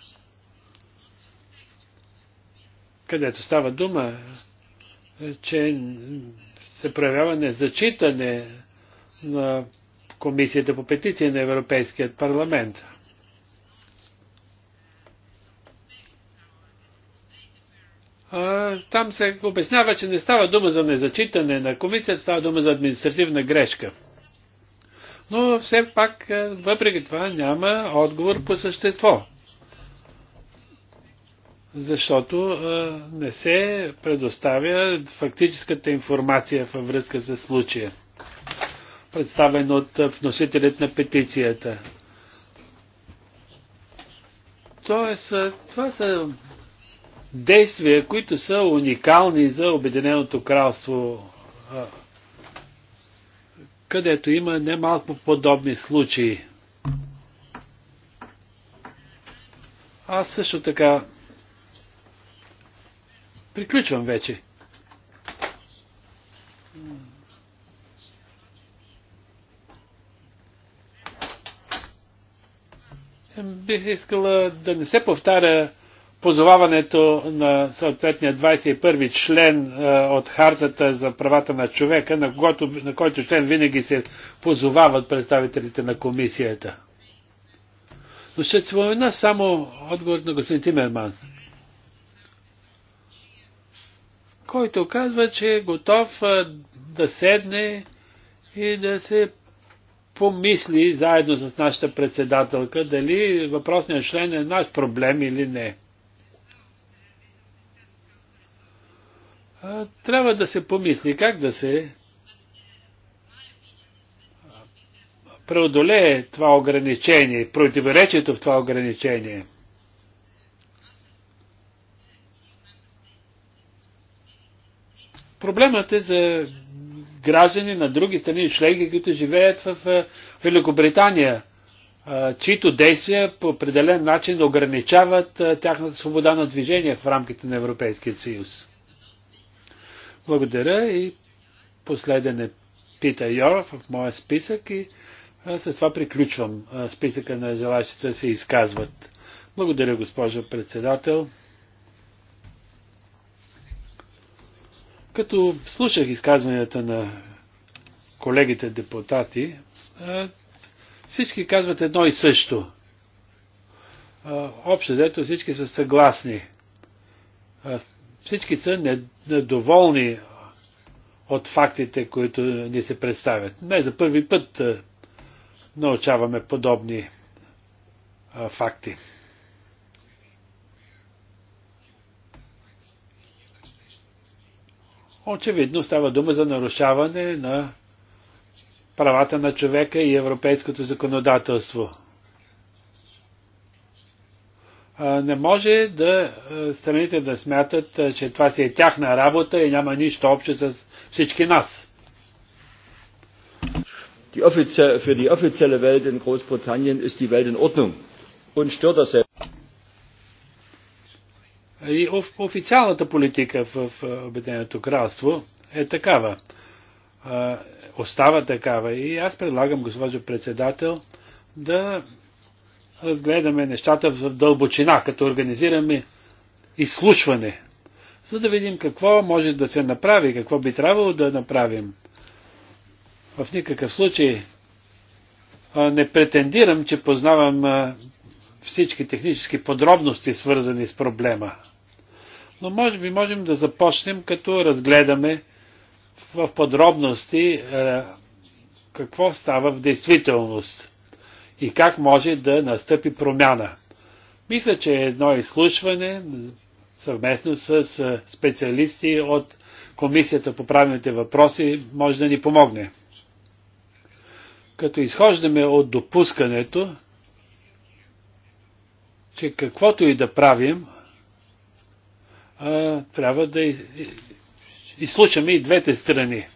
Speaker 2: където става дума, че се проявява незачитане на Комисията по петиции на Европейският парламент. там се обяснява, че не става дума за незачитане на комисията, става дума за административна грешка. Но все пак, е, въпреки това, няма отговор по същество. Защото а, е, не се предоставя фактическата информация във връзка с случая, представен от вносителят на петицията. Тоест, е, това са действия, които са уникални за Обединеното кралство, където има немалко подобни случаи. Аз също така приключвам вече. Бих искала да не се повтаря позоваването на съответния 21 член е, от Хартата за правата на човека, на който, на който член винаги се позовават представителите на комисията. Но ще спомена само отговор на господин Тимерман, който казва, че е готов е, да седне и да се помисли заедно с нашата председателка дали въпросният член е наш проблем или не. трябва да се помисли как да се преодолее това ограничение, противоречието в това ограничение. Проблемът е за граждани на други страни членки, които живеят в Великобритания, чието действия по определен начин ограничават тяхната свобода на движение в рамките на Европейския съюз. Благодаря и последен е Пита Йора в моя списък и с това приключвам списъка на желащите да се изказват. Благодаря, госпожо председател. Като слушах изказванията на колегите депутати, всички казват едно и също. Общо дето всички са съгласни. Всички са недоволни от фактите, които ни се представят. Не за първи път научаваме подобни факти. Очевидно става дума за нарушаване на правата на човека и европейското законодателство не може да страните да смятат, че това си е тяхна работа и няма нищо общо с всички нас. И официалната политика в Обединеното кралство е такава. Остава такава. И аз предлагам, госпожо председател, да разгледаме нещата в дълбочина, като организираме изслушване, за да видим какво може да се направи, какво би трябвало да направим. В никакъв случай не претендирам, че познавам всички технически подробности, свързани с проблема. Но може би можем да започнем, като разгледаме в подробности какво става в действителност и как може да настъпи промяна. Мисля, че едно изслушване съвместно с специалисти от Комисията по правилните въпроси може да ни помогне. Като изхождаме от допускането, че каквото и да правим, трябва да изслушаме и двете страни.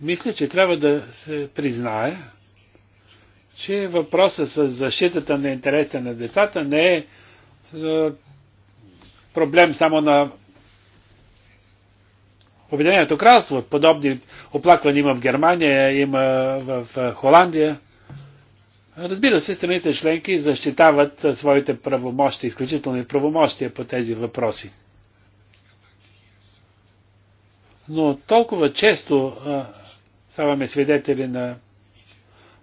Speaker 2: Мисля, че трябва да се признае, че въпроса с защитата на интереса на децата не е, е проблем само на Обединеното кралство. Подобни оплаквания има в Германия, има в Холандия. Разбира се, страните членки защитават своите правомощи, изключителни правомощия по тези въпроси. Но толкова често Ставаме свидетели на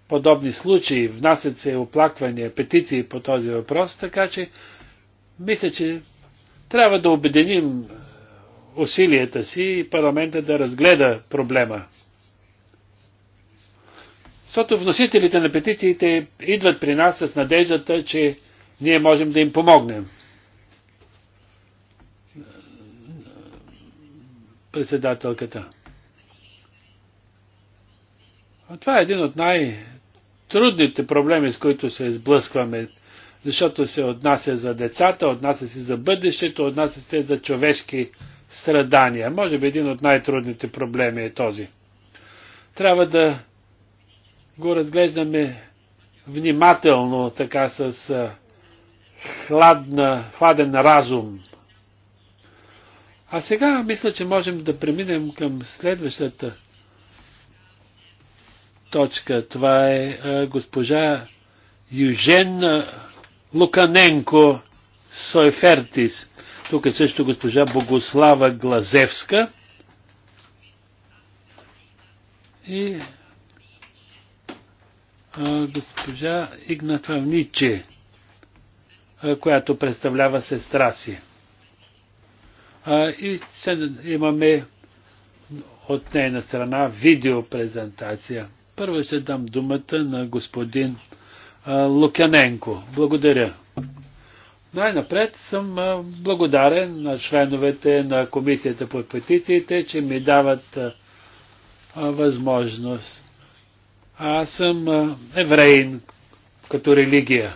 Speaker 2: подобни случаи, внасят се оплаквания, петиции по този въпрос, така че мисля, че трябва да обединим усилията си и парламента да разгледа проблема. Защото вносителите на петициите идват при нас с надеждата, че ние можем да им помогнем. Председателката. Това е един от най-трудните проблеми, с които се изблъскваме, защото се отнася за децата, отнася се за бъдещето, отнася се за човешки страдания. Може би един от най-трудните проблеми е този. Трябва да го разглеждаме внимателно, така с хладна, хладен разум. А сега мисля, че можем да преминем към следващата точка. Това е, е госпожа Южен Луканенко Сойфертис. Тук е също госпожа Богослава Глазевска. И е, госпожа Игната Ниче, е, която представлява сестра си. И имаме от нейна страна видеопрезентация. Първо ще дам думата на господин Лукяненко. Благодаря. Най-напред съм благодарен на членовете на Комисията по петициите, че ми дават възможност. Аз съм евреин като религия.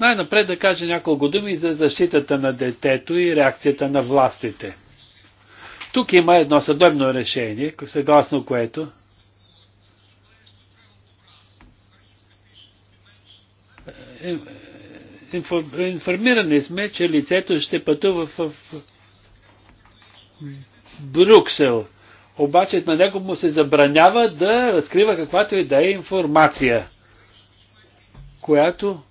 Speaker 2: Най-напред да кажа няколко думи за защитата на детето и реакцията на властите. Тук има едно съдебно решение, съгласно което е, информирани сме, че лицето ще пътува в Брюксел. Обаче на него му се забранява да разкрива каквато и да е информация, която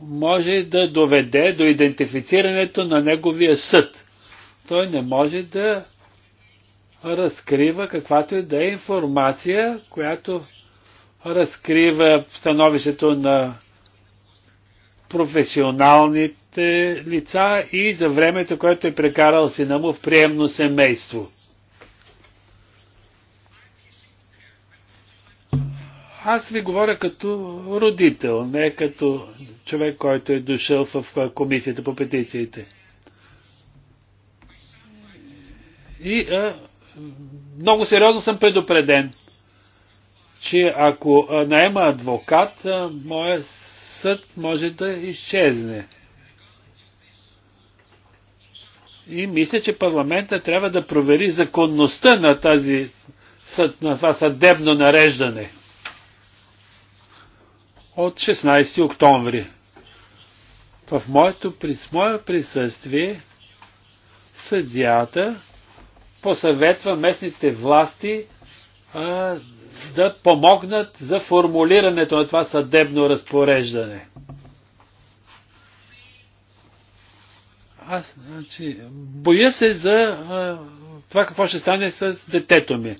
Speaker 2: може да доведе до идентифицирането на неговия съд. Той не може да разкрива каквато и да е информация, която разкрива становището на професионалните лица и за времето, което е прекарал сина му в приемно семейство. Аз ви говоря като родител, не като човек, който е дошъл в комисията по петициите. И а, много сериозно съм предупреден, че ако найема адвокат, моя съд може да изчезне. И мисля, че парламента трябва да провери законността на, тази, на това съдебно нареждане от 16 октомври. В моето, прис, присъствие съдията посъветва местните власти а, да помогнат за формулирането на това съдебно разпореждане. Аз, значи, боя се за а, това какво ще стане с детето ми.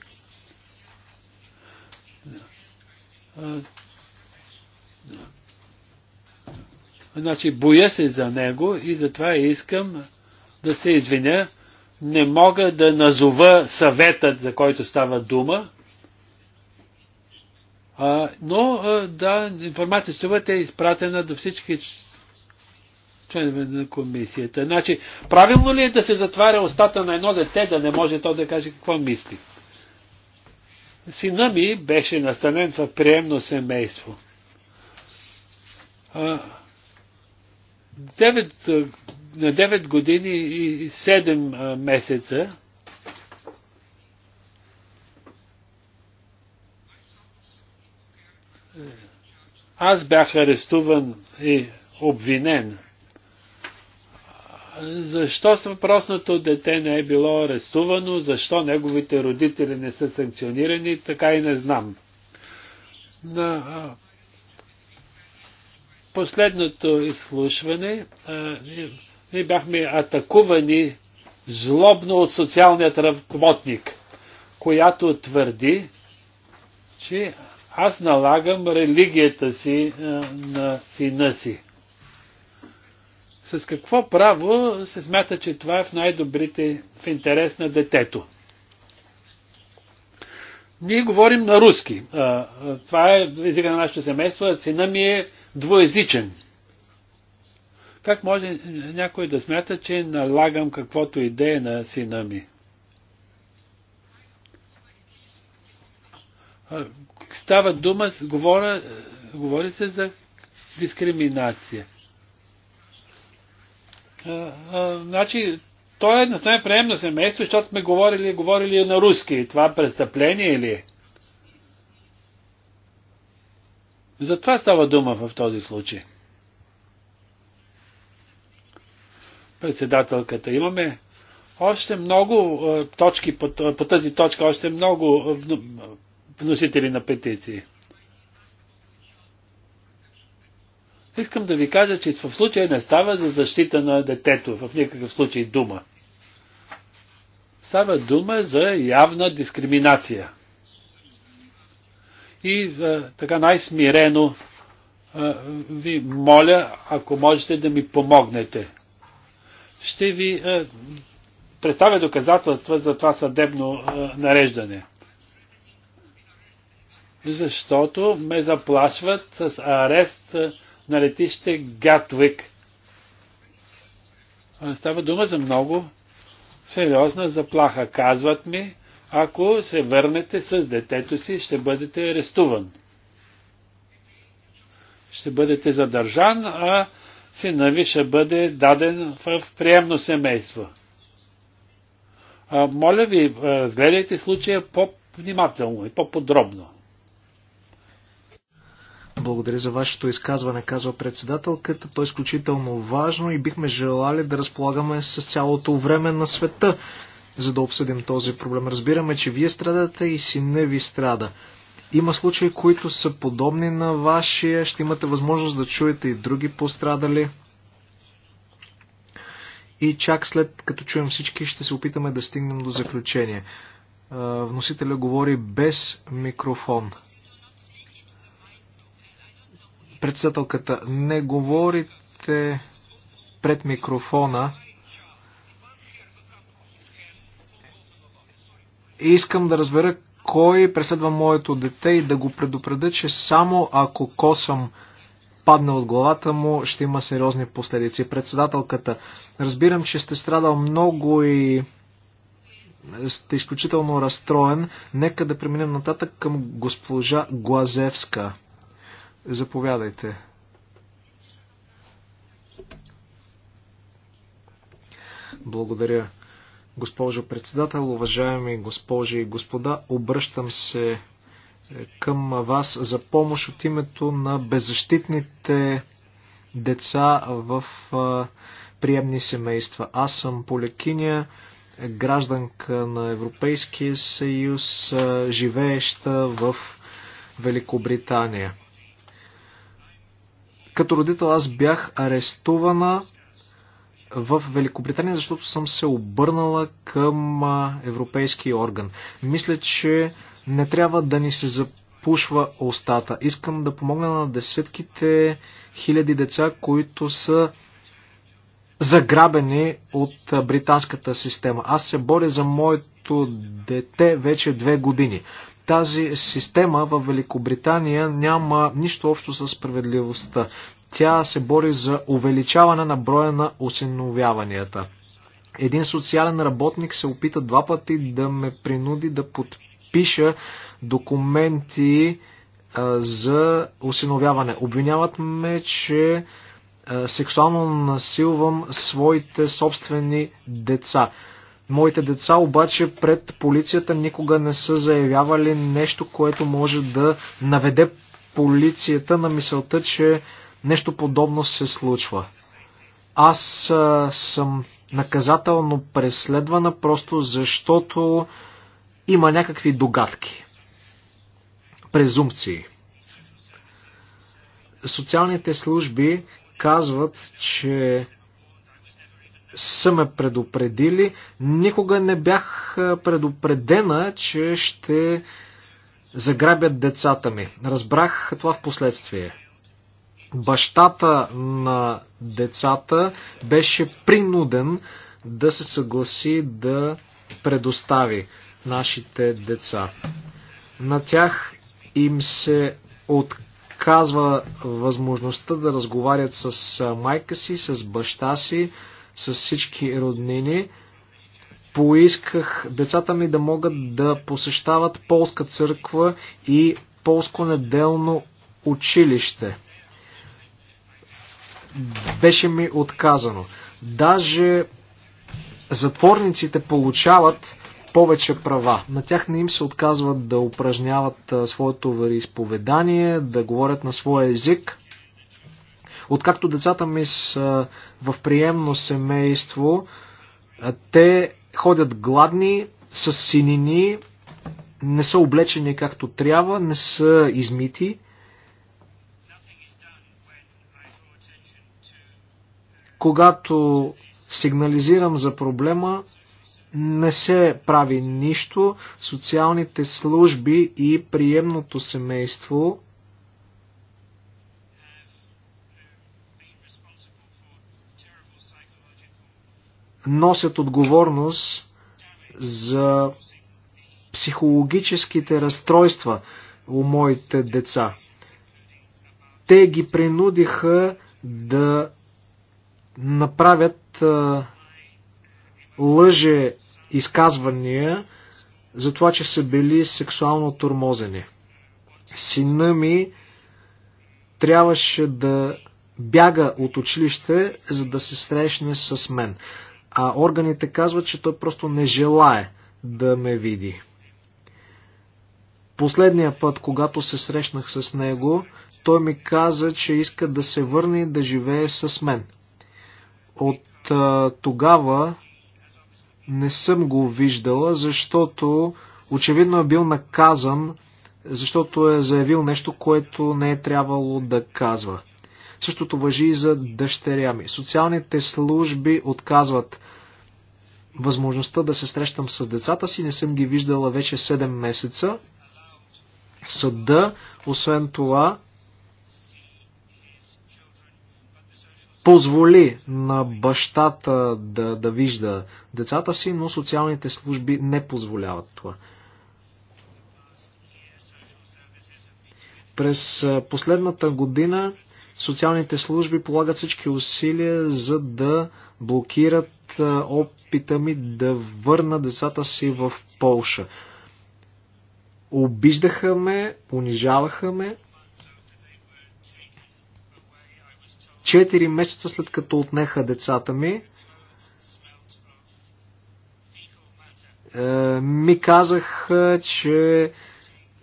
Speaker 2: А, значи, боя се за него и затова искам да се извиня не мога да назова съветът, за който става дума, а, но а, да, информацията е изпратена до всички членове на комисията. Значи, правилно ли е да се затваря устата на едно дете, да не може то да каже какво мисли? Сина ми беше настанен в приемно семейство. Девет на 9 години и 7 месеца. Аз бях арестуван и обвинен. Защо въпросното дете не е било арестувано, защо неговите родители не са санкционирани, така и не знам. На последното изслушване ние бяхме атакувани злобно от социалният работник, която твърди, че аз налагам религията си на сина си. С какво право се смята, че това е в най-добрите, в интерес на детето? Ние говорим на руски. Това е езика на нашето семейство. Сина ми е двоезичен. Как може някой да смята, че налагам каквото идея на сина ми? Става дума, говоря, говори се за дискриминация. А, а, значи, той е на най приемно семейство, защото сме говорили, говорили на руски. Това престъпление ли е? За това става дума в този случай. председателката. Имаме още много е, точки по, е, по тази точка, още много е, вносители на петиции. Искам да ви кажа, че в случая не става за защита на детето, в никакъв случай дума. Става дума за явна дискриминация. И така най-смирено ви моля, ако можете да ми помогнете ще ви е, представя доказателства за това съдебно е, нареждане. Защото ме заплашват с арест е, на летище Гатвик. Става дума за много сериозна заплаха. Казват ми, ако се върнете с детето си, ще бъдете арестуван. Ще бъдете задържан, а сина ви ще бъде даден в приемно семейство. А, моля ви, разгледайте случая по-внимателно и по-подробно.
Speaker 3: Благодаря за вашето изказване, казва председателката. То е изключително важно и бихме желали да разполагаме с цялото време на света, за да обсъдим този проблем. Разбираме, че вие страдате и сина ви страда. Има случаи, които са подобни на вашия. Ще имате възможност да чуете и други пострадали. И чак след като чуем всички, ще се опитаме да стигнем до заключение. Вносителя говори без микрофон. Председателката, не говорите пред микрофона. Искам да разбера кой преследва моето дете и да го предупредя, че само ако косъм падна от главата му, ще има сериозни последици. Председателката, разбирам, че сте страдал много и сте изключително разстроен. Нека да преминем нататък към госпожа Глазевска. Заповядайте. Благодаря, госпожо председател, уважаеми госпожи и господа. Обръщам се е, към вас за помощ от името на беззащитните деца в приемни семейства. Аз съм полекиня, гражданка на Европейския съюз, живееща в Великобритания. Като родител аз бях арестувана в Великобритания, защото съм се обърнала към европейски орган. Мисля, че не трябва да ни се запушва устата. Искам да помогна на десетките хиляди деца, които са заграбени от британската система. Аз се боря за моето дете вече две години. Тази система в Великобритания няма нищо общо с справедливостта. Тя се бори за увеличаване на броя на осиновяванията. Един социален работник се опита два пъти да ме принуди да подпиша документи а, за осиновяване. Обвиняват ме, че а, сексуално насилвам своите собствени деца. Моите деца обаче пред полицията никога не са заявявали нещо, което може да наведе полицията на мисълта, че Нещо подобно се случва. Аз а, съм наказателно преследвана просто защото има някакви догадки. Презумпции. Социалните служби казват, че са ме предупредили. Никога не бях предупредена, че ще заграбят децата ми. Разбрах това в последствие бащата на децата беше принуден да се съгласи да предостави нашите деца. На тях им се отказва възможността да разговарят с майка си, с баща си, с всички роднини. Поисках децата ми да могат да посещават полска църква и полско неделно училище беше ми отказано. Даже затворниците получават повече права. На тях не им се отказват да упражняват своето вероисповедание, да говорят на своя език. Откакто децата ми са в приемно семейство, те ходят гладни, с синини, не са облечени както трябва, не са измити. Когато сигнализирам за проблема, не се прави нищо. Социалните служби и приемното семейство носят отговорност за психологическите разстройства у моите деца. Те ги принудиха да направят лъже изказвания за това, че са били сексуално турмозени. Сина ми трябваше да бяга от училище, за да се срещне с мен. А органите казват, че той просто не желае да ме види. Последния път, когато се срещнах с него, той ми каза, че иска да се върне и да живее с мен. От а, тогава не съм го виждала, защото очевидно е бил наказан, защото е заявил нещо, което не е трябвало да казва. Същото въжи и за дъщеря ми. Социалните служби отказват възможността да се срещам с децата си. Не съм ги виждала вече 7 месеца. Съда, освен това, позволи на бащата да, да вижда децата си, но социалните служби не позволяват това. През последната година социалните служби полагат всички усилия, за да блокират опита ми да върна децата си в Полша. Обиждаха ме, унижаваха ме, Четири месеца след като отнеха децата ми, е, ми казах, е, че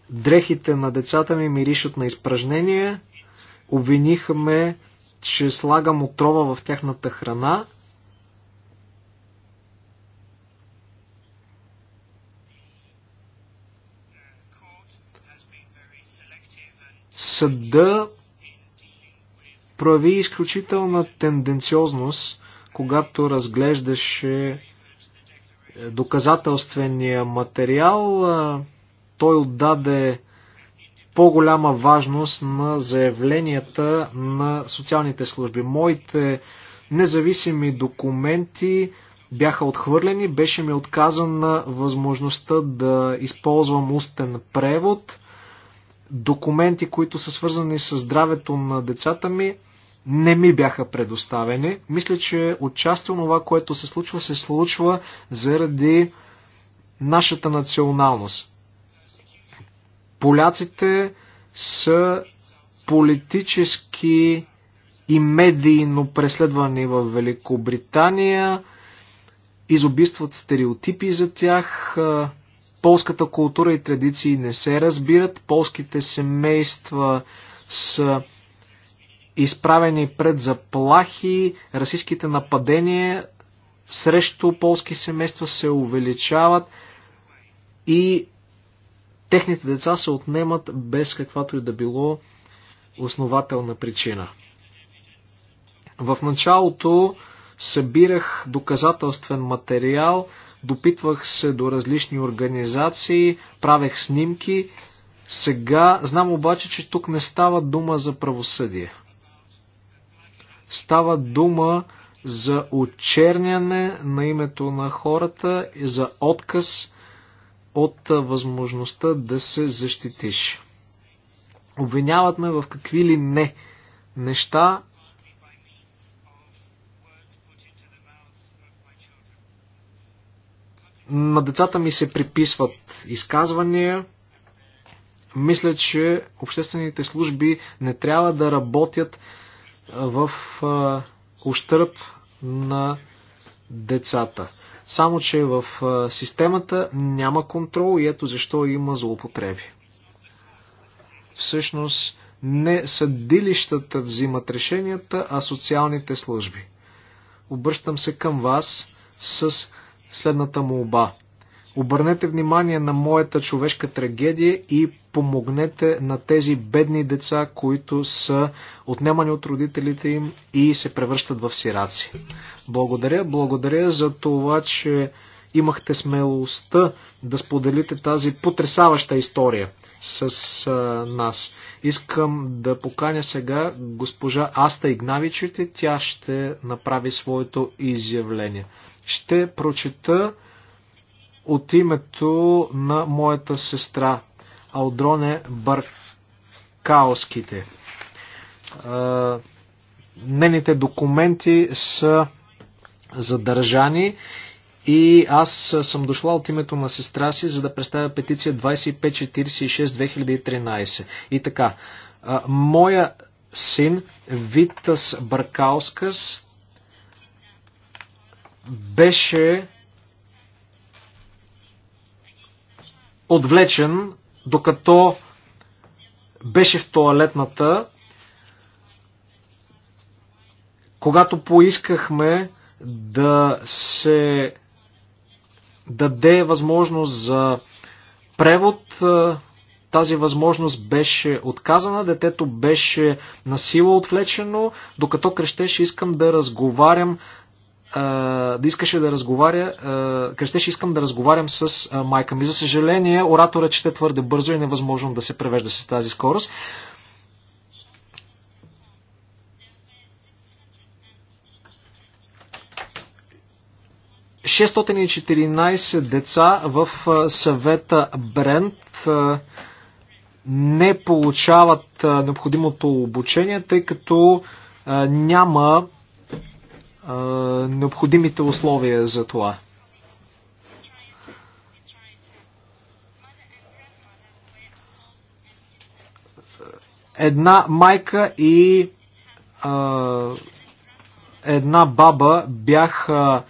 Speaker 3: дрехите на децата ми миришат на изпражнение. Обвиниха ме, че слагам отрова в тяхната храна. Съда прояви изключителна тенденциозност, когато разглеждаше е, доказателствения материал. Той отдаде по-голяма важност на заявленията на социалните служби. Моите независими документи бяха отхвърлени, беше ми отказана възможността да използвам устен превод документи, които са свързани с здравето на децата ми, не ми бяха предоставени. Мисля, че отчасти това, което се случва, се случва заради нашата националност. Поляците са политически и медийно преследвани в Великобритания, изобистват стереотипи за тях, полската култура и традиции не се разбират, полските семейства са изправени пред заплахи, расистските нападения срещу полски семейства се увеличават и техните деца се отнемат без каквато и да било основателна причина. В началото събирах доказателствен материал, допитвах се до различни организации, правех снимки. Сега знам обаче, че тук не става дума за правосъдие. Става дума за очерняне на името на хората и за отказ от възможността да се защитиш. Обвиняват ме в какви ли не неща, На децата ми се приписват изказвания. Мисля, че обществените служби не трябва да работят в ущърп на децата. Само, че в системата няма контрол и ето защо има злоупотреби. Всъщност не съдилищата взимат решенията, а социалните служби. Обръщам се към вас с следната му оба. Обърнете внимание на моята човешка трагедия и помогнете на тези бедни деца, които са отнемани от родителите им и се превръщат в сираци. Благодаря, благодаря за това, че имахте смелостта да споделите тази потрясаваща история с а, нас. Искам да поканя сега госпожа Аста Игнавичите, тя ще направи своето изявление ще прочета от името на моята сестра Алдроне Баркаоските. Нените документи са задържани и аз съм дошла от името на сестра си, за да представя петиция 2546-2013. И така, моя син Витас Баркаускас беше отвлечен, докато беше в туалетната. Когато поискахме да се даде възможност за превод, тази възможност беше отказана, детето беше насила отвлечено, докато крещеше искам да разговарям да искаше да разговаря, крещеше искам да разговарям с майка ми. За съжаление, оратора чете твърде бързо и невъзможно да се превежда с тази скорост. ...614 деца в съвета Брент не получават необходимото обучение, тъй като няма необходимите условия за това. Една майка и а, една баба бяха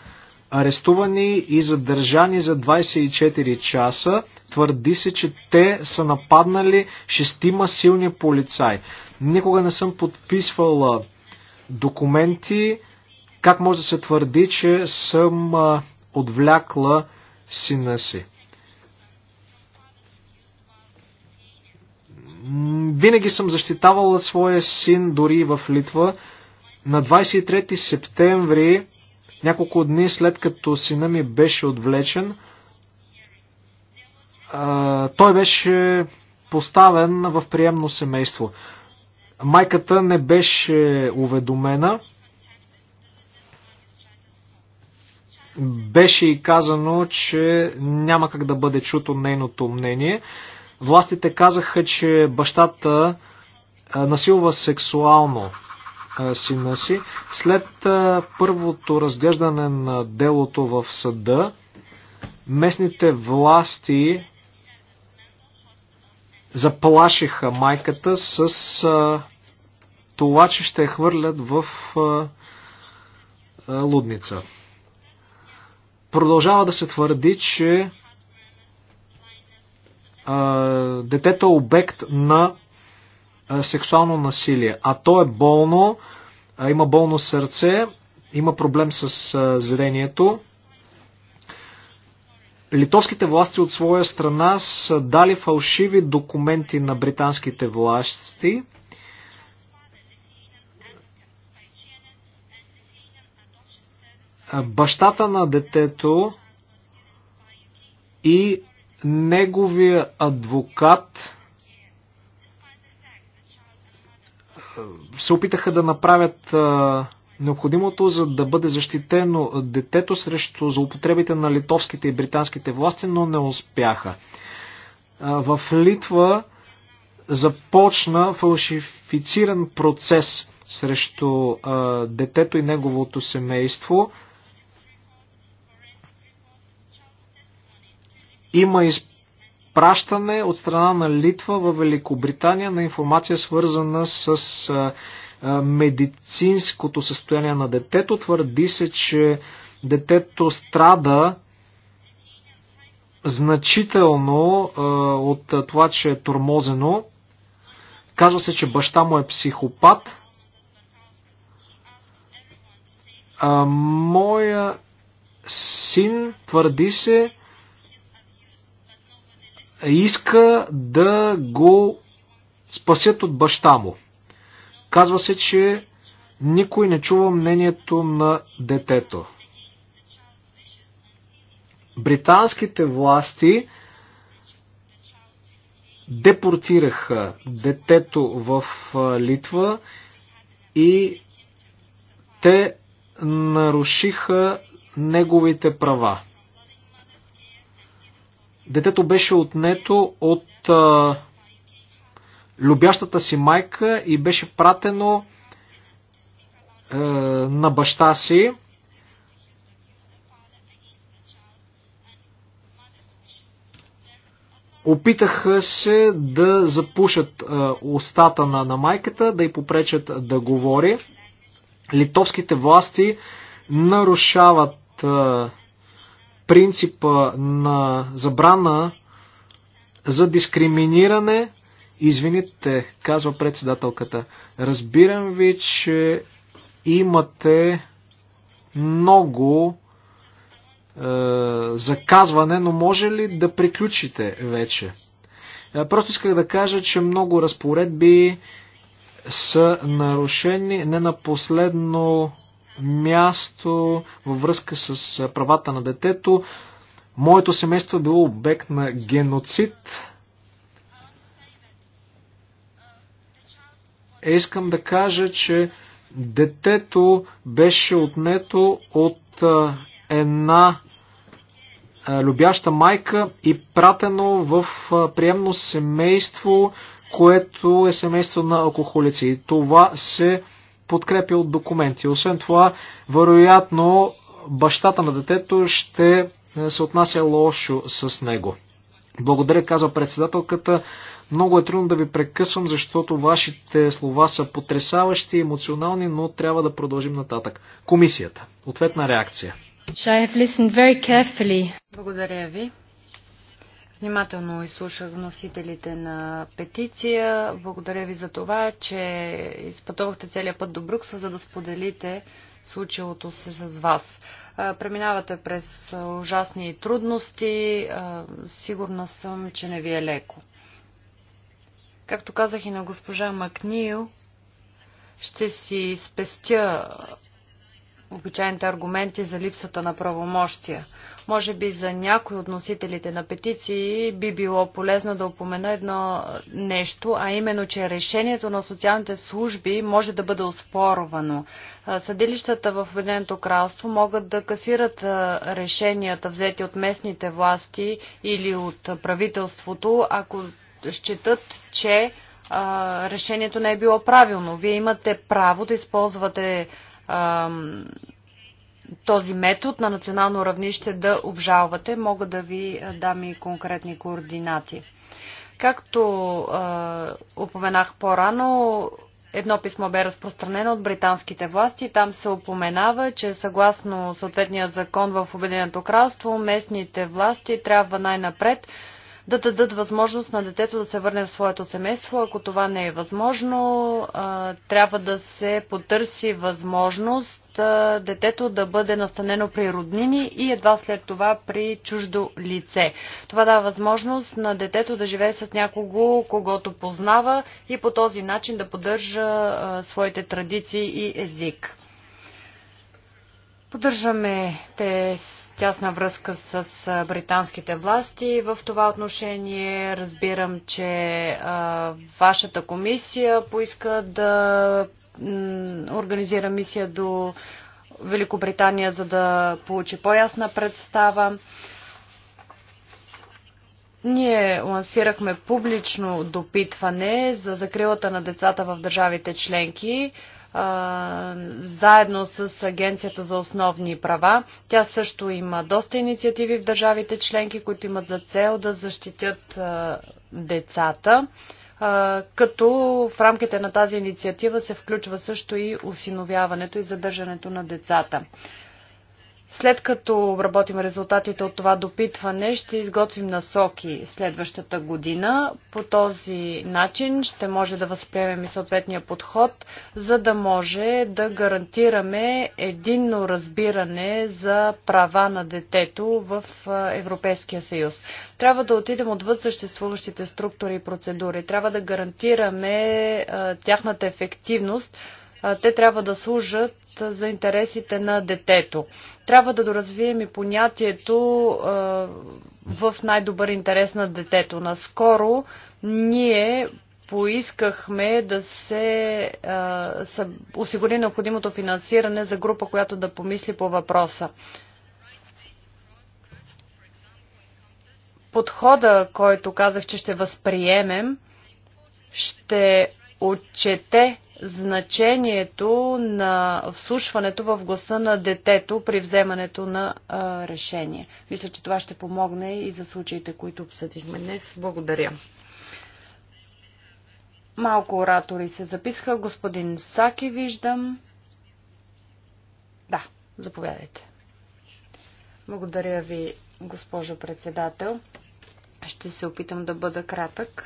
Speaker 3: арестувани и задържани за 24 часа. Твърди се, че те са нападнали шестима силни полицаи. Никога не съм подписвала документи, как може да се твърди, че съм отвлякла сина си? Винаги съм защитавала своя син дори в Литва. На 23 септември, няколко дни след като сина ми беше отвлечен, той беше поставен в приемно семейство. Майката не беше уведомена, Беше и казано, че няма как да бъде чуто нейното мнение. Властите казаха, че бащата насилва сексуално сина си. След първото разглеждане на делото в съда, местните власти заплашиха майката с това, че ще хвърлят в лудница. Продължава да се твърди, че а, детето е обект на а, сексуално насилие, а то е болно, а, има болно сърце, има проблем с а, зрението. Литовските власти от своя страна са дали фалшиви документи на британските власти – бащата на детето и неговия адвокат се опитаха да направят необходимото, за да бъде защитено детето срещу злоупотребите на литовските и британските власти, но не успяха. В Литва започна фалшифициран процес срещу детето и неговото семейство. Има изпращане от страна на Литва в Великобритания на информация свързана с медицинското състояние на детето. Твърди се, че детето страда значително а, от това, че е тормозено. Казва се, че баща му е психопат. А, моя син твърди се, иска да го спасят от баща му. Казва се, че никой не чува мнението на детето. Британските власти депортираха детето в Литва и те нарушиха неговите права. Детето беше отнето от а, любящата си майка и беше пратено а, на баща си. Опитаха се да запушат а, устата на, на майката, да й попречат да говори. Литовските власти нарушават а, принципа на забрана за дискриминиране. Извините, казва председателката. Разбирам ви, че имате много е, заказване, но може ли да приключите вече? Е, просто исках да кажа, че много разпоредби са нарушени. Не на последно място във връзка с правата на детето. Моето семейство е било обект на геноцид. Е, искам да кажа, че детето беше отнето от една любяща майка и пратено в приемно семейство, което е семейство на алкохолици. И това се подкрепя от документи. Освен това, вероятно, бащата на детето ще е, се отнася лошо с него. Благодаря, казва председателката. Много е трудно да ви прекъсвам, защото вашите слова са потрясаващи, емоционални, но трябва да продължим нататък. Комисията.
Speaker 1: Ответна реакция. Благодаря ви. Внимателно изслушах вносителите на петиция. Благодаря ви за това, че изпътувахте целият път до Брюксел, за да споделите случилото се с вас. Преминавате през ужасни трудности. Сигурна съм, че не ви е леко. Както казах и на госпожа Макнил, ще си спестя обичайните аргументи за липсата на правомощия. Може би за някои от носителите на петиции би било полезно да упомена едно нещо, а именно, че решението на социалните служби може да бъде оспорвано. Съдилищата в Обединеното кралство могат да касират решенията, взети от местните власти или от правителството, ако считат, че решението не е било правилно. Вие имате право да използвате този метод на национално равнище да обжалвате. Мога да ви е, дам и конкретни координати. Както е, упоменах по-рано, едно писмо бе разпространено от британските власти. Там се упоменава, че съгласно съответния закон в Обединеното кралство, местните власти трябва най-напред да дадат възможност на детето да се върне в своето семейство. Ако това не е възможно, трябва да се потърси възможност детето да бъде настанено при роднини и едва след това при чуждо лице. Това дава възможност на детето да живее с някого, когото познава и по този начин да поддържа своите традиции и език. Поддържаме те с тясна връзка с британските власти. В това отношение разбирам, че а, вашата комисия поиска да организира мисия до Великобритания, за да получи по-ясна представа. Ние лансирахме публично допитване за закрилата на децата в държавите членки заедно с Агенцията за основни права. Тя също има доста инициативи в държавите членки, които имат за цел да защитят децата, като в рамките на тази инициатива се включва също и осиновяването и задържането на децата. След като обработим резултатите от това допитване, ще изготвим насоки следващата година. По този начин ще може да възприемем и съответния подход, за да може да гарантираме единно разбиране за права на детето в Европейския съюз. Трябва да отидем отвъд съществуващите структури и процедури. Трябва да гарантираме тяхната ефективност те трябва да служат за интересите на детето. Трябва да доразвием и понятието в най-добър интерес на детето. Наскоро ние поискахме да се а, осигури необходимото финансиране за група, която да помисли по въпроса. Подхода, който казах, че ще възприемем, ще отчете значението на вслушването в гласа на детето при вземането на а, решение. Мисля, че това ще помогне и за случаите, които обсъдихме днес. Благодаря. Малко оратори се записаха. Господин Саки виждам. Да, заповядайте. Благодаря ви, госпожо председател. Ще се опитам да бъда кратък.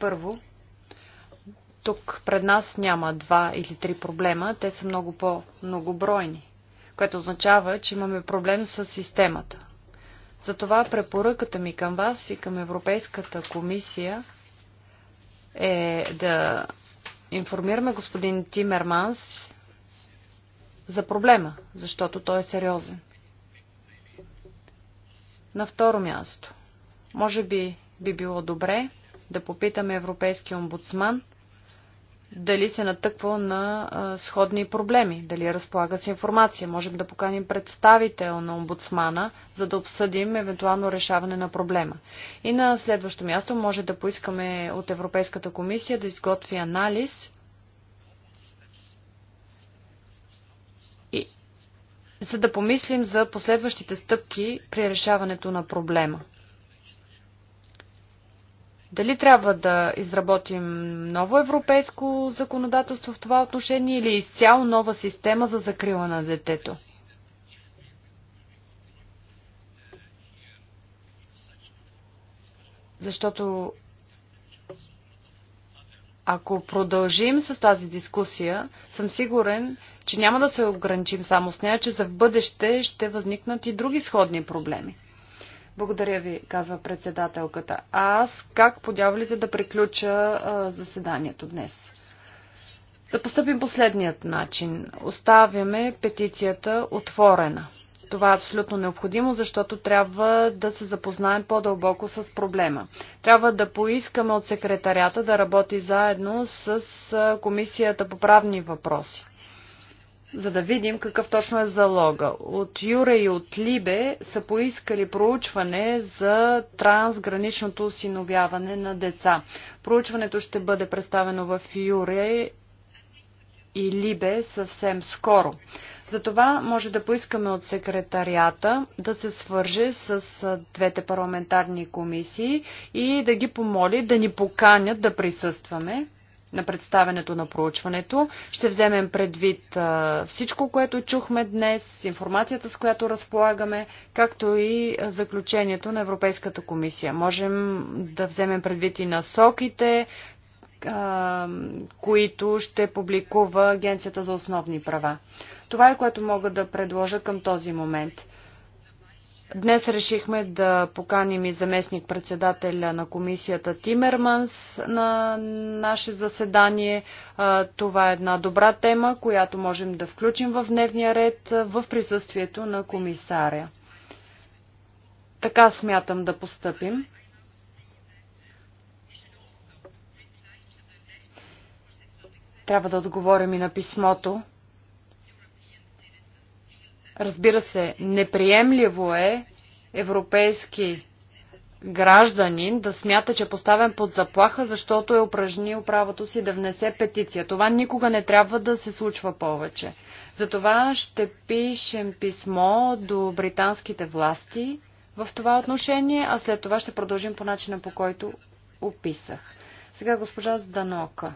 Speaker 1: Първо, тук пред нас няма два или три проблема, те са много по-многобройни, което означава, че имаме проблем с системата. Затова препоръката ми към вас и към Европейската комисия е да информираме господин Тимерманс за проблема, защото той е сериозен. На второ място, може би би било добре да попитаме Европейския омбудсман дали се натъква на а, сходни проблеми, дали разполага с информация. Можем да поканим представител на омбудсмана, за да обсъдим евентуално решаване на проблема. И на следващо място може да поискаме от Европейската комисия да изготви анализ и, за да помислим за последващите стъпки при решаването на проблема. Дали трябва да изработим ново европейско законодателство в това отношение или изцяло нова система за закрила на детето? Защото ако продължим с тази дискусия, съм сигурен, че няма да се ограничим само с нея, че за в бъдеще ще възникнат и други сходни проблеми. Благодаря ви, казва председателката. А аз как подявалите да приключа а, заседанието днес? Да поступим последният начин. Оставяме петицията отворена. Това е абсолютно необходимо, защото трябва да се запознаем по-дълбоко с проблема. Трябва да поискаме от секретарята да работи заедно с Комисията по правни въпроси за да видим какъв точно е залога. От Юре и от Либе са поискали проучване за трансграничното осиновяване на деца. Проучването ще бъде представено в Юре и Либе съвсем скоро. Затова може да поискаме от секретарията да се свърже с двете парламентарни комисии и да ги помоли да ни поканят да присъстваме на представенето на проучването. Ще вземем предвид всичко, което чухме днес, информацията, с която разполагаме, както и заключението на Европейската комисия. Можем да вземем предвид и насоките, които ще публикува Агенцията за основни права. Това е което мога да предложа към този момент. Днес решихме да поканим и заместник председателя на комисията Тимерманс на наше заседание. Това е една добра тема, която можем да включим в дневния ред в присъствието на комисаря. Така смятам да постъпим. Трябва да отговорим и на писмото, Разбира се, неприемливо е европейски гражданин да смята, че е поставен под заплаха, защото е упражнил правото си да внесе петиция. Това никога не трябва да се случва повече. Затова ще пишем писмо до британските власти в това отношение, а след това ще продължим по начина по който описах. Сега госпожа Зданока.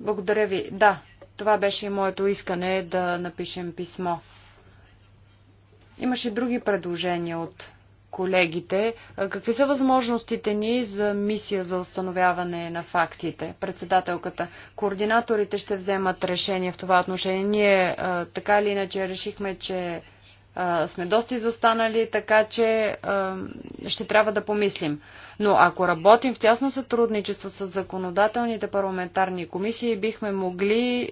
Speaker 1: Благодаря ви. Да, това беше и моето искане да напишем писмо. Имаше други предложения от колегите. Какви са възможностите ни за мисия за установяване на фактите? Председателката, координаторите ще вземат решение в това отношение. Ние така или иначе решихме, че сме доста изостанали, така че ще трябва да помислим. Но ако работим в тясно сътрудничество с законодателните парламентарни комисии, бихме могли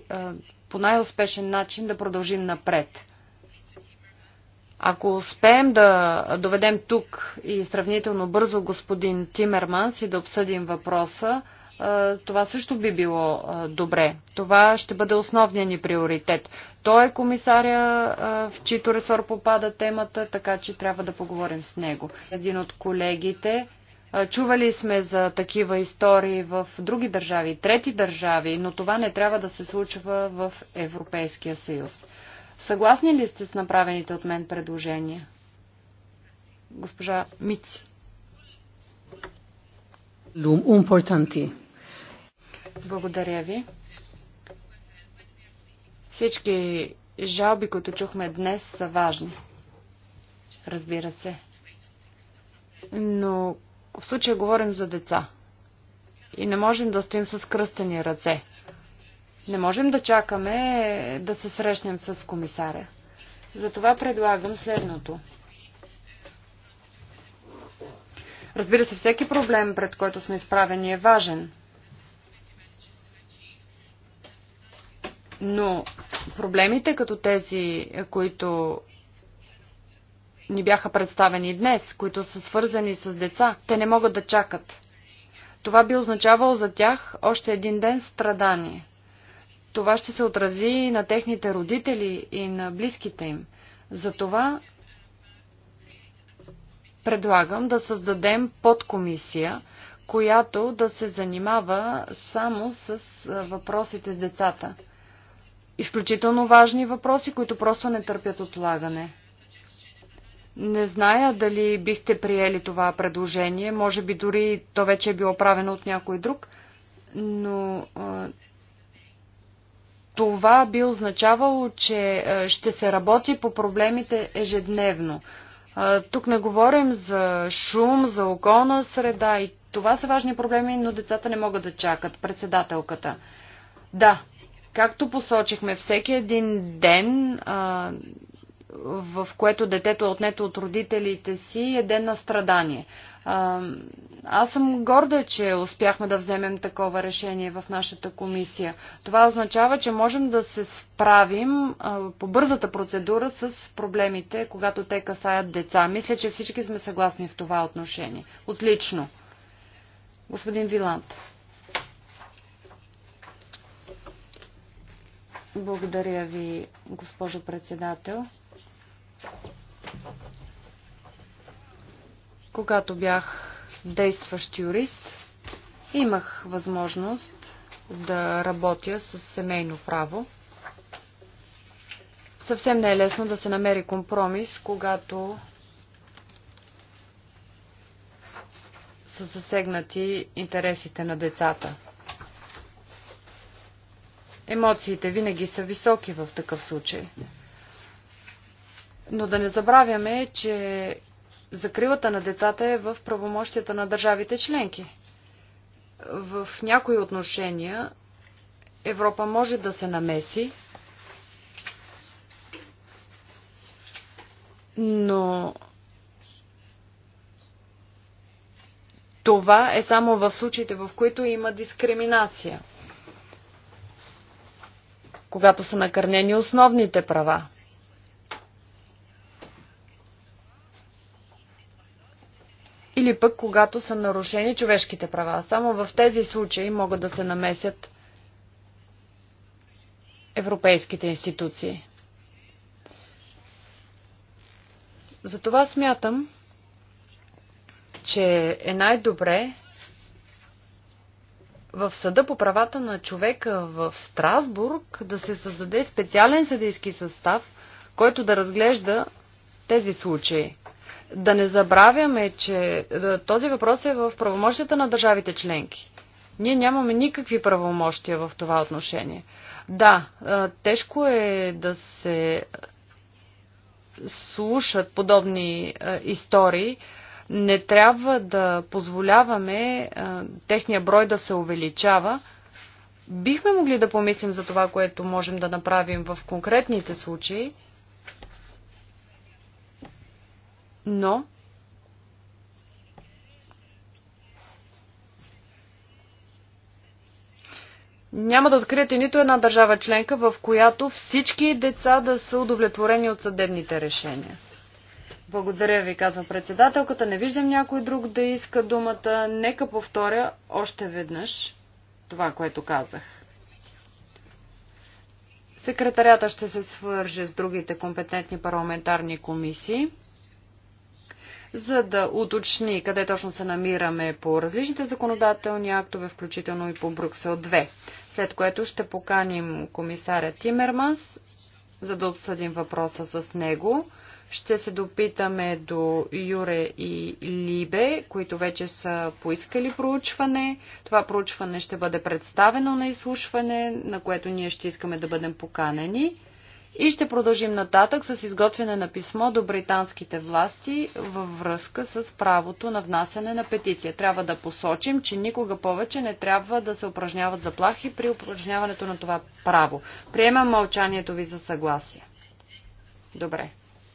Speaker 1: по най-успешен начин да продължим напред. Ако успеем да доведем тук и сравнително бързо господин Тимерманс и да обсъдим въпроса, това също би било добре. Това ще бъде основният ни приоритет. Той е комисаря, в чието ресор попада темата, така че трябва да поговорим с него. Един от колегите. Чували сме за такива истории в други държави, трети държави, но това не трябва да се случва в Европейския съюз. Съгласни ли сте с направените от мен предложения? Госпожа Мици. Благодаря ви. Всички жалби, които чухме днес, са важни. Разбира се. Но в случая говорим за деца. И не можем да стоим с кръстени ръце. Не можем да чакаме да се срещнем с комисаря. Затова предлагам следното. Разбира се, всеки проблем, пред който сме изправени, е важен, Но проблемите като тези, които ни бяха представени днес, които са свързани с деца, те не могат да чакат. Това би означавало за тях още един ден страдание. Това ще се отрази и на техните родители и на близките им. Затова предлагам да създадем подкомисия, която да се занимава само с въпросите с децата – изключително важни въпроси, които просто не търпят отлагане. Не зная дали бихте приели това предложение, може би дори то вече е било правено от някой друг, но това би означавало, че ще се работи по проблемите ежедневно. Тук не говорим за шум, за околна среда и това са важни проблеми, но децата не могат да чакат. Председателката. Да, Както посочихме, всеки един ден, а, в което детето е отнето от родителите си, е ден на страдание. А, аз съм горда, че успяхме да вземем такова решение в нашата комисия. Това означава, че можем да се справим а, по бързата процедура с проблемите, когато те касаят деца. Мисля, че всички сме съгласни в това отношение. Отлично. Господин Виланд. Благодаря ви, госпожо председател. Когато бях действащ юрист, имах възможност да работя с семейно право. Съвсем не е лесно да се намери компромис, когато са засегнати интересите на децата. Емоциите винаги са високи в такъв случай. Но да не забравяме, че закрилата на децата е в правомощията на държавите членки. В някои отношения Европа може да се намеси, но това е само в случаите, в които има дискриминация когато са накърнени основните права. Или пък когато са нарушени човешките права. Само в тези случаи могат да се намесят европейските институции. Затова смятам, че е най-добре в Съда по правата на човека в Страсбург да се създаде специален съдийски състав, който да разглежда тези случаи. Да не забравяме, че е, този въпрос е в правомощията на държавите членки. Ние нямаме никакви правомощия в това отношение. Да, е, тежко е да се слушат подобни е, истории, не трябва да позволяваме а, техния брой да се увеличава. Бихме могли да помислим за това, което можем да направим в конкретните случаи, но Няма да откриете нито една държава членка, в която всички деца да са удовлетворени от съдебните решения. Благодаря ви, казва председателката. Не виждам някой друг да иска думата. Нека повторя още веднъж това, което казах. Секретарята ще се свърже с другите компетентни парламентарни комисии, за да уточни къде точно се намираме по различните законодателни актове, включително и по Бруксел 2, след което ще поканим комисаря Тимерманс, за да обсъдим въпроса с него. Ще се допитаме до Юре и Либе, които вече са поискали проучване. Това проучване ще бъде представено на изслушване, на което ние ще искаме да бъдем поканени. И ще продължим нататък с изготвяне на писмо до британските власти във връзка с правото на внасяне на петиция. Трябва да посочим, че никога повече не трябва да се упражняват заплахи при упражняването на това право. Приемам мълчанието ви за съгласие. Добре.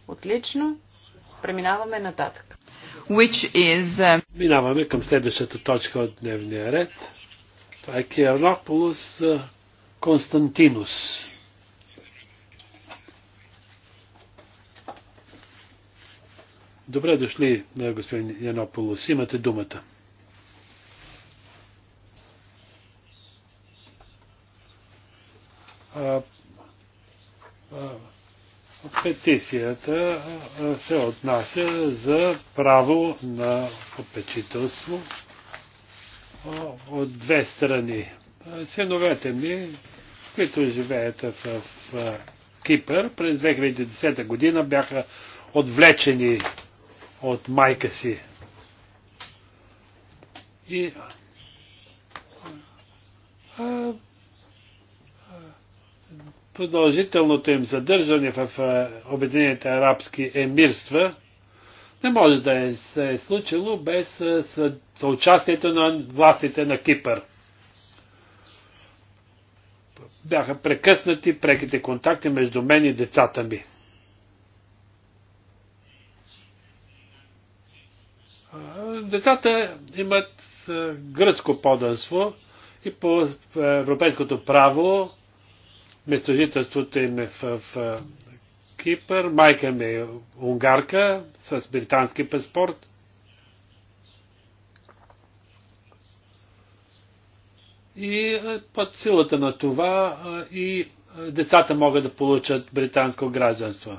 Speaker 1: Отлично. Преминаваме нататък.
Speaker 2: Which is... Uh, Минаваме към следващата точка от дневния ред. Това е Киернополус uh, Константинус. Добре дошли, uh, господин Янополус. Имате думата. А, а, Петицията се отнася за право на попечителство от две страни. Синовете ми, които живеят в Кипър, през 2010 година бяха отвлечени от майка си. И а, продължителното им задържане в Обединените арабски емирства не може да е, се е случило без съучастието на властите на Кипър. Бяха прекъснати преките контакти между мен и децата ми. Децата имат гръцко поданство и по европейското право местожителството им е в, в Кипър, майка ми е унгарка с британски паспорт. И е, под силата на това е, и е, децата могат да получат британско гражданство.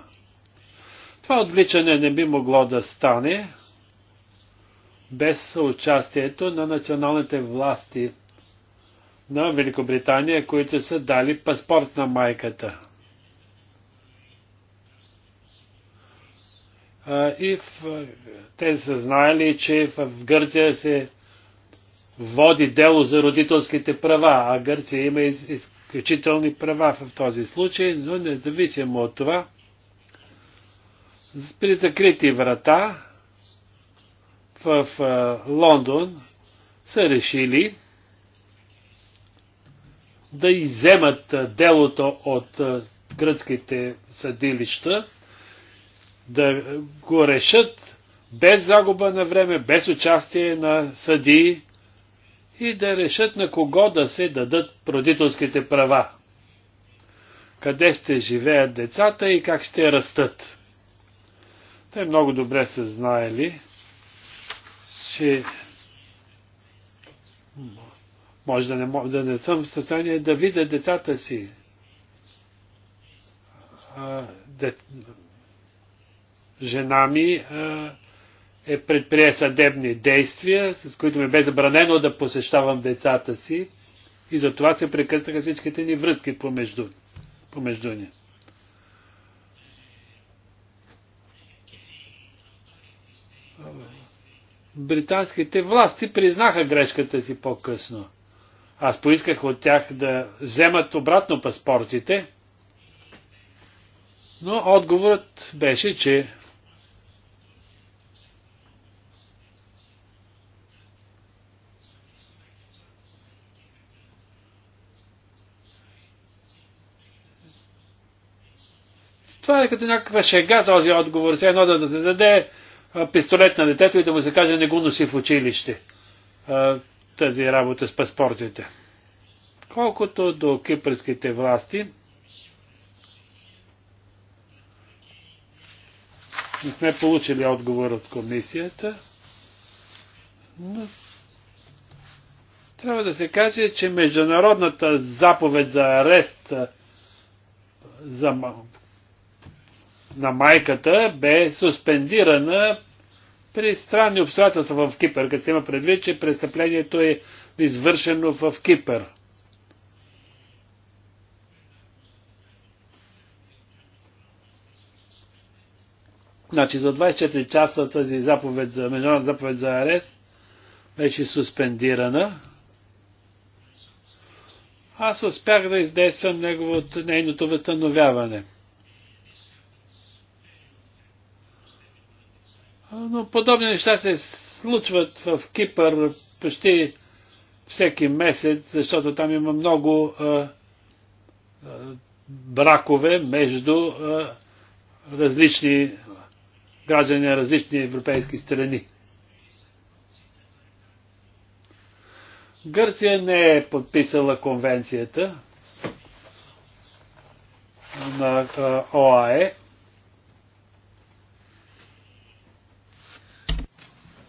Speaker 2: Това отвличане не би могло да стане без участието на националните власти на Великобритания, които са дали паспорт на майката. И в, те са знаели, че в Гърция се води дело за родителските права, а Гърция има из, изключителни права в този случай, но независимо от това, при закрити врата в Лондон са решили, да иземат делото от гръцките съдилища, да го решат без загуба на време, без участие на съдии и да решат на кого да се дадат родителските права. Къде ще живеят децата и как ще растат. Те много добре са знаели, че може да не, да не съм в състояние да видя децата си. А, дет... Жена ми а, е предприе съдебни действия, с които ми бе забранено да посещавам децата си и за това се прекъснаха всичките ни връзки помежду, помежду ни. британските власти признаха грешката си по-късно. Аз поисках от тях да вземат обратно паспортите, но отговорът беше, че Това е като някаква шега този отговор. се едно да се даде пистолет на детето и да му се каже не го носи в училище тази работа с паспортите. Колкото до кипърските власти, не сме получили отговор от комисията, но трябва да се каже, че международната заповед за арест за, на майката бе суспендирана при странни обстоятелства в Кипър, като има предвид, че престъплението е извършено в Кипър. Значи за 24 часа тази заповед за, международна заповед за арест беше суспендирана. Аз успях да издействам неговото, нейното възстановяване. Но подобни неща се случват в Кипър почти всеки месец, защото там има много а, а, бракове между а, различни граждани на различни европейски страни. Гърция не е подписала конвенцията на ОАЕ,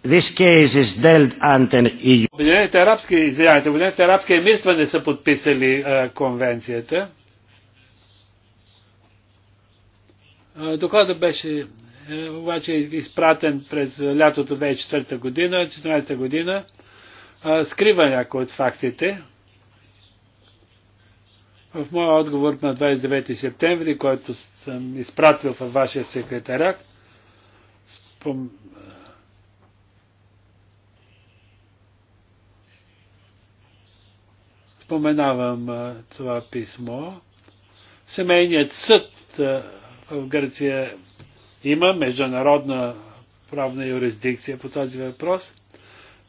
Speaker 1: This case is dealt
Speaker 3: under EU.
Speaker 2: Обединените арабски, извинявайте, Обединените арабски емирства не са подписали а, е, конвенцията. Е, докладът беше а, е, обаче изпратен през лятото 2004 година, 2014 година. А, скрива някои от фактите. В моя отговор на 29 септември, който съм изпратил във вашия секретарят, споменавам а, това писмо. Семейният съд а, в Гърция има международна правна юрисдикция по този въпрос.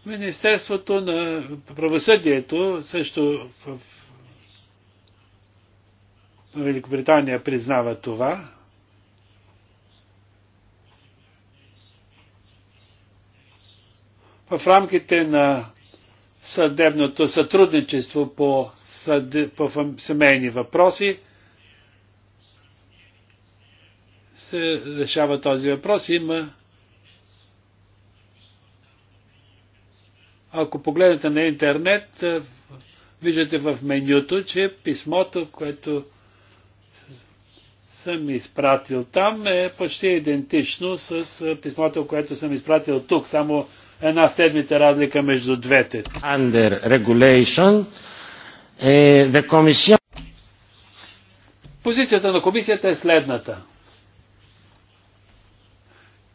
Speaker 2: Министерството на правосъдието също в Великобритания признава това. В рамките на съдебното сътрудничество по, съд... по семейни въпроси се решава този въпрос. Има Ако погледнете на интернет, виждате в менюто, че писмото, което съм изпратил там е почти идентично с писмото, което съм изпратил тук. Само една седмица разлика между двете.
Speaker 3: Under regulation, eh, the commission...
Speaker 2: Позицията на комисията е следната.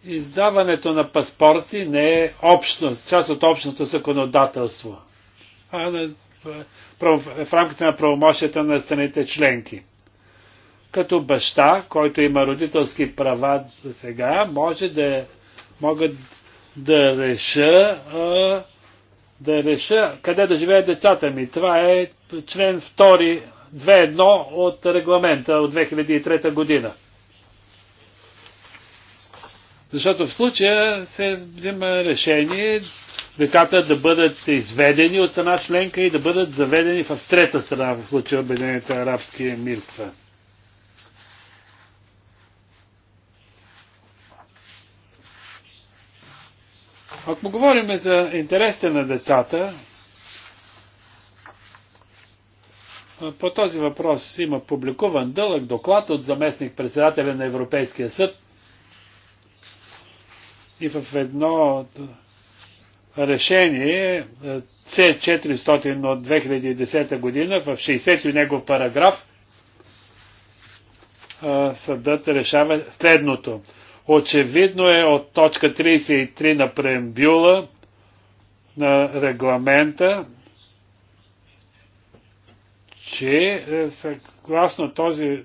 Speaker 2: Издаването на паспорти не е общност, част от общото законодателство, а в рамките на правомощията на страните членки като баща, който има родителски права за сега, може да могат да реша да реша къде да живеят децата ми. Това е член 2, 2.1 от регламента от 2003 година. Защото в случая се взима решение децата да бъдат изведени от една членка и да бъдат заведени в трета страна, в случая Обединените арабски емирства. Ако говорим за интересите на децата, по този въпрос има публикуван дълъг доклад от заместник председателя на Европейския съд и в едно решение C400 от 2010 година в 60 негов параграф съдът решава следното. Очевидно е от точка 33 на преамбюла на регламента, че е, съгласно този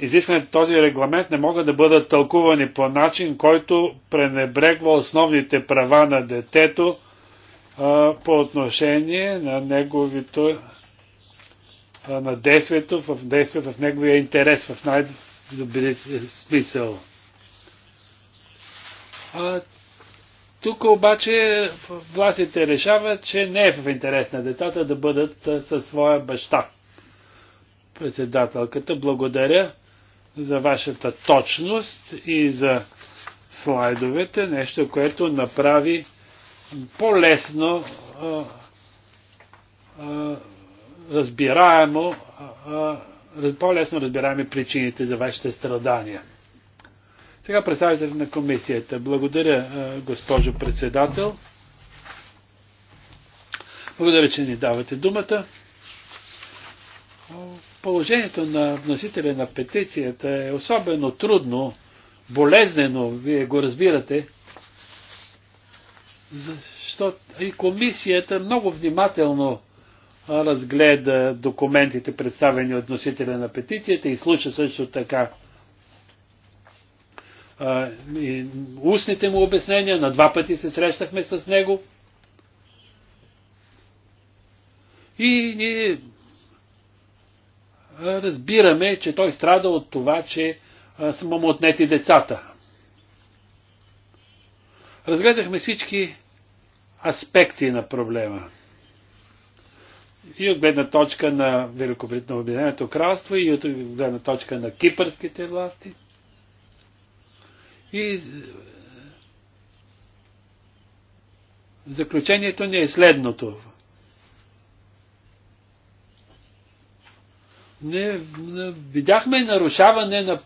Speaker 2: изискването този регламент не могат да бъдат тълкувани по начин, който пренебрегва основните права на детето а, е, по отношение на неговито а, е, на действието в действието в неговия интерес в най- добре смисъл. А, тук обаче властите решават, че не е в интерес на децата да бъдат със своя баща. Председателката, благодаря за вашата точност и за слайдовете, нещо, което направи по-лесно разбираемо а, а, по-лесно разбираме причините за вашите страдания. Сега представител на комисията. Благодаря, е, госпожо председател. Благодаря, че ни давате думата. Положението на вносителя на петицията е особено трудно, болезнено, вие го разбирате, защото и комисията много внимателно разгледа документите, представени от носителя на петицията и слуша също така и устните му обяснения. На два пъти се срещахме с него. И ние разбираме, че той страда от това, че са му отнети децата. Разгледахме всички аспекти на проблема и от гледна точка на Великобритания, Обединеното кралство, и от гледна точка на кипърските власти. И заключението ни е следното. Не, видяхме нарушаване на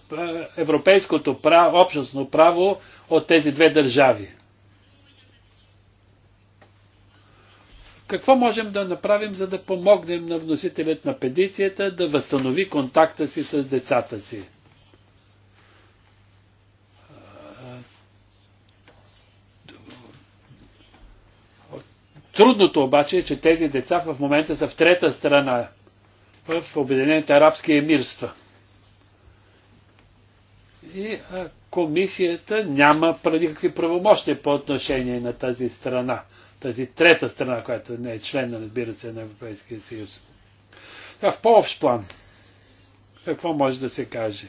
Speaker 2: европейското право, общностно право от тези две държави. Какво можем да направим, за да помогнем на вносителят на педицията да възстанови контакта си с децата си? Трудното обаче е, че тези деца в момента са в трета страна, в Обединените арабски емирства. И комисията няма преди какви правомощи по отношение на тази страна тази трета страна, която не е член, разбира се, на Европейския съюз. А в по-общ план, какво може да се каже?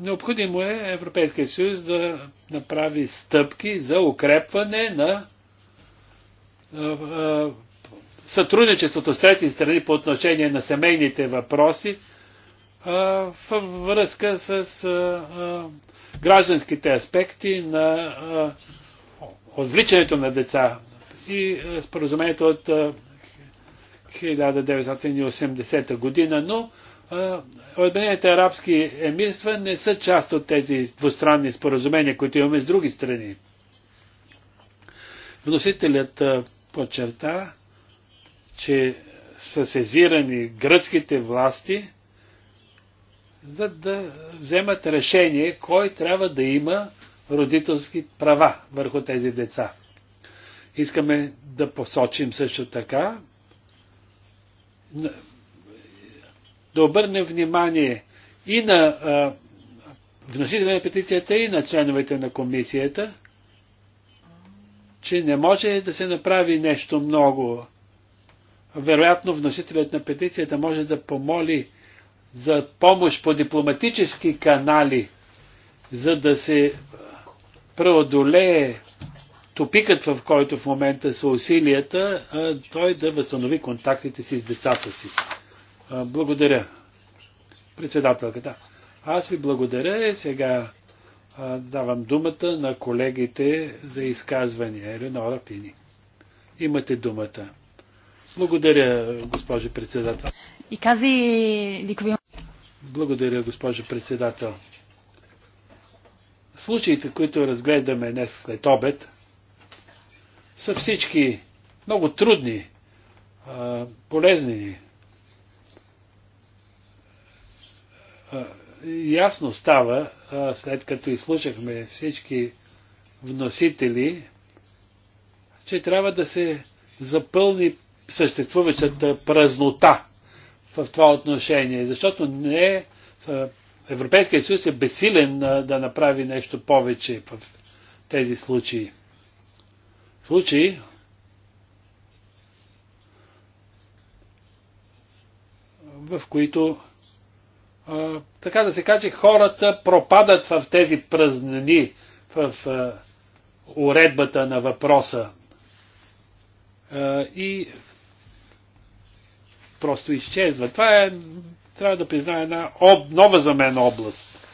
Speaker 2: Необходимо е Европейския съюз да направи стъпки за укрепване на сътрудничеството с трети страни по отношение на семейните въпроси във връзка с гражданските аспекти на отвличането на деца и споразумението от 1980 година, но Обединените арабски емирства не са част от тези двустранни споразумения, които имаме с други страни. Вносителят подчерта, че са сезирани гръцките власти за да вземат решение кой трябва да има родителски права върху тези деца. Искаме да посочим също така, да обърнем внимание и на вносителя на петицията и на членовете на комисията, че не може да се направи нещо много. Вероятно, вносителят на петицията може да помоли за помощ по дипломатически канали, за да се преодолее топикът, в който в момента са усилията, той да възстанови контактите си с децата си. Благодаря. Председателката. Аз ви благодаря. и Сега давам думата на колегите за изказвания. Еленора Пини. Имате думата. Благодаря, госпожо председател.
Speaker 1: И кази, дикови...
Speaker 2: Благодаря, госпожо председател. Случаите, които разглеждаме днес след обед, са всички много трудни, полезни ни. Ясно става, след като изслушахме всички вносители, че трябва да се запълни съществуващата празнота в това отношение, защото не е, Европейския съюз е бесилен да направи нещо повече в тези случаи. Случаи, в които, така да се каже, хората пропадат в тези празнини, в уредбата на въпроса. и просто изчезва. Това е, трябва да призная, една об, нова за мен област.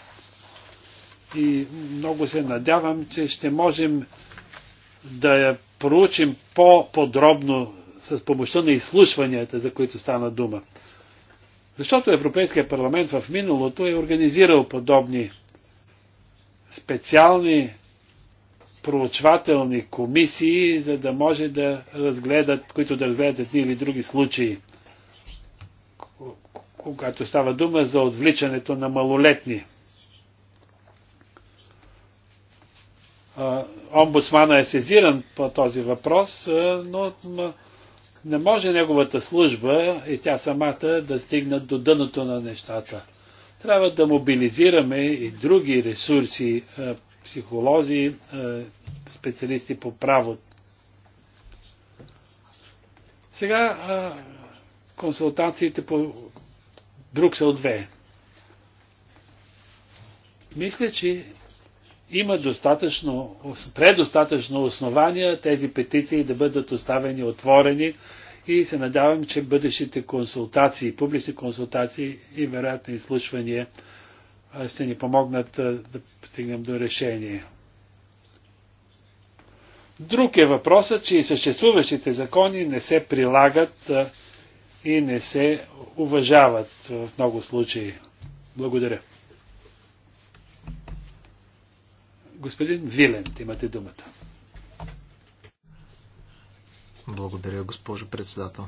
Speaker 2: И много се надявам, че ще можем да я проучим по-подробно с помощта на изслушванията, за които стана дума. Защото Европейския парламент в миналото е организирал подобни специални проучвателни комисии, за да може да разгледат, които да разгледат едни или други случаи когато става дума за отвличането на малолетни. Омбудсмана е сезиран по този въпрос, но не може неговата служба и тя самата да стигнат до дъното на нещата. Трябва да мобилизираме и други ресурси, психолози, специалисти по право. Сега консултациите по Бруксел 2. Мисля, че има достатъчно, предостатъчно основания тези петиции да бъдат оставени отворени и се надявам, че бъдещите консултации, публични консултации и вероятно изслушвания ще ни помогнат да стигнем до решение. Друг е въпросът, че и съществуващите закони не се прилагат и не се уважават в много случаи. Благодаря. Господин Вилен, имате думата.
Speaker 3: Благодаря, госпожо председател.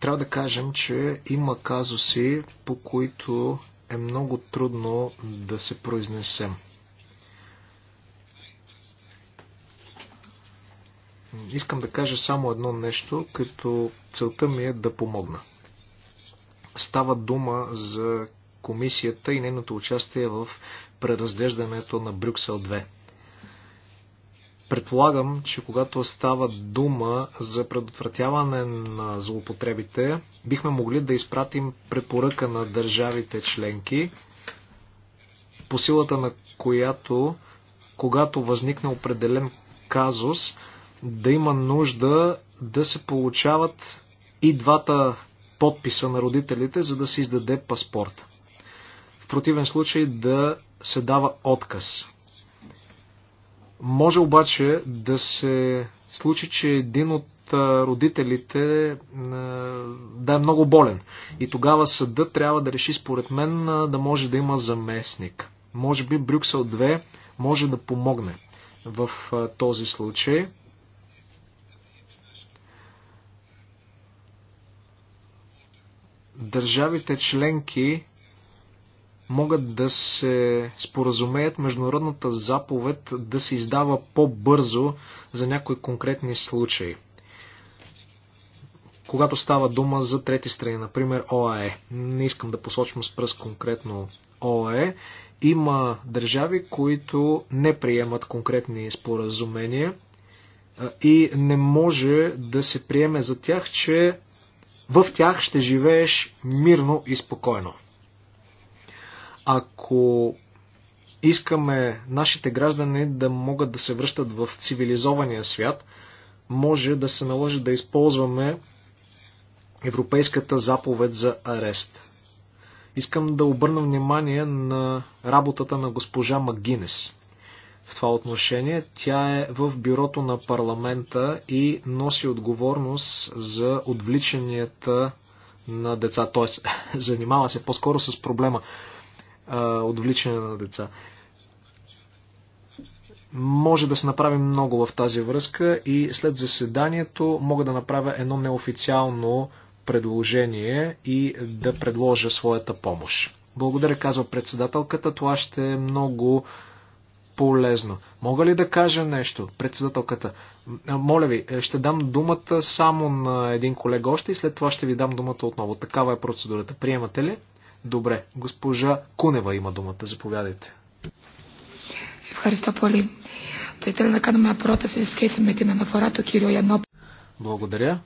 Speaker 3: Трябва да кажем, че има казуси, по които е много трудно да се произнесем. Искам да кажа само едно нещо, като целта ми е да помогна. Става дума за комисията и нейното участие в преразглеждането на Брюксел 2. Предполагам, че когато става дума за предотвратяване на злоупотребите, бихме могли да изпратим препоръка на държавите членки, по силата на която, когато възникне определен казус, да има нужда да се получават и двата подписа на родителите, за да се издаде паспорт. В противен случай да се дава отказ. Може обаче да се случи, че един от родителите да е много болен. И тогава съда трябва да реши, според мен, да може да има заместник. Може би Брюксел 2 може да помогне в този случай. държавите членки могат да се споразумеят международната заповед да се издава по-бързо за някои конкретни случаи. Когато става дума за трети страни, например ОАЕ, не искам да посочвам с пръст конкретно ОАЕ, има държави, които не приемат конкретни споразумения и не може да се приеме за тях, че в тях ще живееш мирно и спокойно. Ако искаме нашите граждани да могат да се връщат в цивилизования свят, може да се наложи да използваме Европейската заповед за арест. Искам да обърна внимание на работата на госпожа Магинес – в това отношение. Тя е в бюрото на парламента и носи отговорност за отвличанията на деца. Т.е. занимава се по-скоро с проблема а, отвличане на деца. Може да се направи много в тази връзка и след заседанието мога да направя едно неофициално предложение и да предложа своята помощ. Благодаря, казва председателката. Това ще е много полезно. Мога ли да кажа нещо, председателката? Моля ви, е, ще дам думата само на един колега още и след това ще ви дам думата отново. Такава е процедурата. Приемате ли? Добре. Госпожа Кунева има думата. Заповядайте.
Speaker 1: Ευχαριστώ πολύ. на ήθελα να се μια πρόταση σε σχέση με
Speaker 3: Благодаря.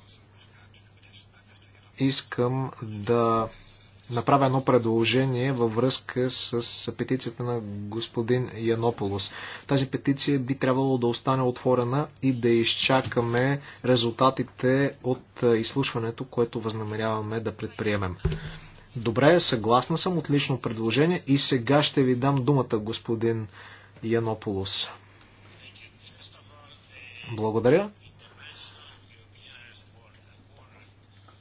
Speaker 3: Искам да направя едно предложение във връзка с петицията на господин Янополос. Тази петиция би трябвало да остане отворена и да изчакаме резултатите от изслушването, което възнамеряваме да предприемем. Добре, съгласна съм, отлично предложение и сега ще ви дам думата, господин Янополос. Благодаря.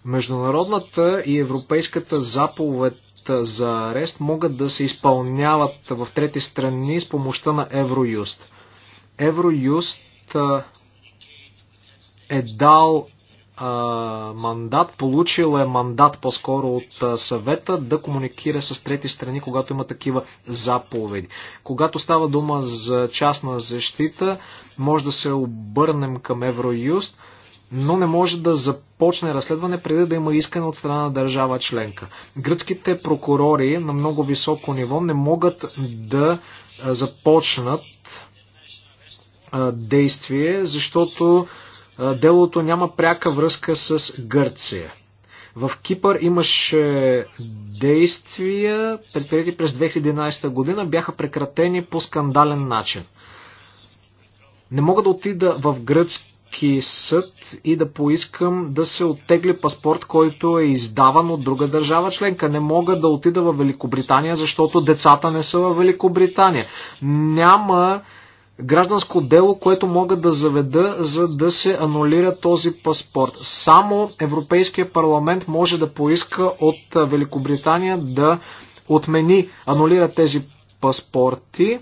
Speaker 3: Международната и европейската заповед за арест могат да се изпълняват в трети страни с помощта на Евроюст. Евроюст е дал а, мандат, получил е мандат по-скоро от съвета да комуникира с трети страни, когато има такива заповеди. Когато става дума за частна защита, може да се обърнем към Евроюст. А, но не може да започне разследване преди да има искане от страна на държава членка. Гръцките прокурори на много високо ниво не могат да започнат действие, защото делото няма пряка връзка с Гърция. В Кипър имаше действия, предприяти през 2011 година, бяха прекратени по скандален начин. Не мога да отида в гръцки. Европейски съд и да поискам да се оттегли паспорт, който е издаван от друга държава членка. Не мога да отида в Великобритания, защото децата не са в Великобритания. Няма гражданско дело, което мога да заведа, за да се анулира този паспорт. Само Европейския парламент може да поиска от Великобритания да отмени, анулира тези паспорти.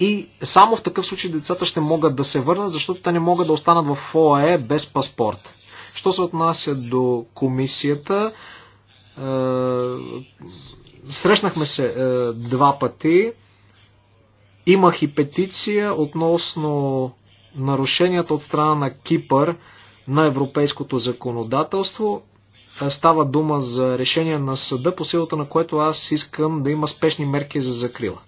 Speaker 3: И само в такъв случай децата ще могат да се върнат, защото те не могат да останат в ОАЕ без паспорт. Що се отнася до комисията, е, срещнахме се е, два пъти. Имах и петиция относно нарушенията от страна на Кипър на европейското законодателство. Е, става дума за решение на съда, по силата на което аз искам да има спешни мерки за закрила.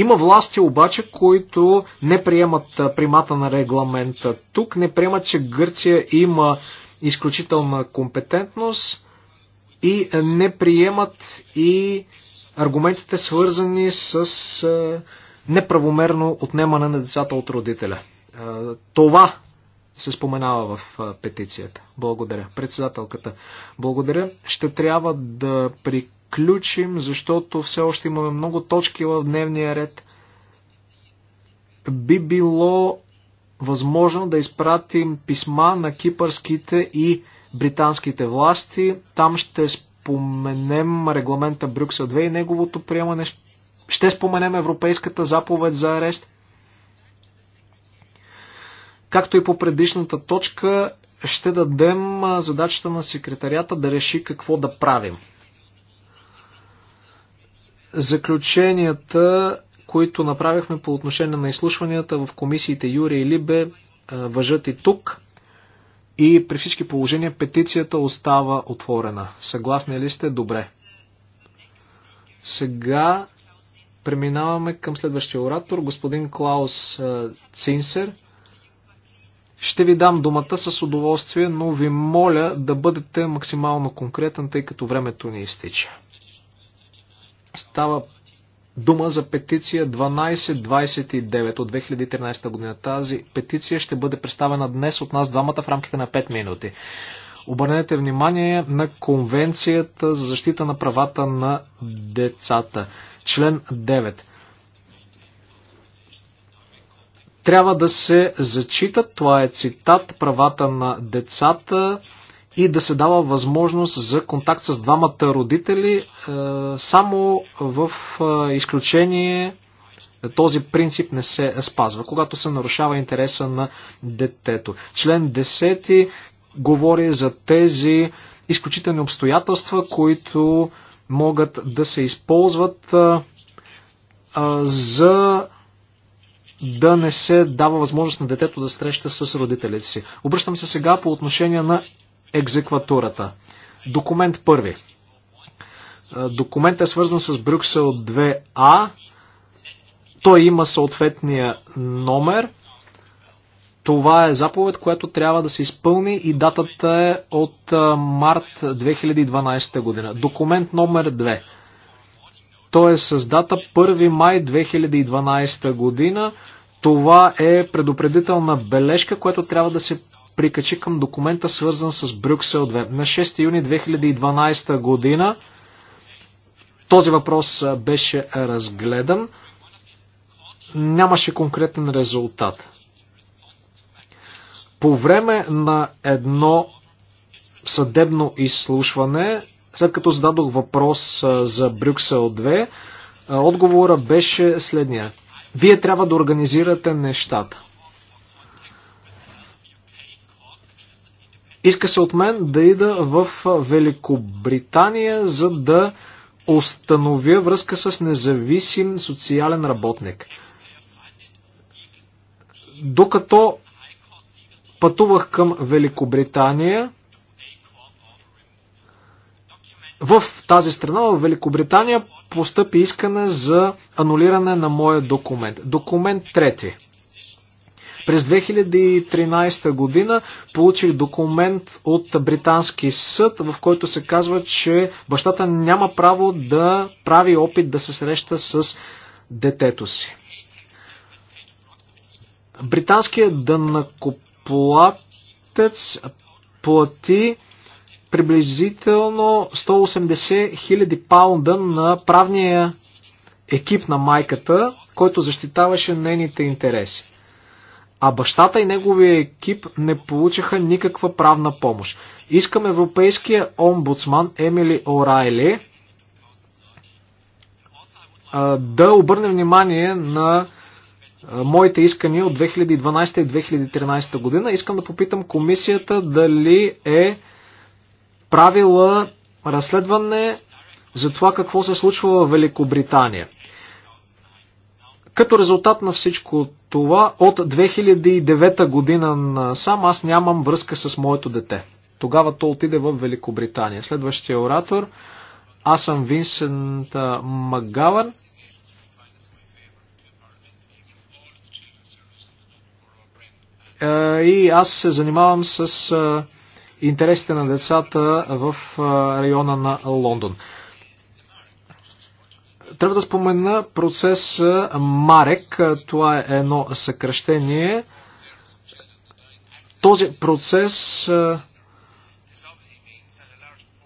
Speaker 3: Има власти обаче, които не приемат примата на регламента. Тук не приемат, че Гърция има изключителна компетентност и не приемат и аргументите свързани с неправомерно отнемане на децата от родителя. Това се споменава в петицията. Благодаря. Председателката, благодаря. Ще трябва да приключим, защото все още имаме много точки в дневния ред. Би било възможно да изпратим писма на кипърските и британските власти. Там ще споменем регламента Брюксел 2 и неговото приемане. Ще споменем Европейската заповед за арест. Както и по предишната точка, ще дадем задачата на секретарията да реши какво да правим. Заключенията, които направихме по отношение на изслушванията в комисиите Юри и Либе, въжат и тук. И при всички положения петицията остава отворена. Съгласни ли сте? Добре. Сега преминаваме към следващия оратор, господин Клаус Цинсер. Ще ви дам думата с удоволствие, но ви моля да бъдете максимално конкретен, тъй като времето ни изтича. Става дума за петиция 1229 от 2013 година. Тази петиция ще бъде представена днес от нас двамата в рамките на 5 минути. Обърнете внимание на Конвенцията за защита на правата на децата. Член 9 трябва да се зачитат, това е цитат, правата на децата и да се дава възможност за контакт с двамата родители, е, само в е, изключение този принцип не се спазва, когато се нарушава интереса на детето. Член 10 говори за тези изключителни обстоятелства, които могат да се използват е, за да не се дава възможност на детето да среща с родителите си. Обръщам се сега по отношение на екзекватурата. Документ първи. Документ е свързан с Брюксел 2А. Той има съответния номер. Това е заповед, която трябва да се изпълни и датата е от март 2012 година. Документ номер 2. Той е с дата 1 май 2012 година. Това е предупредителна бележка, която трябва да се прикачи към документа, свързан с Брюксел 2. На 6 юни 2012 година този въпрос беше разгледан. Нямаше конкретен резултат. По време на едно съдебно изслушване след като зададох въпрос за Брюксел 2, отговора беше следния. Вие трябва да организирате нещата. Иска се от мен да ида в Великобритания, за да установя връзка с независим социален работник. Докато пътувах към Великобритания, в тази страна, в Великобритания, постъпи искане за анулиране на моя документ. Документ трети. През 2013 година получих документ от британски съд, в който се казва, че бащата няма право да прави опит да се среща с детето си. Британският дънакоплатец плати приблизително 180 000 паунда на правния екип на майката, който защитаваше нейните интереси. А бащата и неговия екип не получиха никаква правна помощ. Искам европейския омбудсман Емили Орайли да обърне внимание на моите искания от 2012 и 2013 година. Искам да попитам комисията дали е правила разследване за това какво се случва в Великобритания. Като резултат на всичко това, от 2009 година сам, аз нямам връзка с моето дете. Тогава то отиде в Великобритания. Следващия оратор, аз съм Винсент Магаван. Е, и аз се занимавам с интересите на децата в района на Лондон. Трябва да спомена процес Марек. Това е едно съкръщение. Този процес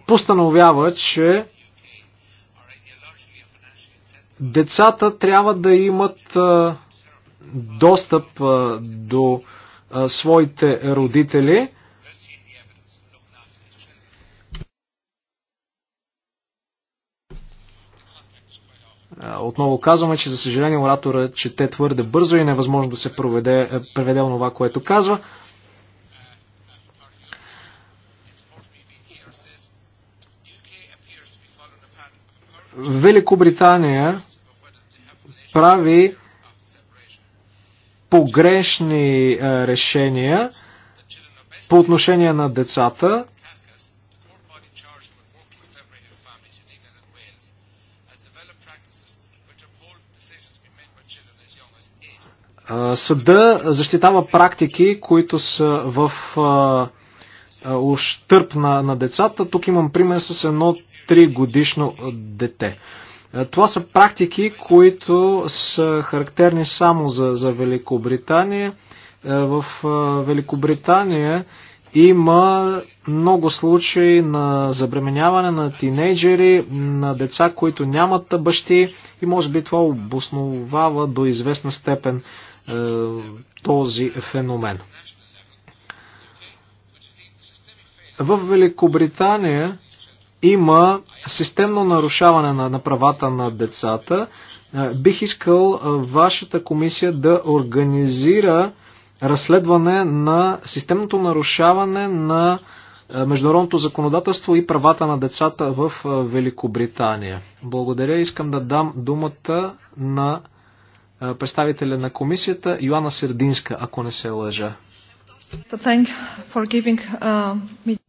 Speaker 3: постановява, че децата трябва да имат достъп до своите родители – Отново казваме, че за съжаление оратора чете твърде бързо и невъзможно да се проведе, е, преведе онова, което казва. Великобритания прави погрешни е, решения по отношение на децата. Съда защитава практики, които са в ущърп на, на децата. Тук имам пример с едно 3 годишно дете. Това са практики, които са характерни само за, за Великобритания. В Великобритания има много случаи на забременяване на тинейджери, на деца, които нямат бащи и може би това обосновава до известна степен е, този феномен. В Великобритания има системно нарушаване на, на правата на децата. Е, бих искал е, вашата комисия да организира разследване на системното нарушаване на е, международното законодателство и правата на децата в е, Великобритания. Благодаря. Искам да дам думата на е, представителя на комисията Йоанна Сердинска, ако не се лъжа.
Speaker 1: Uh,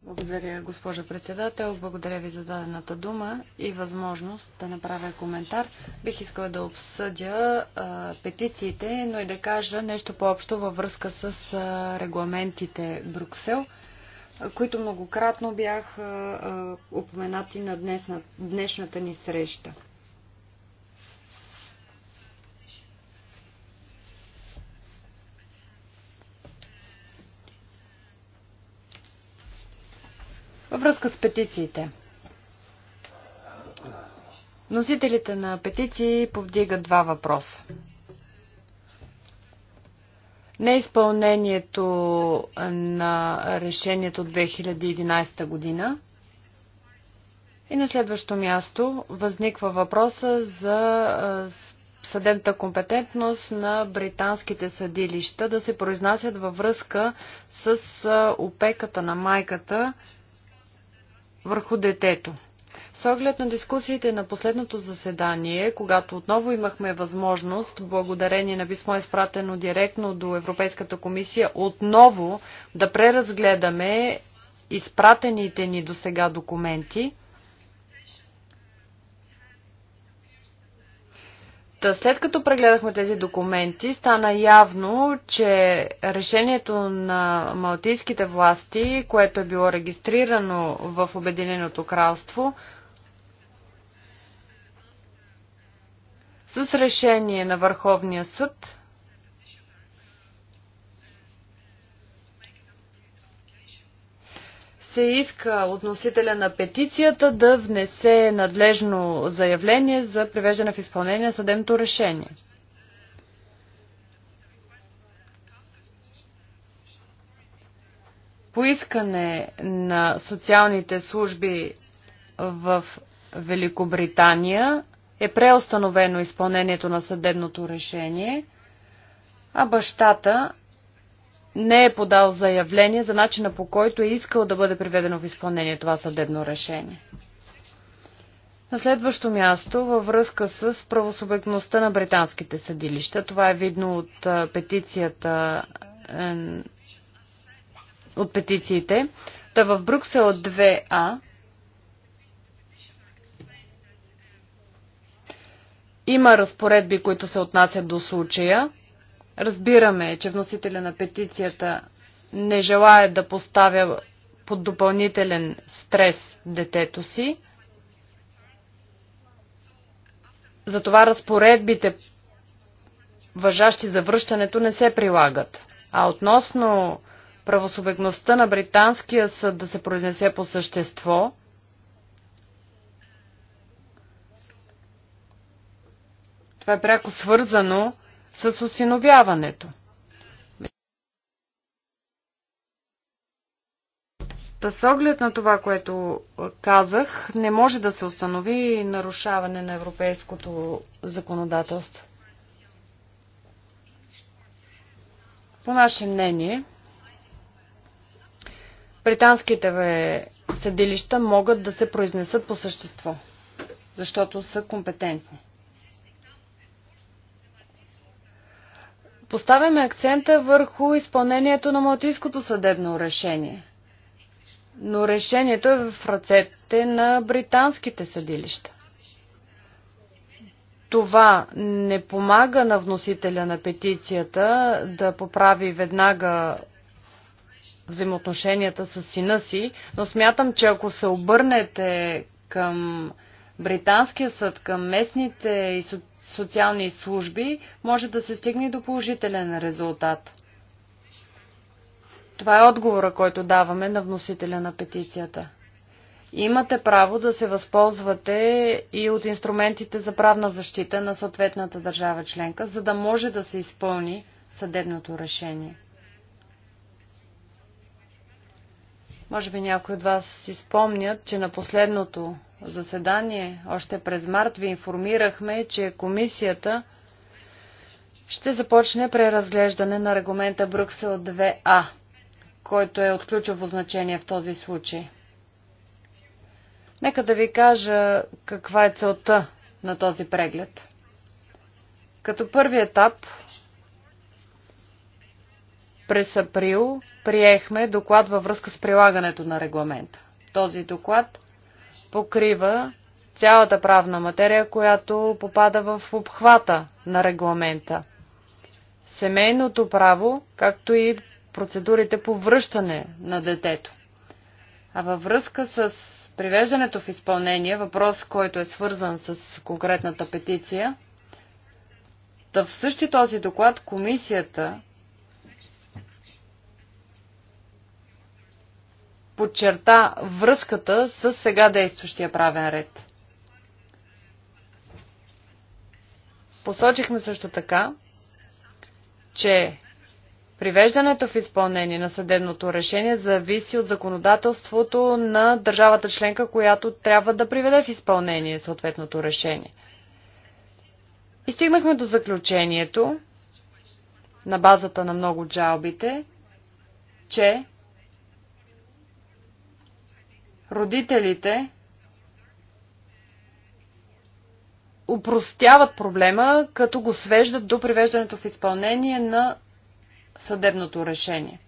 Speaker 1: благодаря, госпожа председател. Благодаря ви за дадената дума и възможност да направя коментар. Бих искала да обсъдя а, петициите, но и да кажа нещо по-общо във връзка с а, регламентите Брюксел, а, които многократно бяха упоменати на днес, на днешната ни среща. Във връзка с петициите. Носителите на петиции повдигат два въпроса. Неизпълнението на решението от 2011 година и на следващо място възниква въпроса за съдебната компетентност на британските съдилища да се произнасят във връзка с опеката на майката върху детето. С оглед на дискусиите на последното заседание, когато отново имахме възможност, благодарение на писмо изпратено директно до Европейската комисия, отново да преразгледаме изпратените ни до сега документи, Та след като прегледахме тези документи, стана явно, че решението на малтийските власти, което е било регистрирано в Обединеното кралство, с решение на Върховния съд се иска от носителя на петицията да внесе надлежно заявление за привеждане в изпълнение на съдебното решение. Поискане на социалните служби в Великобритания е преустановено изпълнението на съдебното решение, а бащата не е подал заявление за начина по който е искал да бъде приведено в изпълнение това съдебно решение. На следващо място, във връзка с правосубектността на британските съдилища, това е видно от петицията е, от петициите. Та в Брюксел 2А има разпоредби, които се отнасят до случая, Разбираме, че вносителя на петицията не желая да поставя под допълнителен стрес детето си. Затова разпоредбите, въжащи за връщането, не се прилагат. А относно правосубектността на британския съд да се произнесе по същество, това е пряко свързано с осиновяването. Та с оглед на това, което казах, не може да се установи нарушаване на европейското законодателство. По наше мнение, британските съдилища могат да се произнесат по същество, защото са компетентни. поставяме акцента върху изпълнението на Малтийското съдебно решение. Но решението е в ръцете на британските съдилища. Това не помага на вносителя на петицията да поправи веднага взаимоотношенията с сина си, но смятам, че ако се обърнете към британския съд, към местните и социални служби, може да се стигне до положителен резултат. Това е отговора, който даваме на вносителя на петицията. Имате право да се възползвате и от инструментите за правна защита на съответната държава членка, за да може да се изпълни съдебното решение. Може би някои от вас си спомнят, че на последното заседание още през март ви информирахме, че комисията ще започне преразглеждане на регламента Брюксел 2А, който е от ключово значение в този случай. Нека да ви кажа каква е целта на този преглед. Като първи етап през април приехме доклад във връзка с прилагането на регламента. Този доклад покрива цялата правна материя, която попада в обхвата на регламента. Семейното право, както и процедурите по връщане на детето. А във връзка с привеждането в изпълнение, въпрос, който е свързан с конкретната петиция, да в същи този доклад комисията подчерта връзката с сега действащия правен ред. Посочихме също така, че Привеждането в изпълнение на съдебното решение зависи от законодателството на държавата членка, която трябва да приведе в изпълнение съответното решение. И стигнахме до заключението, на базата на много джалбите, че родителите упростяват проблема, като го свеждат до привеждането в изпълнение на съдебното решение.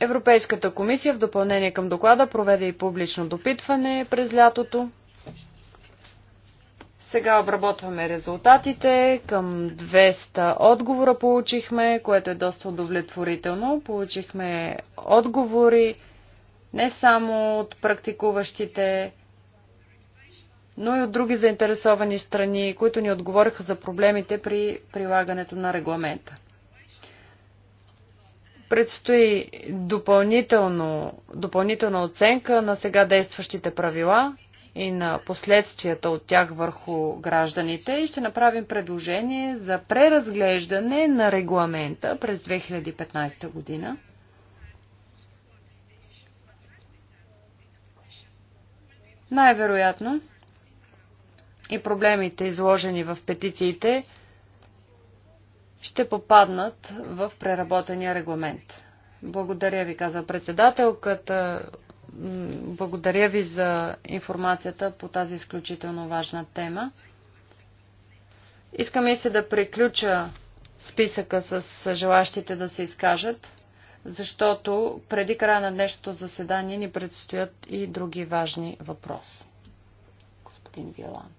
Speaker 1: Европейската комисия в допълнение към доклада проведе и публично допитване през лятото. Сега обработваме резултатите. Към 200 отговора получихме, което е доста удовлетворително. Получихме отговори не само от практикуващите, но и от други заинтересовани страни, които ни отговориха за проблемите при прилагането на регламента. Предстои допълнително, допълнителна оценка на сега действащите правила, и на последствията от тях върху гражданите и ще направим предложение за преразглеждане на регламента през 2015 година. Най-вероятно и проблемите, изложени в петициите, ще попаднат в преработения регламент. Благодаря ви, каза председателката. Благодаря ви за информацията по тази изключително важна тема. Искам и се да приключа списъка с желащите да се изкажат, защото преди края на днешното заседание ни предстоят и други важни въпроси. Господин Виоланд.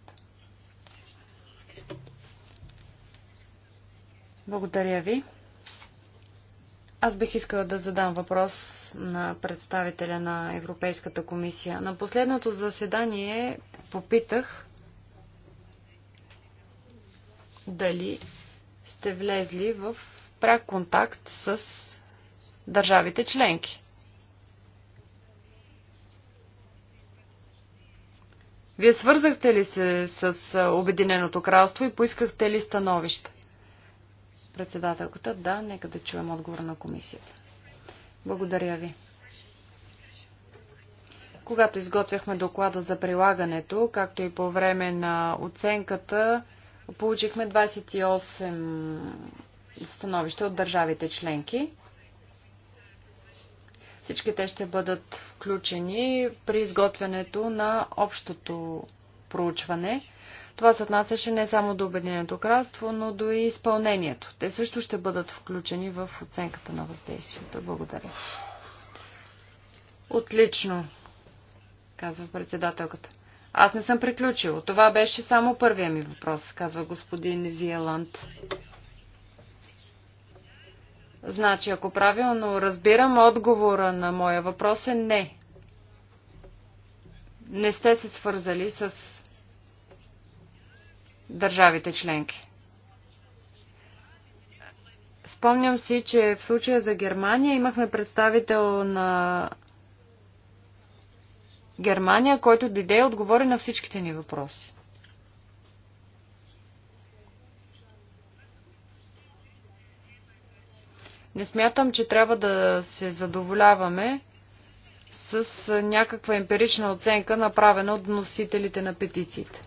Speaker 1: Благодаря ви. Аз бих искала да задам въпрос на представителя на Европейската комисия. На последното заседание попитах дали сте влезли в пряк контакт с държавите членки. Вие свързахте ли се с Обединеното кралство и поискахте ли становище? Председателката, да, нека да чуем отговор на комисията. Благодаря ви. Когато изготвяхме доклада за прилагането, както и по време на оценката, получихме 28 становища от държавите членки. Всички те ще бъдат включени при изготвянето на общото проучване. Това се отнасяше не само до Обединеното кралство, но до и изпълнението. Те също ще бъдат включени в оценката на въздействието. Благодаря. Отлично, казва председателката. Аз не съм приключил. Това беше само първия ми въпрос, казва господин Виеланд. Значи, ако правилно разбирам, отговора на моя въпрос е не. Не сте се свързали с държавите членки. Спомням си, че в случая за Германия имахме представител на Германия, който дойде и отговори на всичките ни въпроси. Не смятам, че трябва да се задоволяваме с някаква емпирична оценка, направена от носителите на петициите.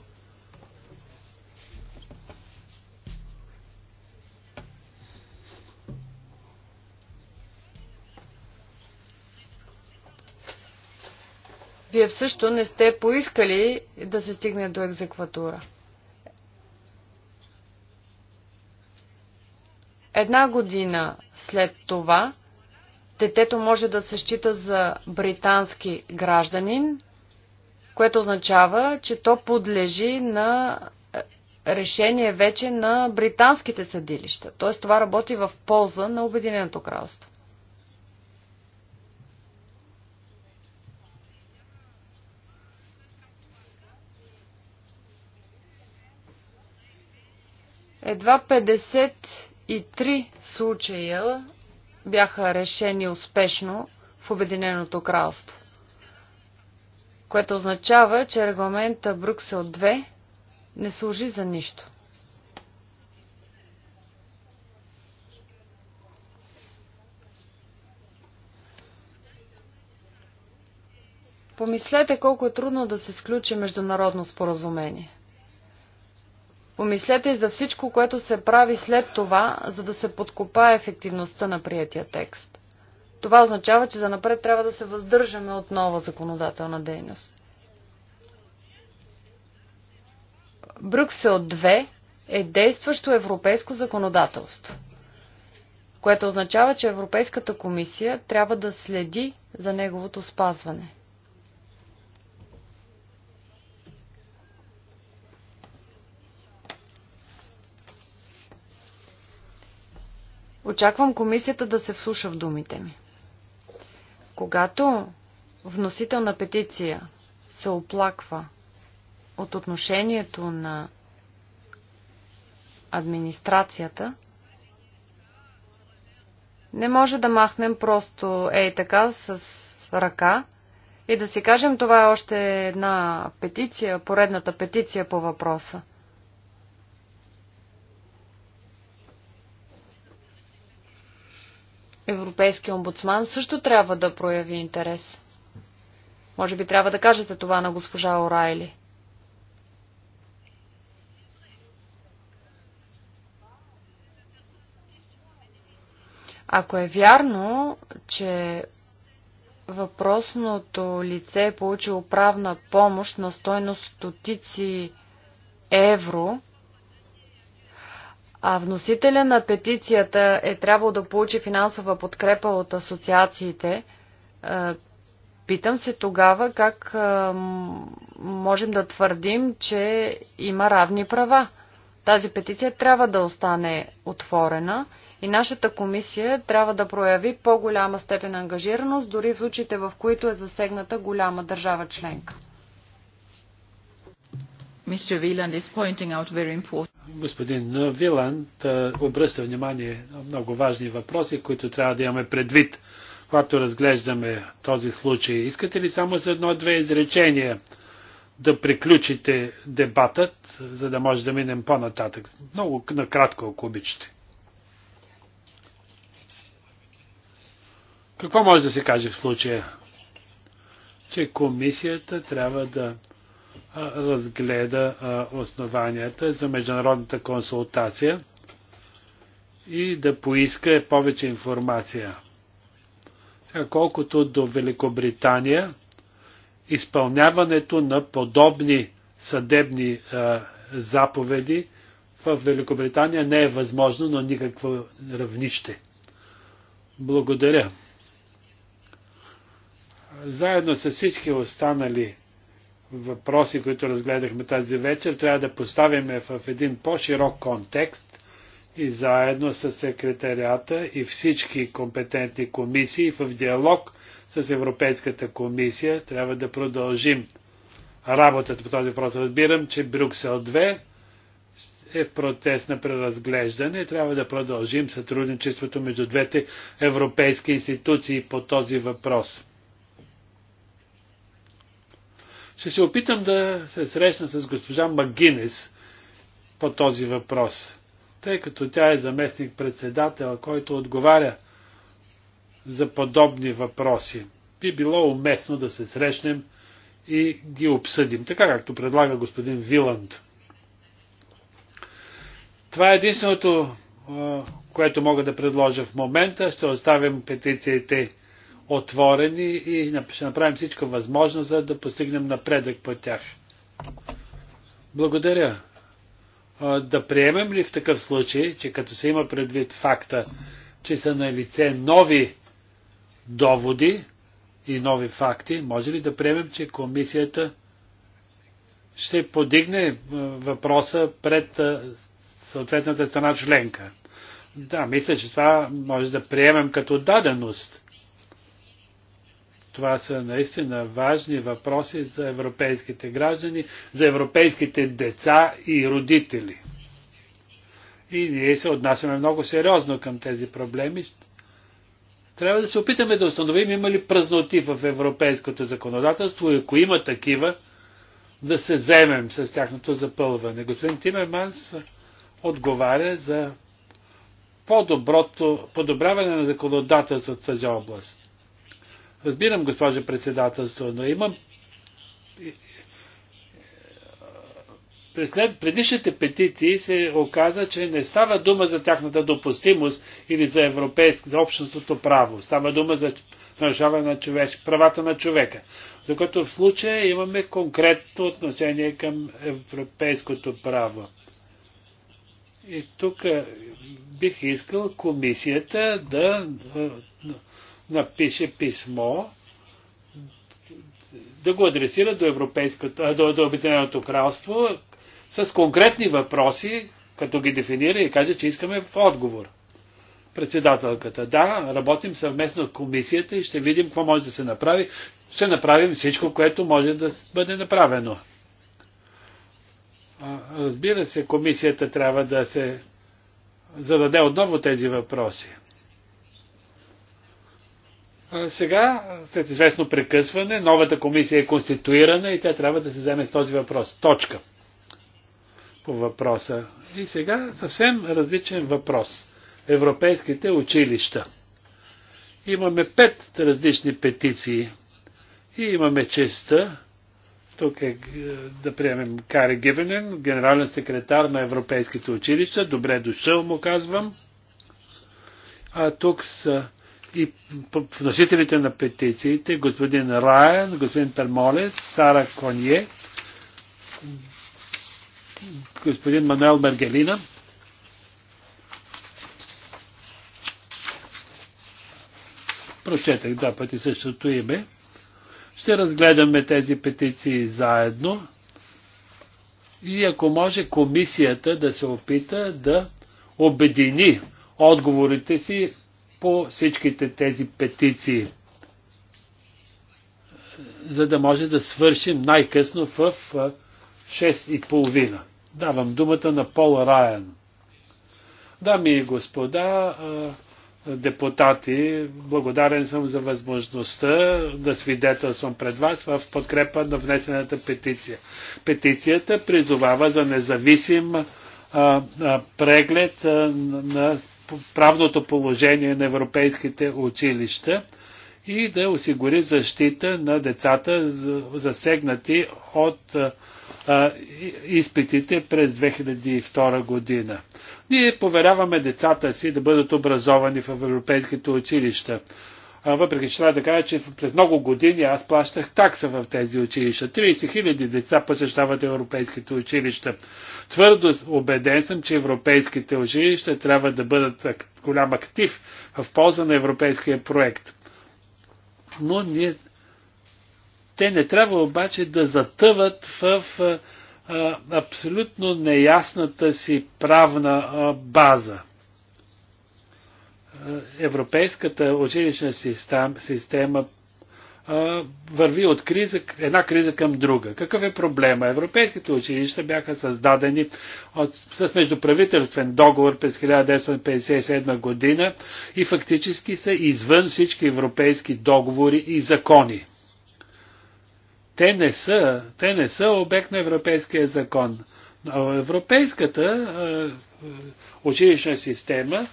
Speaker 1: Вие също не сте поискали да се стигне до екзекватура. Една година след това детето може да се счита за британски гражданин, което означава, че то подлежи на е, решение вече на британските съдилища. Т.е. това работи в полза на Обединеното кралство. Едва 53 случая бяха решени успешно в Обединеното кралство, което означава, че регламента Брюксел 2 не служи за нищо. Помислете колко е трудно да се сключи международно споразумение – Помислете и за всичко, което се прави след това, за да се подкопае ефективността на приятия текст. Това означава, че занапред трябва да се въздържаме от нова законодателна дейност. Брюксел 2 е действащо европейско законодателство, което означава, че Европейската комисия трябва да следи за неговото спазване. Очаквам комисията да се вслуша в думите ми. Когато вносител на петиция се оплаква от отношението на администрацията, не може да махнем просто ей така с ръка и да си кажем това е още една петиция, поредната петиция по въпроса. Европейския омбудсман също трябва да прояви интерес. Може би трябва да кажете това на госпожа Орайли. Ако е вярно, че въпросното лице е получило правна помощ на стойност стотици евро, а вносителя на петицията е трябвало да получи финансова подкрепа от асоциациите. Е, питам се тогава как е, можем да твърдим, че има равни права. Тази петиция трябва да остане отворена и нашата комисия трябва да прояви по-голяма степен ангажираност, дори в случаите, в които е засегната голяма държава членка. Mr. Wieland is pointing out very important
Speaker 2: господин Виланд обръща внимание на много важни въпроси, които трябва да имаме предвид, когато разглеждаме този случай. Искате ли само за едно-две изречения да приключите дебатът, за да може да минем по-нататък? Много накратко, ако обичате. Какво може да се каже в случая? Че комисията трябва да разгледа основанията за международната консултация и да поиска повече информация. Сега, колкото до Великобритания, изпълняването на подобни съдебни а, заповеди в Великобритания не е възможно на никакво равнище. Благодаря. Заедно с всички останали въпроси, които разгледахме тази вечер, трябва да поставим в един по-широк контекст и заедно с секретарията и всички компетентни комисии в диалог с Европейската комисия трябва да продължим работата по този въпрос. Разбирам, че Брюксел 2 е в процес на преразглеждане и трябва да продължим сътрудничеството между двете европейски институции по този въпрос. Ще се опитам да се срещна с госпожа Магинес по този въпрос, тъй като тя е заместник председател, който отговаря за подобни въпроси. Би било уместно да се срещнем и ги обсъдим, така както предлага господин Виланд. Това е единственото, което мога да предложа в момента. Ще оставим петициите отворени и ще направим всичко възможно, за да постигнем напредък по тях. Благодаря. Да приемем ли в такъв случай, че като се има предвид факта, че са на лице нови доводи и нови факти, може ли да приемем, че комисията ще подигне въпроса пред съответната страна членка? Да, мисля, че това може да приемем като даденост. Това са наистина важни въпроси за европейските граждани, за европейските деца и родители. И ние се отнасяме много сериозно към тези проблеми. Трябва да се опитаме да установим има ли празноти в европейското законодателство и ако има такива, да се вземем с тяхното запълване. Господин Тимерманс отговаря за по-доброто, подобряване на законодателството в тази област. Разбирам, госпожа председателство, но имам след предишните петиции се оказа, че не става дума за тяхната допустимост или за европейско, за общностното право. Става дума за нарушаване на човеш, правата на човека. Докато в случая имаме конкретно отношение към европейското право. И тук е, бих искал комисията да е, напише писмо да го адресира до, Европейското, до, до Обединеното кралство с конкретни въпроси, като ги дефинира и каже, че искаме в отговор. Председателката, да, работим съвместно с комисията и ще видим какво може да се направи. Ще направим всичко, което може да бъде направено. Разбира се, комисията трябва да се зададе отново тези въпроси. Сега, след известно прекъсване, новата комисия е конституирана и тя трябва да се вземе с този въпрос. Точка по въпроса. И сега съвсем различен въпрос. Европейските училища. Имаме пет различни петиции. И имаме честа, тук е, е да приемем Кари Гивенен, генерален секретар на Европейските училища. Добре дошъл, му казвам. А тук са и вносителите на петициите, господин Райан, господин Пермолес, Сара Конье, господин Мануел Мергелина. Прочетах два пъти същото име. Ще разгледаме тези петиции заедно и ако може комисията да се опита да обедини отговорите си по всичките тези петиции, за да може да свършим най-късно в 6.30. Давам думата на Пол Райан. Дами и господа, депутати, благодарен съм за възможността да свидетелствам пред вас в подкрепа на внесената петиция. Петицията призовава за независим а, а, преглед а, на правното положение на европейските училища и да осигури защита на децата, засегнати от изпитите през 2002 година. Ние поверяваме децата си да бъдат образовани в европейските училища въпреки че трябва да кажа, че през много години аз плащах такса в тези училища. 30 хиляди деца посещават европейските училища. Твърдо убеден съм, че европейските училища трябва да бъдат голям актив в полза на европейския проект. Но ние... те не трябва обаче да затъват в абсолютно неясната си правна база европейската училищна система върви от криза, една криза към друга. Какъв е проблема? Европейските училища бяха създадени от, с междуправителствен договор през 1957 година и фактически са извън всички европейски договори и закони. Те не са, те не са обект на европейския закон. Но европейската училищна система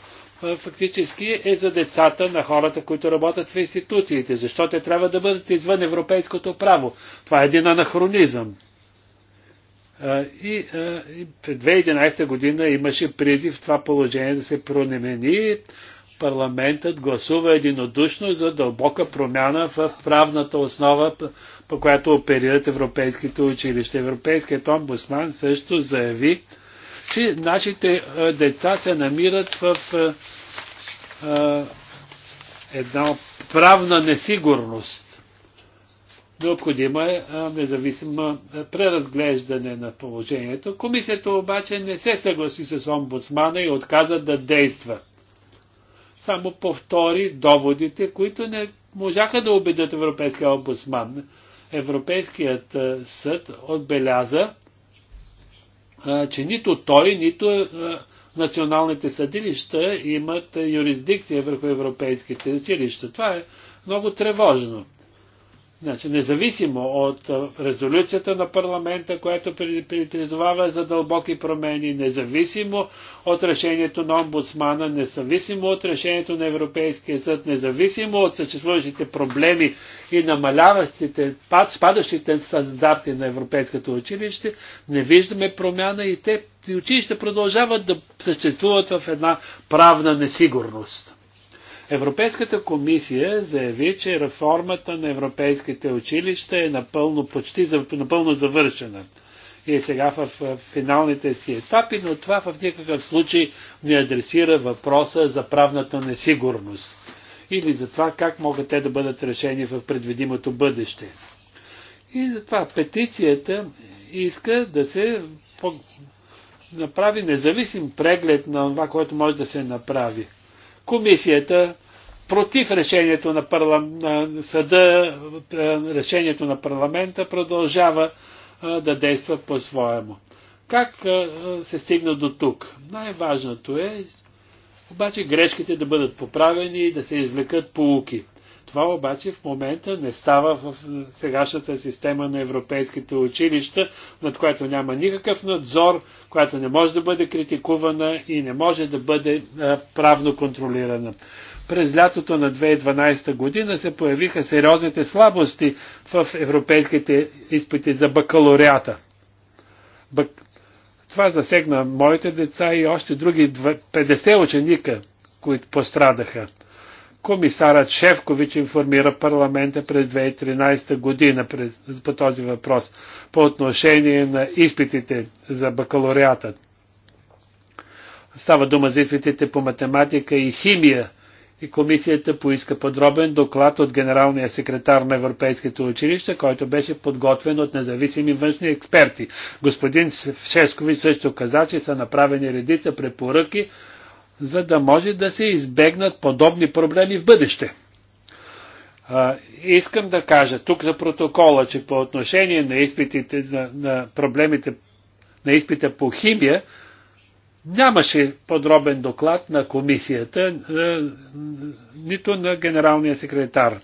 Speaker 2: фактически е за децата на хората, които работят в институциите, защото те трябва да бъдат извън европейското право. Това е един анахронизъм. И, и през 2011 година имаше призив в това положение да се пронемени Парламентът гласува единодушно за дълбока промяна в правната основа, по която оперират европейските училища. Европейският омбусман също заяви, че нашите деца се намират в една правна несигурност. Необходимо е независимо преразглеждане на положението. Комисията обаче не се съгласи с омбудсмана и отказа да действа. Само повтори доводите, които не можаха да убедят Европейския омбудсман. Европейският съд отбеляза, че нито той, нито националните съдилища имат юрисдикция върху европейските училища. Това е много тревожно. Значи, независимо от резолюцията на парламента, която призовава за дълбоки промени, независимо от решението на омбудсмана, независимо от решението на Европейския съд, независимо от съществуващите проблеми и намаляващите, спадащите стандарти на Европейското училище, не виждаме промяна и те училища продължават да съществуват в една правна несигурност. Европейската комисия заяви, че реформата на европейските училища е напълно, почти напълно завършена. И е сега в, в финалните си етапи, но това в никакъв случай не адресира въпроса за правната несигурност или за това как могат те да бъдат решени в предвидимото бъдеще. И затова петицията иска да се направи независим преглед на това, което може да се направи комисията против решението на, парла... на съда, е, решението на парламента продължава е, да действа по-своему. Как е, се стигна до тук? Най-важното е обаче грешките да бъдат поправени и да се извлекат поуки. Това обаче в момента не става в сегашната система на европейските училища, над която няма никакъв надзор, която не може да бъде критикувана и не може да бъде правно контролирана. През лятото на 2012 година се появиха сериозните слабости в европейските изпити за бакалориата. Бак... Това засегна моите деца и още други 50 ученика, които пострадаха комисарът Шевкович информира парламента през 2013 година по този въпрос по отношение на изпитите за бакалориатът. Става дума за изпитите по математика и химия и комисията поиска подробен доклад от генералния секретар на Европейските училища, който беше подготвен от независими външни експерти. Господин Шешкович също каза, че са направени редица препоръки за да може да се избегнат подобни проблеми в бъдеще. А, искам да кажа тук за протокола, че по отношение на изпитите, на, на проблемите на изпита по химия, нямаше подробен доклад на комисията, нито на генералния секретар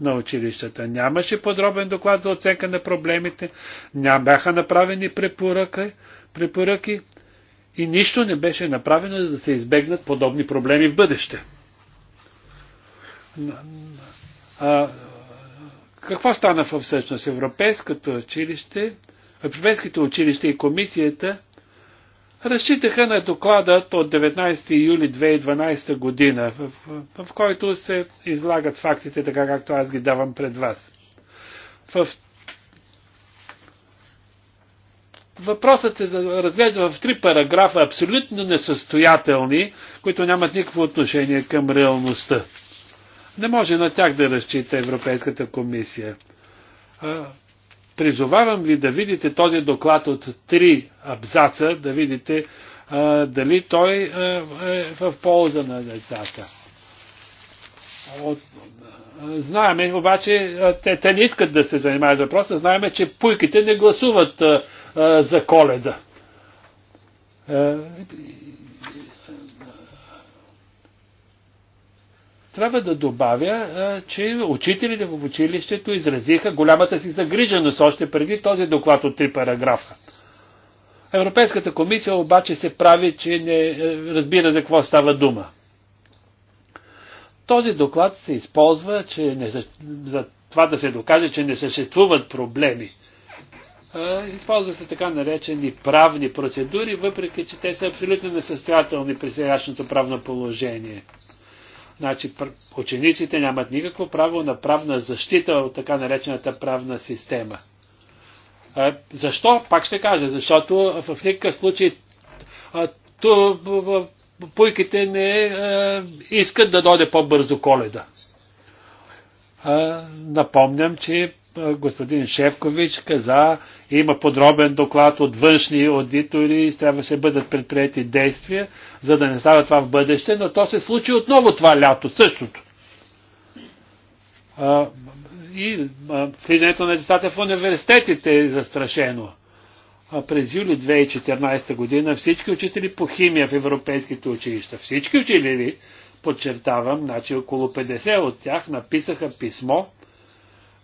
Speaker 2: на училищата. Нямаше подробен доклад за оценка на проблемите, ням бяха направени препоръки, препоръки и нищо не беше направено, за да се избегнат подобни проблеми в бъдеще. А, какво стана всъщност? Европейското училище, Европейските училища и комисията разчитаха на докладът от 19 юли 2012 година, в, в, в който се излагат фактите така, както аз ги давам пред вас. В Въпросът се разглежда в три параграфа, абсолютно несъстоятелни, които нямат никакво отношение към реалността. Не може на тях да разчита Европейската комисия. Призовавам ви да видите този доклад от три абзаца, да видите а, дали той а, е в полза на децата. От, а, знаеме, обаче, те, те не искат да се занимават въпроса, знаеме, че пуйките не гласуват а, за коледа. трябва да добавя, че учителите в училището изразиха голямата си загриженост още преди този доклад от три параграфа. Европейската комисия обаче се прави, че не е, разбира за какво става дума. Този доклад се използва че не, за това да се докаже, че не съществуват проблеми. Използват се така наречени правни процедури, въпреки че те са абсолютно несъстоятелни при сегашното правно положение. Значи учениците нямат никакво право на правна защита от така наречената правна система. Защо? Пак ще кажа, защото в никакъв случай ту, пуйките не искат да дойде по-бързо коледа. Напомням, че господин Шевкович каза, има подробен доклад от външни аудитори, трябваше да бъдат предприяти действия, за да не става това в бъдеще, но то се случи отново това лято, същото. и влизането на децата в университетите е застрашено. А през юли 2014 година всички учители по химия в европейските училища, всички учители, подчертавам, значи около 50 от тях написаха писмо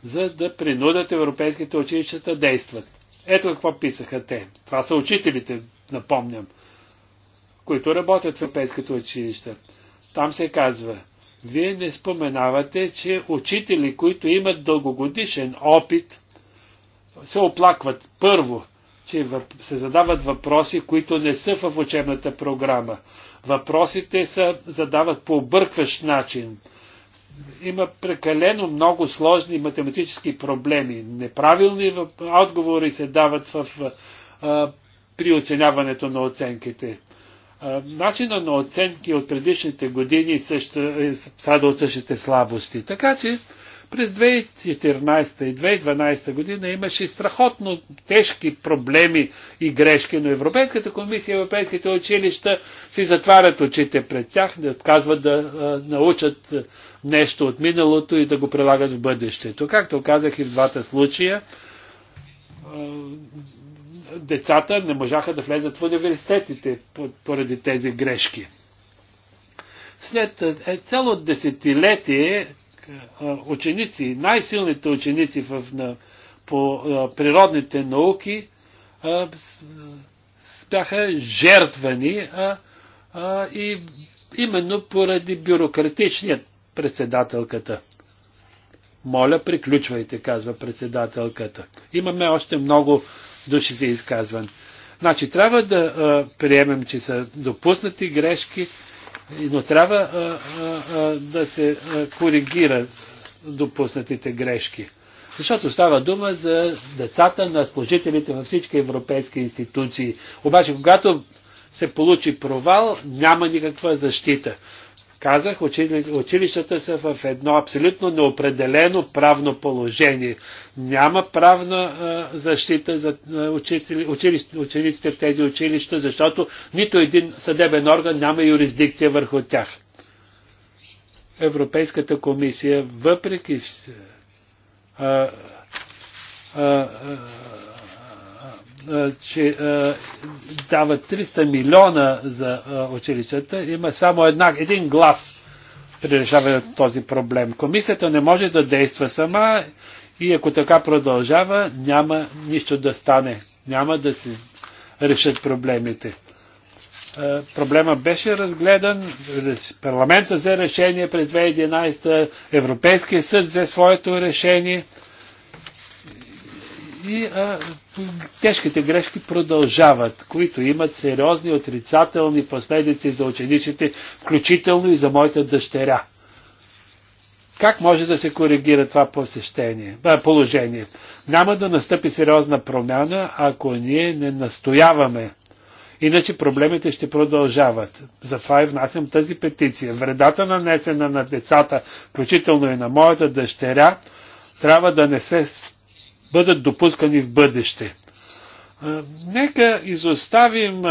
Speaker 2: за да принудят европейските училища да действат. Ето какво писаха те. Това са учителите, напомням, които работят в европейските училища. Там се казва, вие не споменавате, че учители, които имат дългогодишен опит, се оплакват първо, че се задават въпроси, които не са в учебната програма. Въпросите се задават по объркващ начин има прекалено много сложни математически проблеми. Неправилни отговори се дават в, а, при оценяването на оценките. А, начина на оценки от предишните години също, е, са от същите слабости. Така че през 2014 и 2012 година имаше страхотно тежки проблеми и грешки, но Европейската комисия и европейските училища си затварят очите пред тях, не отказват да а, научат нещо от миналото и да го прилагат в бъдещето. Както казах и в двата случая, а, децата не можаха да влезат в университетите поради тези грешки. След е, цяло десетилетие ученици, най-силните ученици в, на, по а, природните науки а, бяха жертвани а, а, и именно поради бюрократичният председателката. Моля, приключвайте, казва председателката. Имаме още много души за изказване. Значи трябва да а, приемем, че са допуснати грешки, но трябва а, а, да се коригира допуснатите грешки. Защото става дума за децата на служителите във всички европейски институции. Обаче, когато се получи провал, няма никаква защита. Казах, училищата са в едно абсолютно неопределено правно положение. Няма правна защита за учениците в тези училища, защото нито един съдебен орган няма юрисдикция върху тях. Европейската комисия, въпреки а, а, а, че дават 300 милиона за училищата, има само една, един глас при решаване на този проблем. Комисията не може да действа сама и ако така продължава, няма нищо да стане. Няма да се решат проблемите. Проблема беше разгледан, парламента взе решение през 2011, Европейския съд взе своето решение – и а, тежките грешки продължават, които имат сериозни отрицателни последици за учениците, включително и за моята дъщеря. Как може да се коригира това посещение, а, положение? Няма да настъпи сериозна промяна, ако ние не настояваме. Иначе проблемите ще продължават. Затова и внасям тази петиция. Вредата нанесена на децата, включително и на моята дъщеря, трябва да не се бъдат допускани в бъдеще. Нека изоставим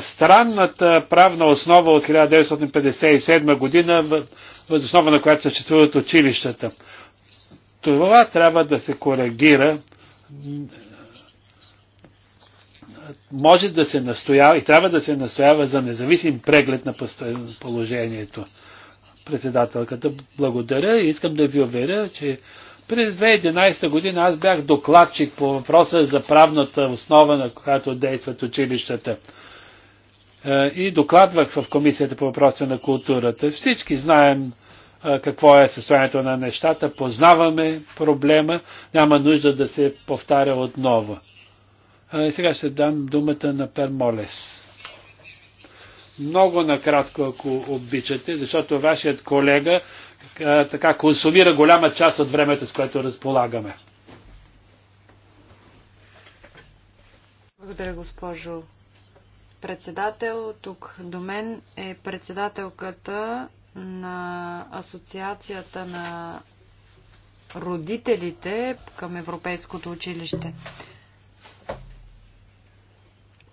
Speaker 2: странната правна основа от 1957 година, основа, на която съществуват училищата. Това трябва да се коригира. Може да се настоява и трябва да се настоява за независим преглед на положението. Председателката, благодаря и искам да ви уверя, че през 2011 година аз бях докладчик по въпроса за правната основа, на която действат училищата. Е, и докладвах в Комисията по въпроса на културата. Всички знаем е, какво е състоянието на нещата, познаваме проблема, няма нужда да се повтаря отново. Е, и сега ще дам думата на Пермолес. Много накратко, ако обичате, защото вашият колега е, така консумира голяма част от времето, с което разполагаме.
Speaker 1: Благодаря, госпожо председател. Тук до мен е председателката на Асоциацията на родителите към Европейското училище.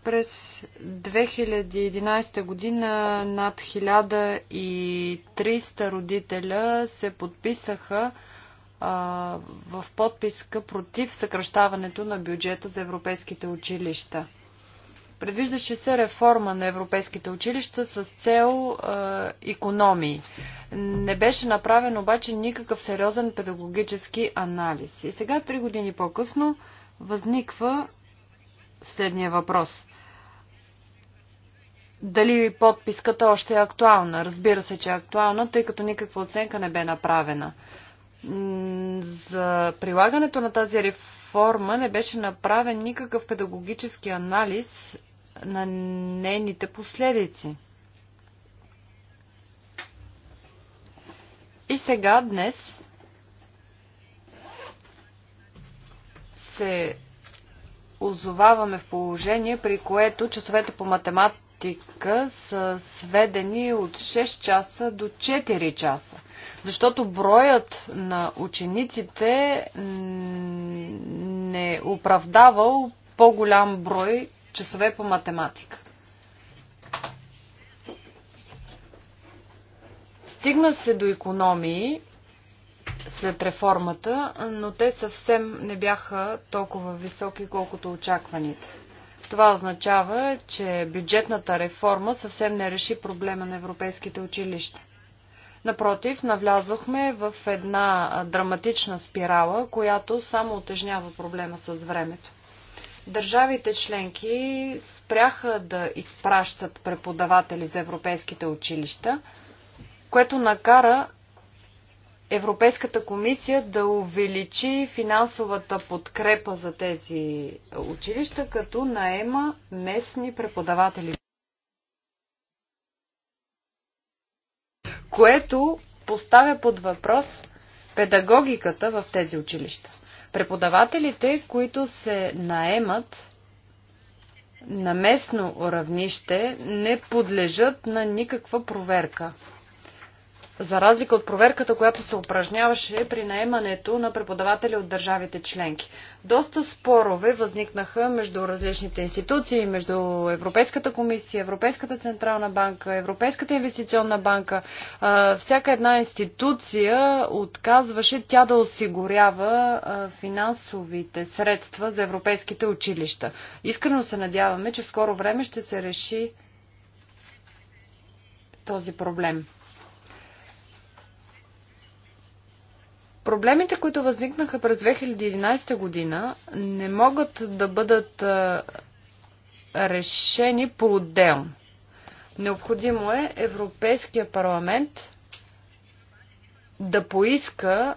Speaker 1: През 2011 година над 1300 родителя се подписаха в подписка против съкръщаването на бюджета за европейските училища. Предвиждаше се реформа на европейските училища с цел е, економии. Не беше направен обаче никакъв сериозен педагогически анализ. И сега, три години по-късно, възниква следния въпрос дали подписката още е актуална. Разбира се, че е актуална, тъй като никаква оценка не бе направена. За прилагането на тази реформа не беше направен никакъв педагогически анализ на нейните последици. И сега, днес, се озоваваме в положение, при което часовете по математика практика са сведени от 6 часа до 4 часа. Защото броят на учениците не оправдавал по-голям брой часове по математика. Стигна се до економии след реформата, но те съвсем не бяха толкова високи, колкото очакваните. Това означава, че бюджетната реформа съвсем не реши проблема на европейските училища. Напротив, навлязохме в една драматична спирала, която само отежнява проблема с времето. Държавите членки спряха да изпращат преподаватели за европейските училища, което накара Европейската комисия да увеличи финансовата подкрепа за тези училища, като наема местни преподаватели. Което поставя под въпрос педагогиката в тези училища. Преподавателите, които се наемат на местно равнище, не подлежат на никаква проверка за разлика от проверката, която се упражняваше при наемането на преподаватели от държавите членки. Доста спорове възникнаха между различните институции, между Европейската комисия, Европейската централна банка, Европейската инвестиционна банка. Всяка една институция отказваше тя да осигурява финансовите средства за европейските училища. Искрено се надяваме, че в скоро време ще се реши този проблем. Проблемите, които възникнаха през 2011 година, не могат да бъдат решени по-отделно. Необходимо е Европейския парламент да поиска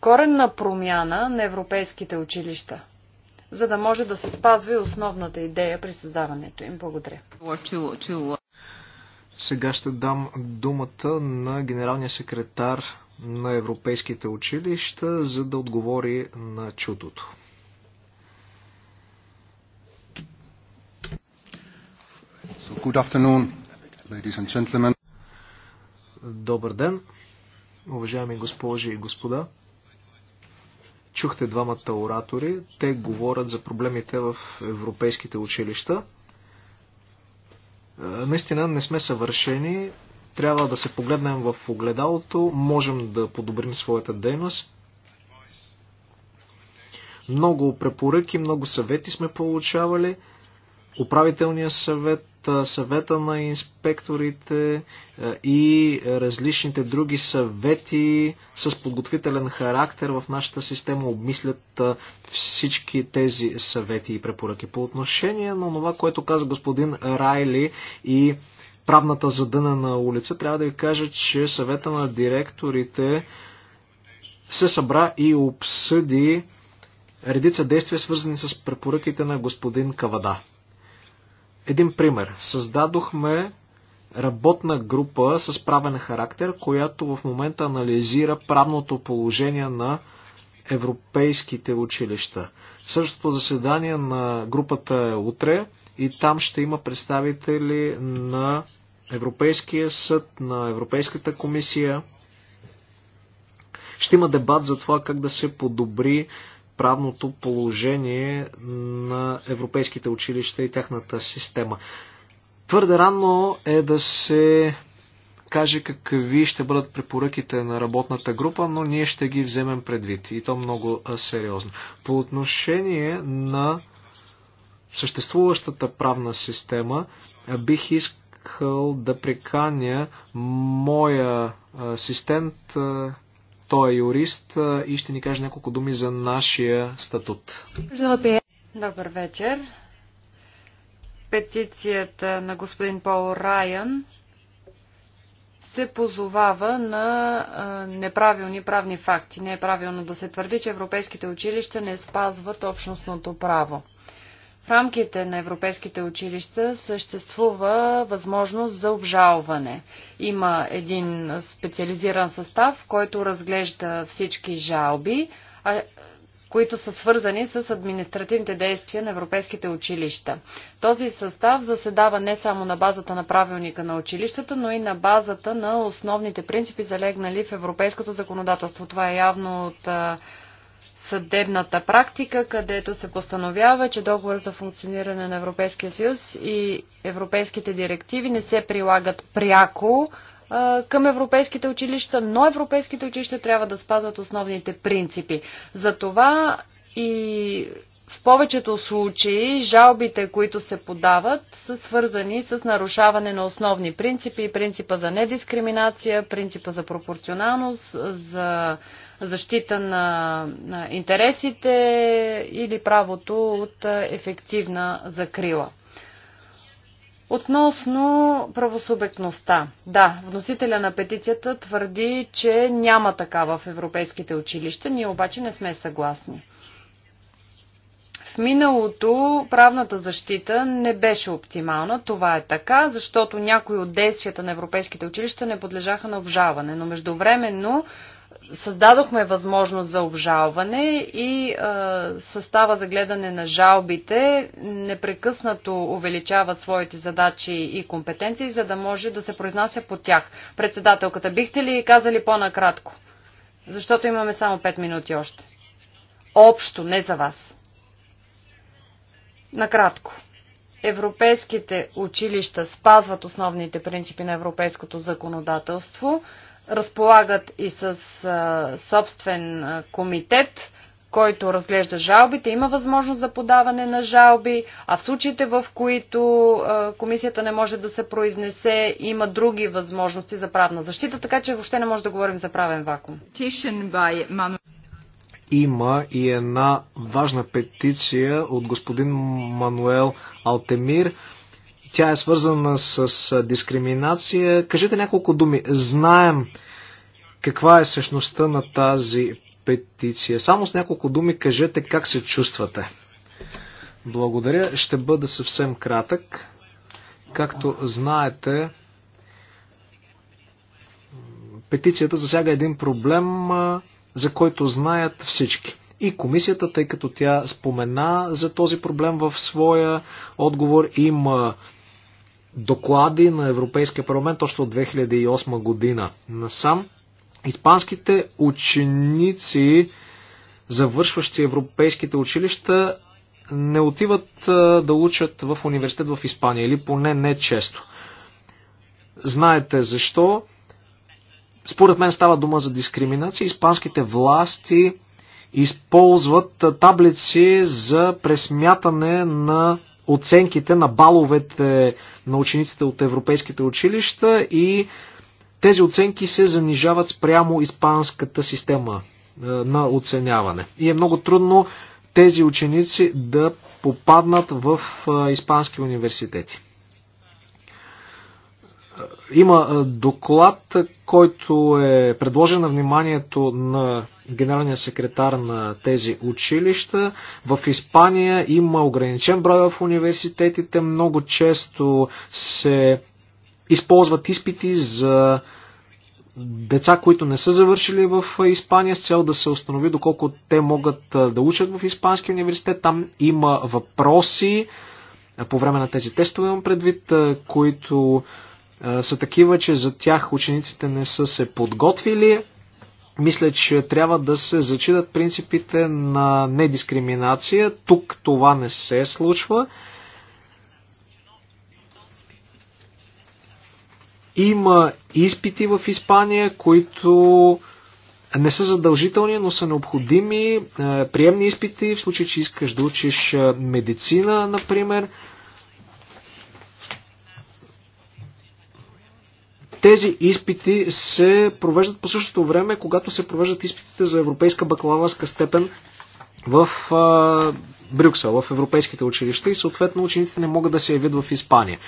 Speaker 1: коренна промяна на европейските училища, за да може да се спазва и основната идея при създаването им. Благодаря.
Speaker 3: Сега ще дам думата на генералния секретар на европейските училища, за да отговори на чудото.
Speaker 1: So,
Speaker 3: Добър ден, уважаеми госпожи и господа. Чухте двамата оратори. Те говорят за проблемите в европейските училища. Наистина не сме съвършени. Трябва да се погледнем в огледалото, можем да подобрим своята дейност. Много препоръки, много съвети сме получавали. Управителния съвет, съвета на инспекторите и различните други съвети с подготвителен характер в нашата система обмислят всички тези съвети и препоръки. По отношение на това, което каза господин Райли и правната задъна на улица, трябва да ви кажа, че съвета на директорите се събра и обсъди редица действия, свързани с препоръките на господин Кавада. Един пример. Създадохме работна група с правен характер, която в момента анализира правното положение на европейските училища. Същото заседание на групата е утре и там ще има представители на Европейския съд, на Европейската комисия. Ще има дебат за това как да се подобри правното положение на европейските училища и тяхната система. Твърде рано е да се каже какви ще бъдат препоръките на работната група, но ние ще ги вземем предвид и то много сериозно. По отношение на съществуващата правна система, бих искал да приканя моя асистент, той е юрист и ще ни каже няколко думи за нашия статут.
Speaker 1: Добър вечер. Петицията на господин Пол Райан се позовава на неправилни правни факти. Не е правилно да се твърди, че европейските училища не спазват общностното право. В рамките на европейските училища съществува възможност за обжалване. Има един специализиран състав, който разглежда всички жалби, които са свързани с административните действия на европейските училища. Този състав заседава не само на базата на правилника на училищата, но и на базата на основните принципи, залегнали в европейското законодателство. Това е явно от съдебната практика, където се постановява, че договор за функциониране на Европейския съюз и европейските директиви не се прилагат пряко към европейските училища, но европейските училища трябва да спазват основните принципи. Затова и в повечето случаи жалбите, които се подават, са свързани с нарушаване на основни принципи, принципа за недискриминация, принципа за пропорционалност, за защита на, интересите или правото от ефективна закрила. Относно правосубектността. Да, вносителя на петицията твърди, че няма такава в европейските училища, ние обаче не сме съгласни. В миналото правната защита не беше оптимална. Това е така, защото някои от действията на европейските училища не подлежаха на обжаване. Но междувременно създадохме възможност за обжалване и а, състава за гледане на жалбите непрекъснато увеличават своите задачи и компетенции, за да може да се произнася по тях. Председателката, бихте ли казали по-накратко? Защото имаме само 5 минути още. Общо, не за вас. Накратко. Европейските училища спазват основните принципи на европейското законодателство – разполагат и с а, собствен а, комитет, който разглежда жалбите, има възможност за подаване на жалби, а в случаите, в които а, комисията не може да се произнесе, има други възможности за правна защита, така че въобще не може да говорим за правен вакуум.
Speaker 3: Има и една важна петиция от господин Мануел Алтемир тя е свързана с дискриминация. Кажете няколко думи. Знаем каква е същността на тази петиция. Само с няколко думи кажете как се чувствате. Благодаря. Ще бъда съвсем кратък. Както знаете, петицията засяга един проблем, за който знаят всички. И комисията, тъй като тя спомена за този проблем в своя отговор, има доклади на Европейския парламент още от 2008 година. Насам, испанските ученици, завършващи европейските училища, не отиват да учат в университет в Испания, или поне не често. Знаете защо. Според мен става дума за дискриминация. Испанските власти използват таблици за пресмятане на оценките на баловете на учениците от европейските училища и тези оценки се занижават спрямо испанската система е, на оценяване. И е много трудно тези ученици да попаднат в е, испански университети. Има доклад, който е предложен на вниманието на генералния секретар на тези училища. В Испания има ограничен брой в университетите. Много често се използват изпити за деца, които не са завършили в Испания, с цел да се установи доколко те могат да учат в Испанския университет. Там има въпроси по време на тези тестове, имам предвид, които са такива, че за тях учениците не са се подготвили. Мисля, че трябва да се зачитат принципите на недискриминация. Тук това не се случва. Има изпити в Испания, които не са задължителни, но са необходими. Е, приемни изпити, в случай, че искаш да учиш е, медицина, например. Тези изпити се провеждат по същото време, когато се провеждат изпитите за европейска бакалавърска степен в Брюксел, в европейските училища и съответно учениците не могат да се явят в Испания.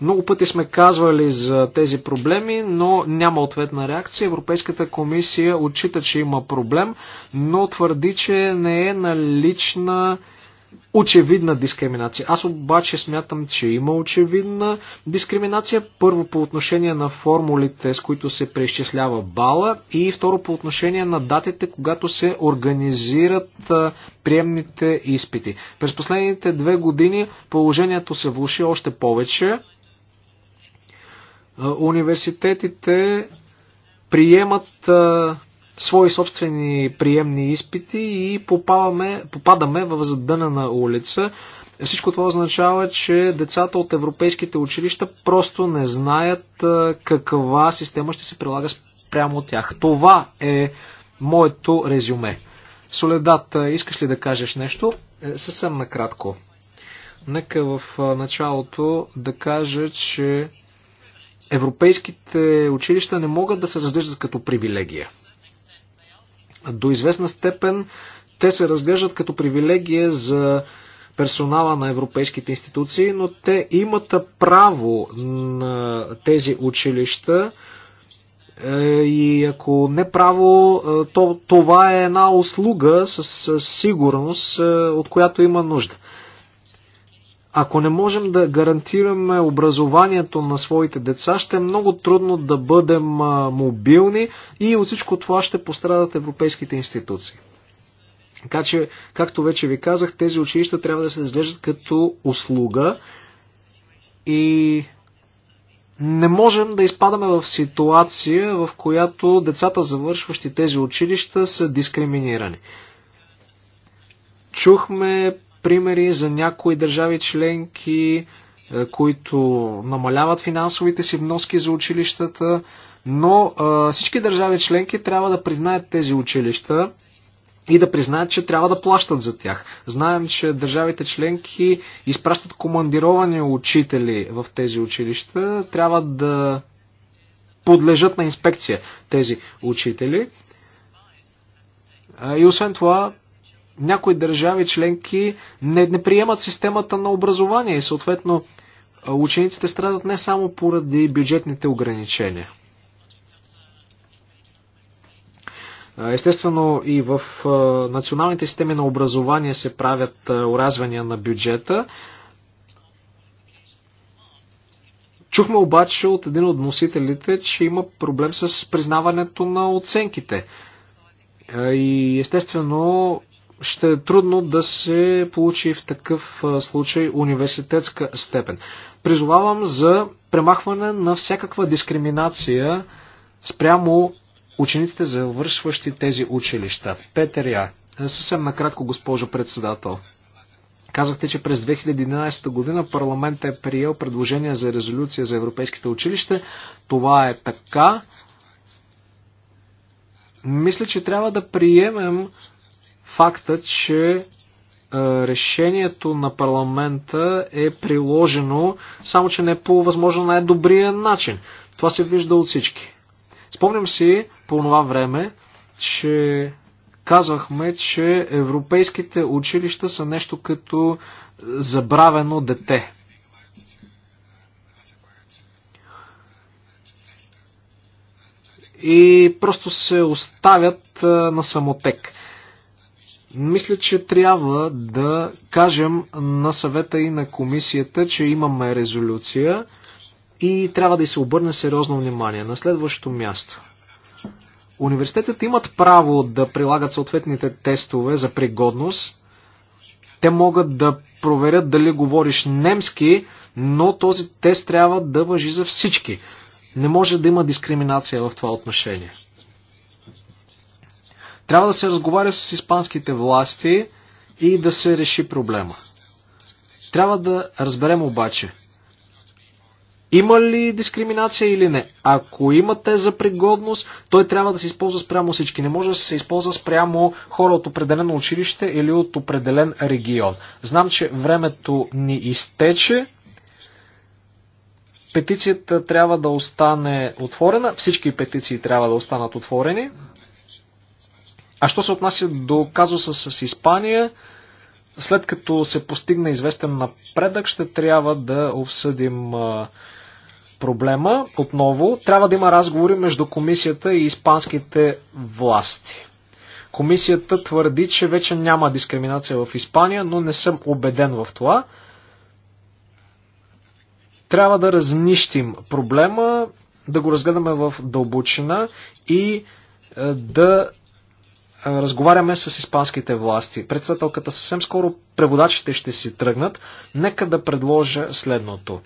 Speaker 3: Много пъти сме казвали за тези проблеми, но няма ответна реакция. Европейската комисия отчита, че има проблем, но твърди, че не е налична очевидна дискриминация. Аз обаче смятам, че има очевидна дискриминация. Първо по отношение на формулите, с които се преизчислява бала и второ по отношение на датите, когато се организират приемните изпити. През последните две години положението се влуши още повече. Университетите приемат свои собствени приемни изпити и попаваме, попадаме в на улица. Всичко това означава, че децата от европейските училища просто не знаят каква система ще се прилага прямо от тях. Това е моето резюме. Соледат, искаш ли да кажеш нещо? Е, съвсем накратко. Нека в началото да кажа, че европейските училища не могат да се разглеждат като привилегия. До известна степен те се разглеждат като привилегия за персонала на европейските институции, но те имат право на тези училища е, и ако не право, е, то това е една услуга със сигурност, е, от която има нужда. Ако не можем да гарантираме образованието на своите деца, ще е много трудно да бъдем мобилни и от всичко това ще пострадат европейските институции. Така че, както вече ви казах, тези училища трябва да се изглеждат като услуга и не можем да изпадаме в ситуация, в която децата, завършващи тези училища, са дискриминирани. Чухме примери за някои държави членки, е, които намаляват финансовите си вноски за училищата, но е, всички държави членки трябва да признаят тези училища и да признаят, че трябва да плащат за тях. Знаем, че държавите членки изпращат командировани учители в тези училища, трябва да подлежат на инспекция тези учители. Е, и освен това, някои държави членки не, не приемат системата на образование и съответно учениците страдат не само поради бюджетните ограничения. Естествено и в националните системи на образование се правят уразвания на бюджета. Чухме обаче от един от носителите, че има проблем с признаването на оценките. И естествено ще е трудно да се получи в такъв случай университетска степен. Призовавам за премахване на всякаква дискриминация спрямо учениците, завършващи тези училища. Петър Я, съвсем накратко, госпожо председател. Казахте, че през 2011 година парламентът е приел предложение за резолюция за европейските училища. Това е така. Мисля, че трябва да приемем факта, че решението на парламента е приложено, само че не по възможно най-добрия начин. Това се вижда от всички. Спомням си по това време, че казахме, че европейските училища са нещо като забравено дете. И просто се оставят на самотек. Мисля, че трябва да кажем на съвета и на комисията, че имаме резолюция и трябва да й се обърне сериозно внимание. На следващото място. Университетът имат право да прилагат съответните тестове за пригодност. Те могат да проверят дали говориш немски, но този тест трябва да въжи за всички. Не може да има дискриминация в това отношение. Трябва да се разговаря с испанските власти и да се реши проблема. Трябва да разберем обаче, има ли дискриминация или не? Ако има те за пригодност, той трябва да се използва спрямо всички. Не може да се използва спрямо хора от определено училище или от определен регион. Знам, че времето ни изтече. Петицията трябва да остане отворена. Всички петиции трябва да останат отворени. А що се отнася до казуса с Испания, след като се постигне известен напредък, ще трябва да обсъдим проблема отново. Трябва да има разговори между комисията и испанските власти. Комисията твърди, че вече няма дискриминация в Испания, но не съм убеден в това. Трябва да разнищим проблема, да го разгледаме в дълбочина и е, да разговаряме с испанските власти. Председателката съвсем скоро преводачите ще си тръгнат. Нека да предложа следното.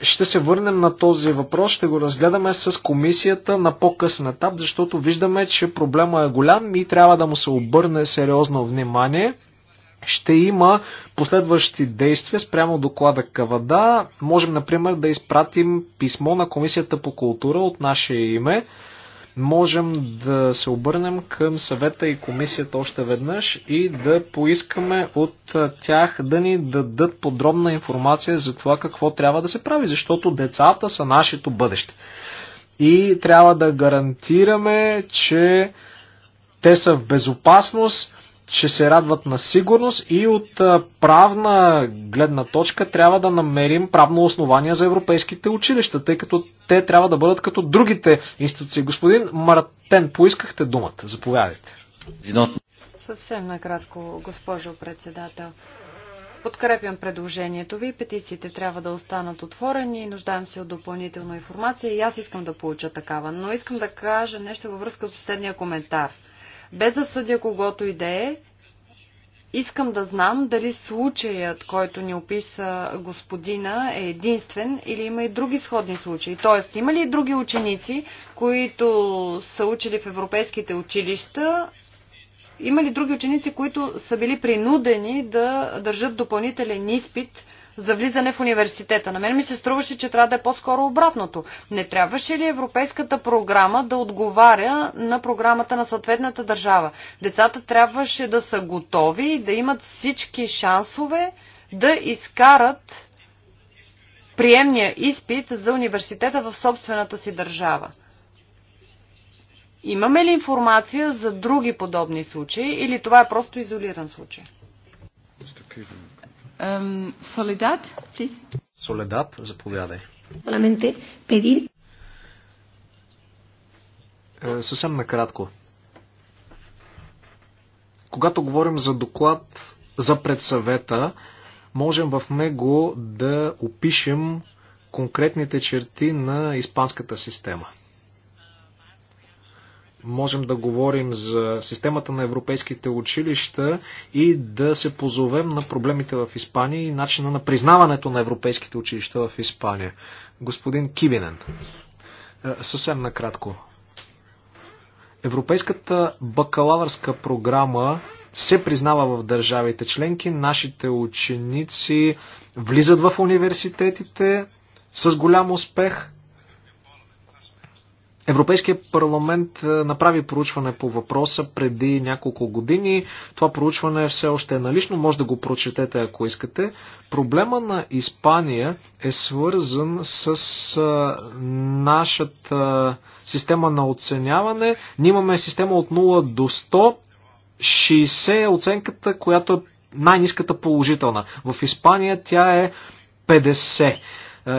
Speaker 3: Ще се върнем на този въпрос, ще го разгледаме с комисията на по-късен етап, защото виждаме, че проблема е голям и трябва да му се обърне сериозно внимание. Ще има последващи действия спрямо доклада Кавада. Можем, например, да изпратим писмо на Комисията по култура от наше име можем да се обърнем към съвета и комисията още веднъж и да поискаме от тях да ни дадат подробна информация за това какво трябва да се прави, защото децата са нашето бъдеще. И трябва да гарантираме, че те са в безопасност че се радват на сигурност и от правна гледна точка трябва да намерим правно основание за европейските училища, тъй като те трябва да бъдат като другите институции. Господин Мартен, поискахте думата. Заповядайте.
Speaker 1: Съвсем накратко, госпожо председател. Подкрепям предложението ви. Петициите трябва да останат отворени. Нуждаем се от допълнителна информация и аз искам да получа такава. Но искам да кажа нещо във връзка с последния коментар – без да съдя когото и да е, искам да знам дали случаят, който ни описа господина, е единствен или има и други сходни случаи. Тоест, има ли и други ученици, които са учили в европейските училища, има ли други ученици, които са били принудени да държат допълнителен изпит – за влизане в университета. На мен ми се струваше, че трябва да е по-скоро обратното. Не трябваше ли европейската програма да отговаря на програмата на съответната държава? Децата трябваше да са готови и да имат всички шансове да изкарат приемния изпит за университета в собствената си държава. Имаме ли информация за други подобни случаи или това е просто изолиран случай? Mr. Um, Soledad, please.
Speaker 3: Soledad, заповядай.
Speaker 1: Solamente pedir.
Speaker 3: Е, съвсем накратко. Когато говорим за доклад за предсъвета, можем в него да опишем конкретните черти на испанската система можем да говорим за системата на европейските училища и да се позовем на проблемите в Испания и начина на признаването на европейските училища в Испания. Господин Кибинен, е, съвсем накратко. Европейската бакалавърска програма се признава в държавите членки. Нашите ученици влизат в университетите с голям успех Европейския парламент е, направи проучване по въпроса преди няколко години. Това проучване все още е налично, може да го прочетете ако искате. Проблема на Испания е свързан с е, нашата система на оценяване. Ние имаме система от 0 до 100. 60 е оценката, която е най-низката положителна. В Испания тя е 50 е,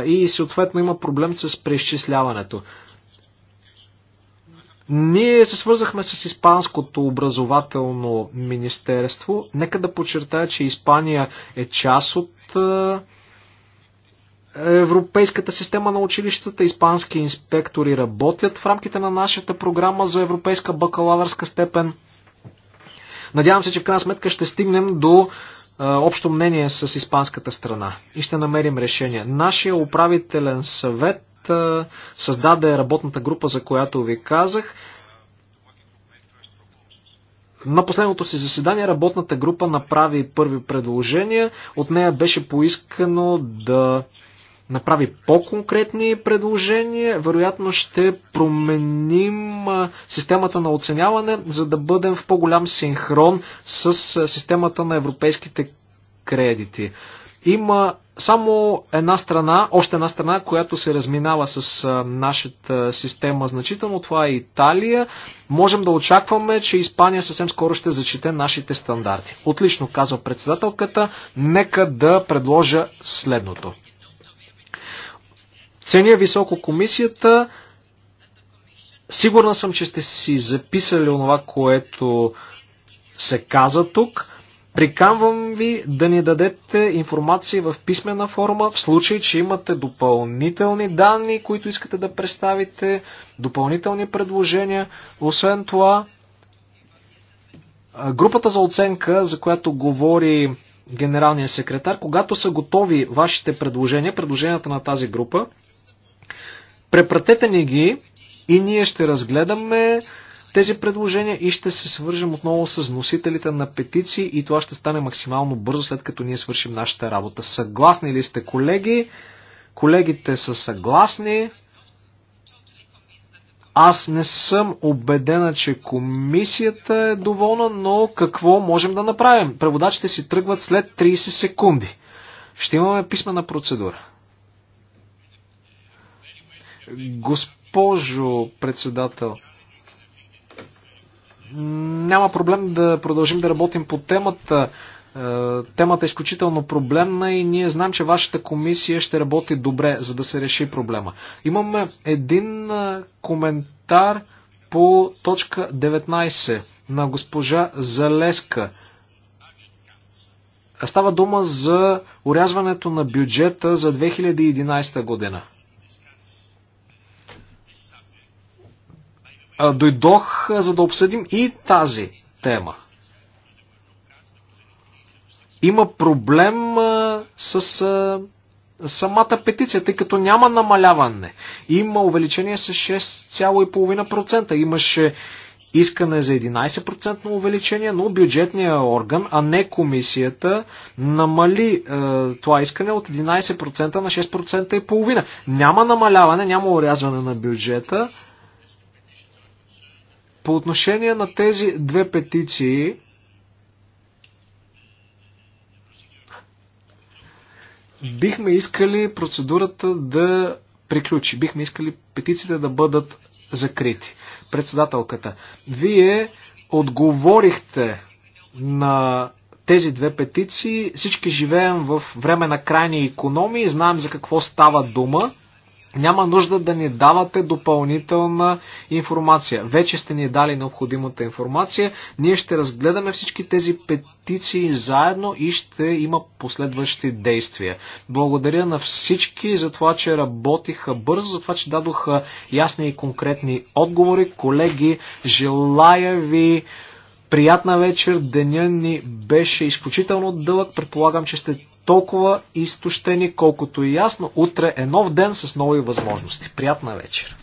Speaker 3: и съответно има проблем с преизчисляването. Ние се свързахме с Испанското образователно министерство. Нека да подчертая, че Испания е част от е, Европейската система на училищата. Испански инспектори работят в рамките на нашата програма за Европейска бакалавърска степен. Надявам се, че в крайна сметка ще стигнем до е, общо мнение с испанската страна и ще намерим решение. Нашия управителен съвет създаде работната група, за която ви казах. На последното си заседание работната група направи първи предложения. От нея беше поискано да направи по-конкретни предложения. Вероятно ще променим системата на оценяване, за да бъдем в по-голям синхрон с системата на европейските кредити. Има само една страна, още една страна, която се разминава с нашата система значително, това е Италия. Можем да очакваме, че Испания съвсем скоро ще зачете нашите стандарти. Отлично, казва председателката, нека да предложа следното. Ценя високо комисията. Сигурна съм, че сте си записали онова, което се каза тук. Приканвам ви да ни дадете информация в писмена форма, в случай, че имате допълнителни данни, които искате да представите, допълнителни предложения. Освен това, групата за оценка, за която говори генералния секретар, когато са готови вашите предложения, предложенията на тази група, препратете ни ги и ние ще разгледаме, тези предложения и ще се свържем отново с носителите на петиции и това ще стане максимално бързо след като ние свършим нашата работа. Съгласни ли сте, колеги? Колегите са съгласни. Аз не съм убедена, че комисията е доволна, но какво можем да направим? Преводачите си тръгват след 30 секунди. Ще имаме писмена процедура. Госпожо председател, няма проблем да продължим да работим по темата. Е, темата е изключително проблемна и ние знаем, че вашата комисия ще работи добре, за да се реши проблема. Имаме един е, коментар по точка 19 на госпожа Залеска. Става дума за урязването на бюджета за 2011 година. дойдох за да обсъдим и тази тема. Има проблем с самата петиция, тъй като няма намаляване. Има увеличение с 6,5%. Имаше искане за 11% увеличение, но бюджетния орган, а не комисията, намали е, това искане от 11% на 6% и половина. Няма намаляване, няма урязване на бюджета. По отношение на тези две петиции, бихме искали процедурата да приключи. Бихме искали петициите да бъдат закрити. Председателката, вие отговорихте на тези две петиции. Всички живеем в време на крайни економии, знаем за какво става дума. Няма нужда да ни давате допълнителна информация. Вече сте ни дали необходимата информация. Ние ще разгледаме всички тези петиции заедно и ще има последващи действия. Благодаря на всички за това, че работиха бързо, за това, че дадоха ясни и конкретни отговори. Колеги, желая ви приятна вечер. Деня ни беше изключително дълъг. Предполагам, че сте толкова изтощени, колкото и ясно. Утре е нов ден с нови възможности. Приятна вечер!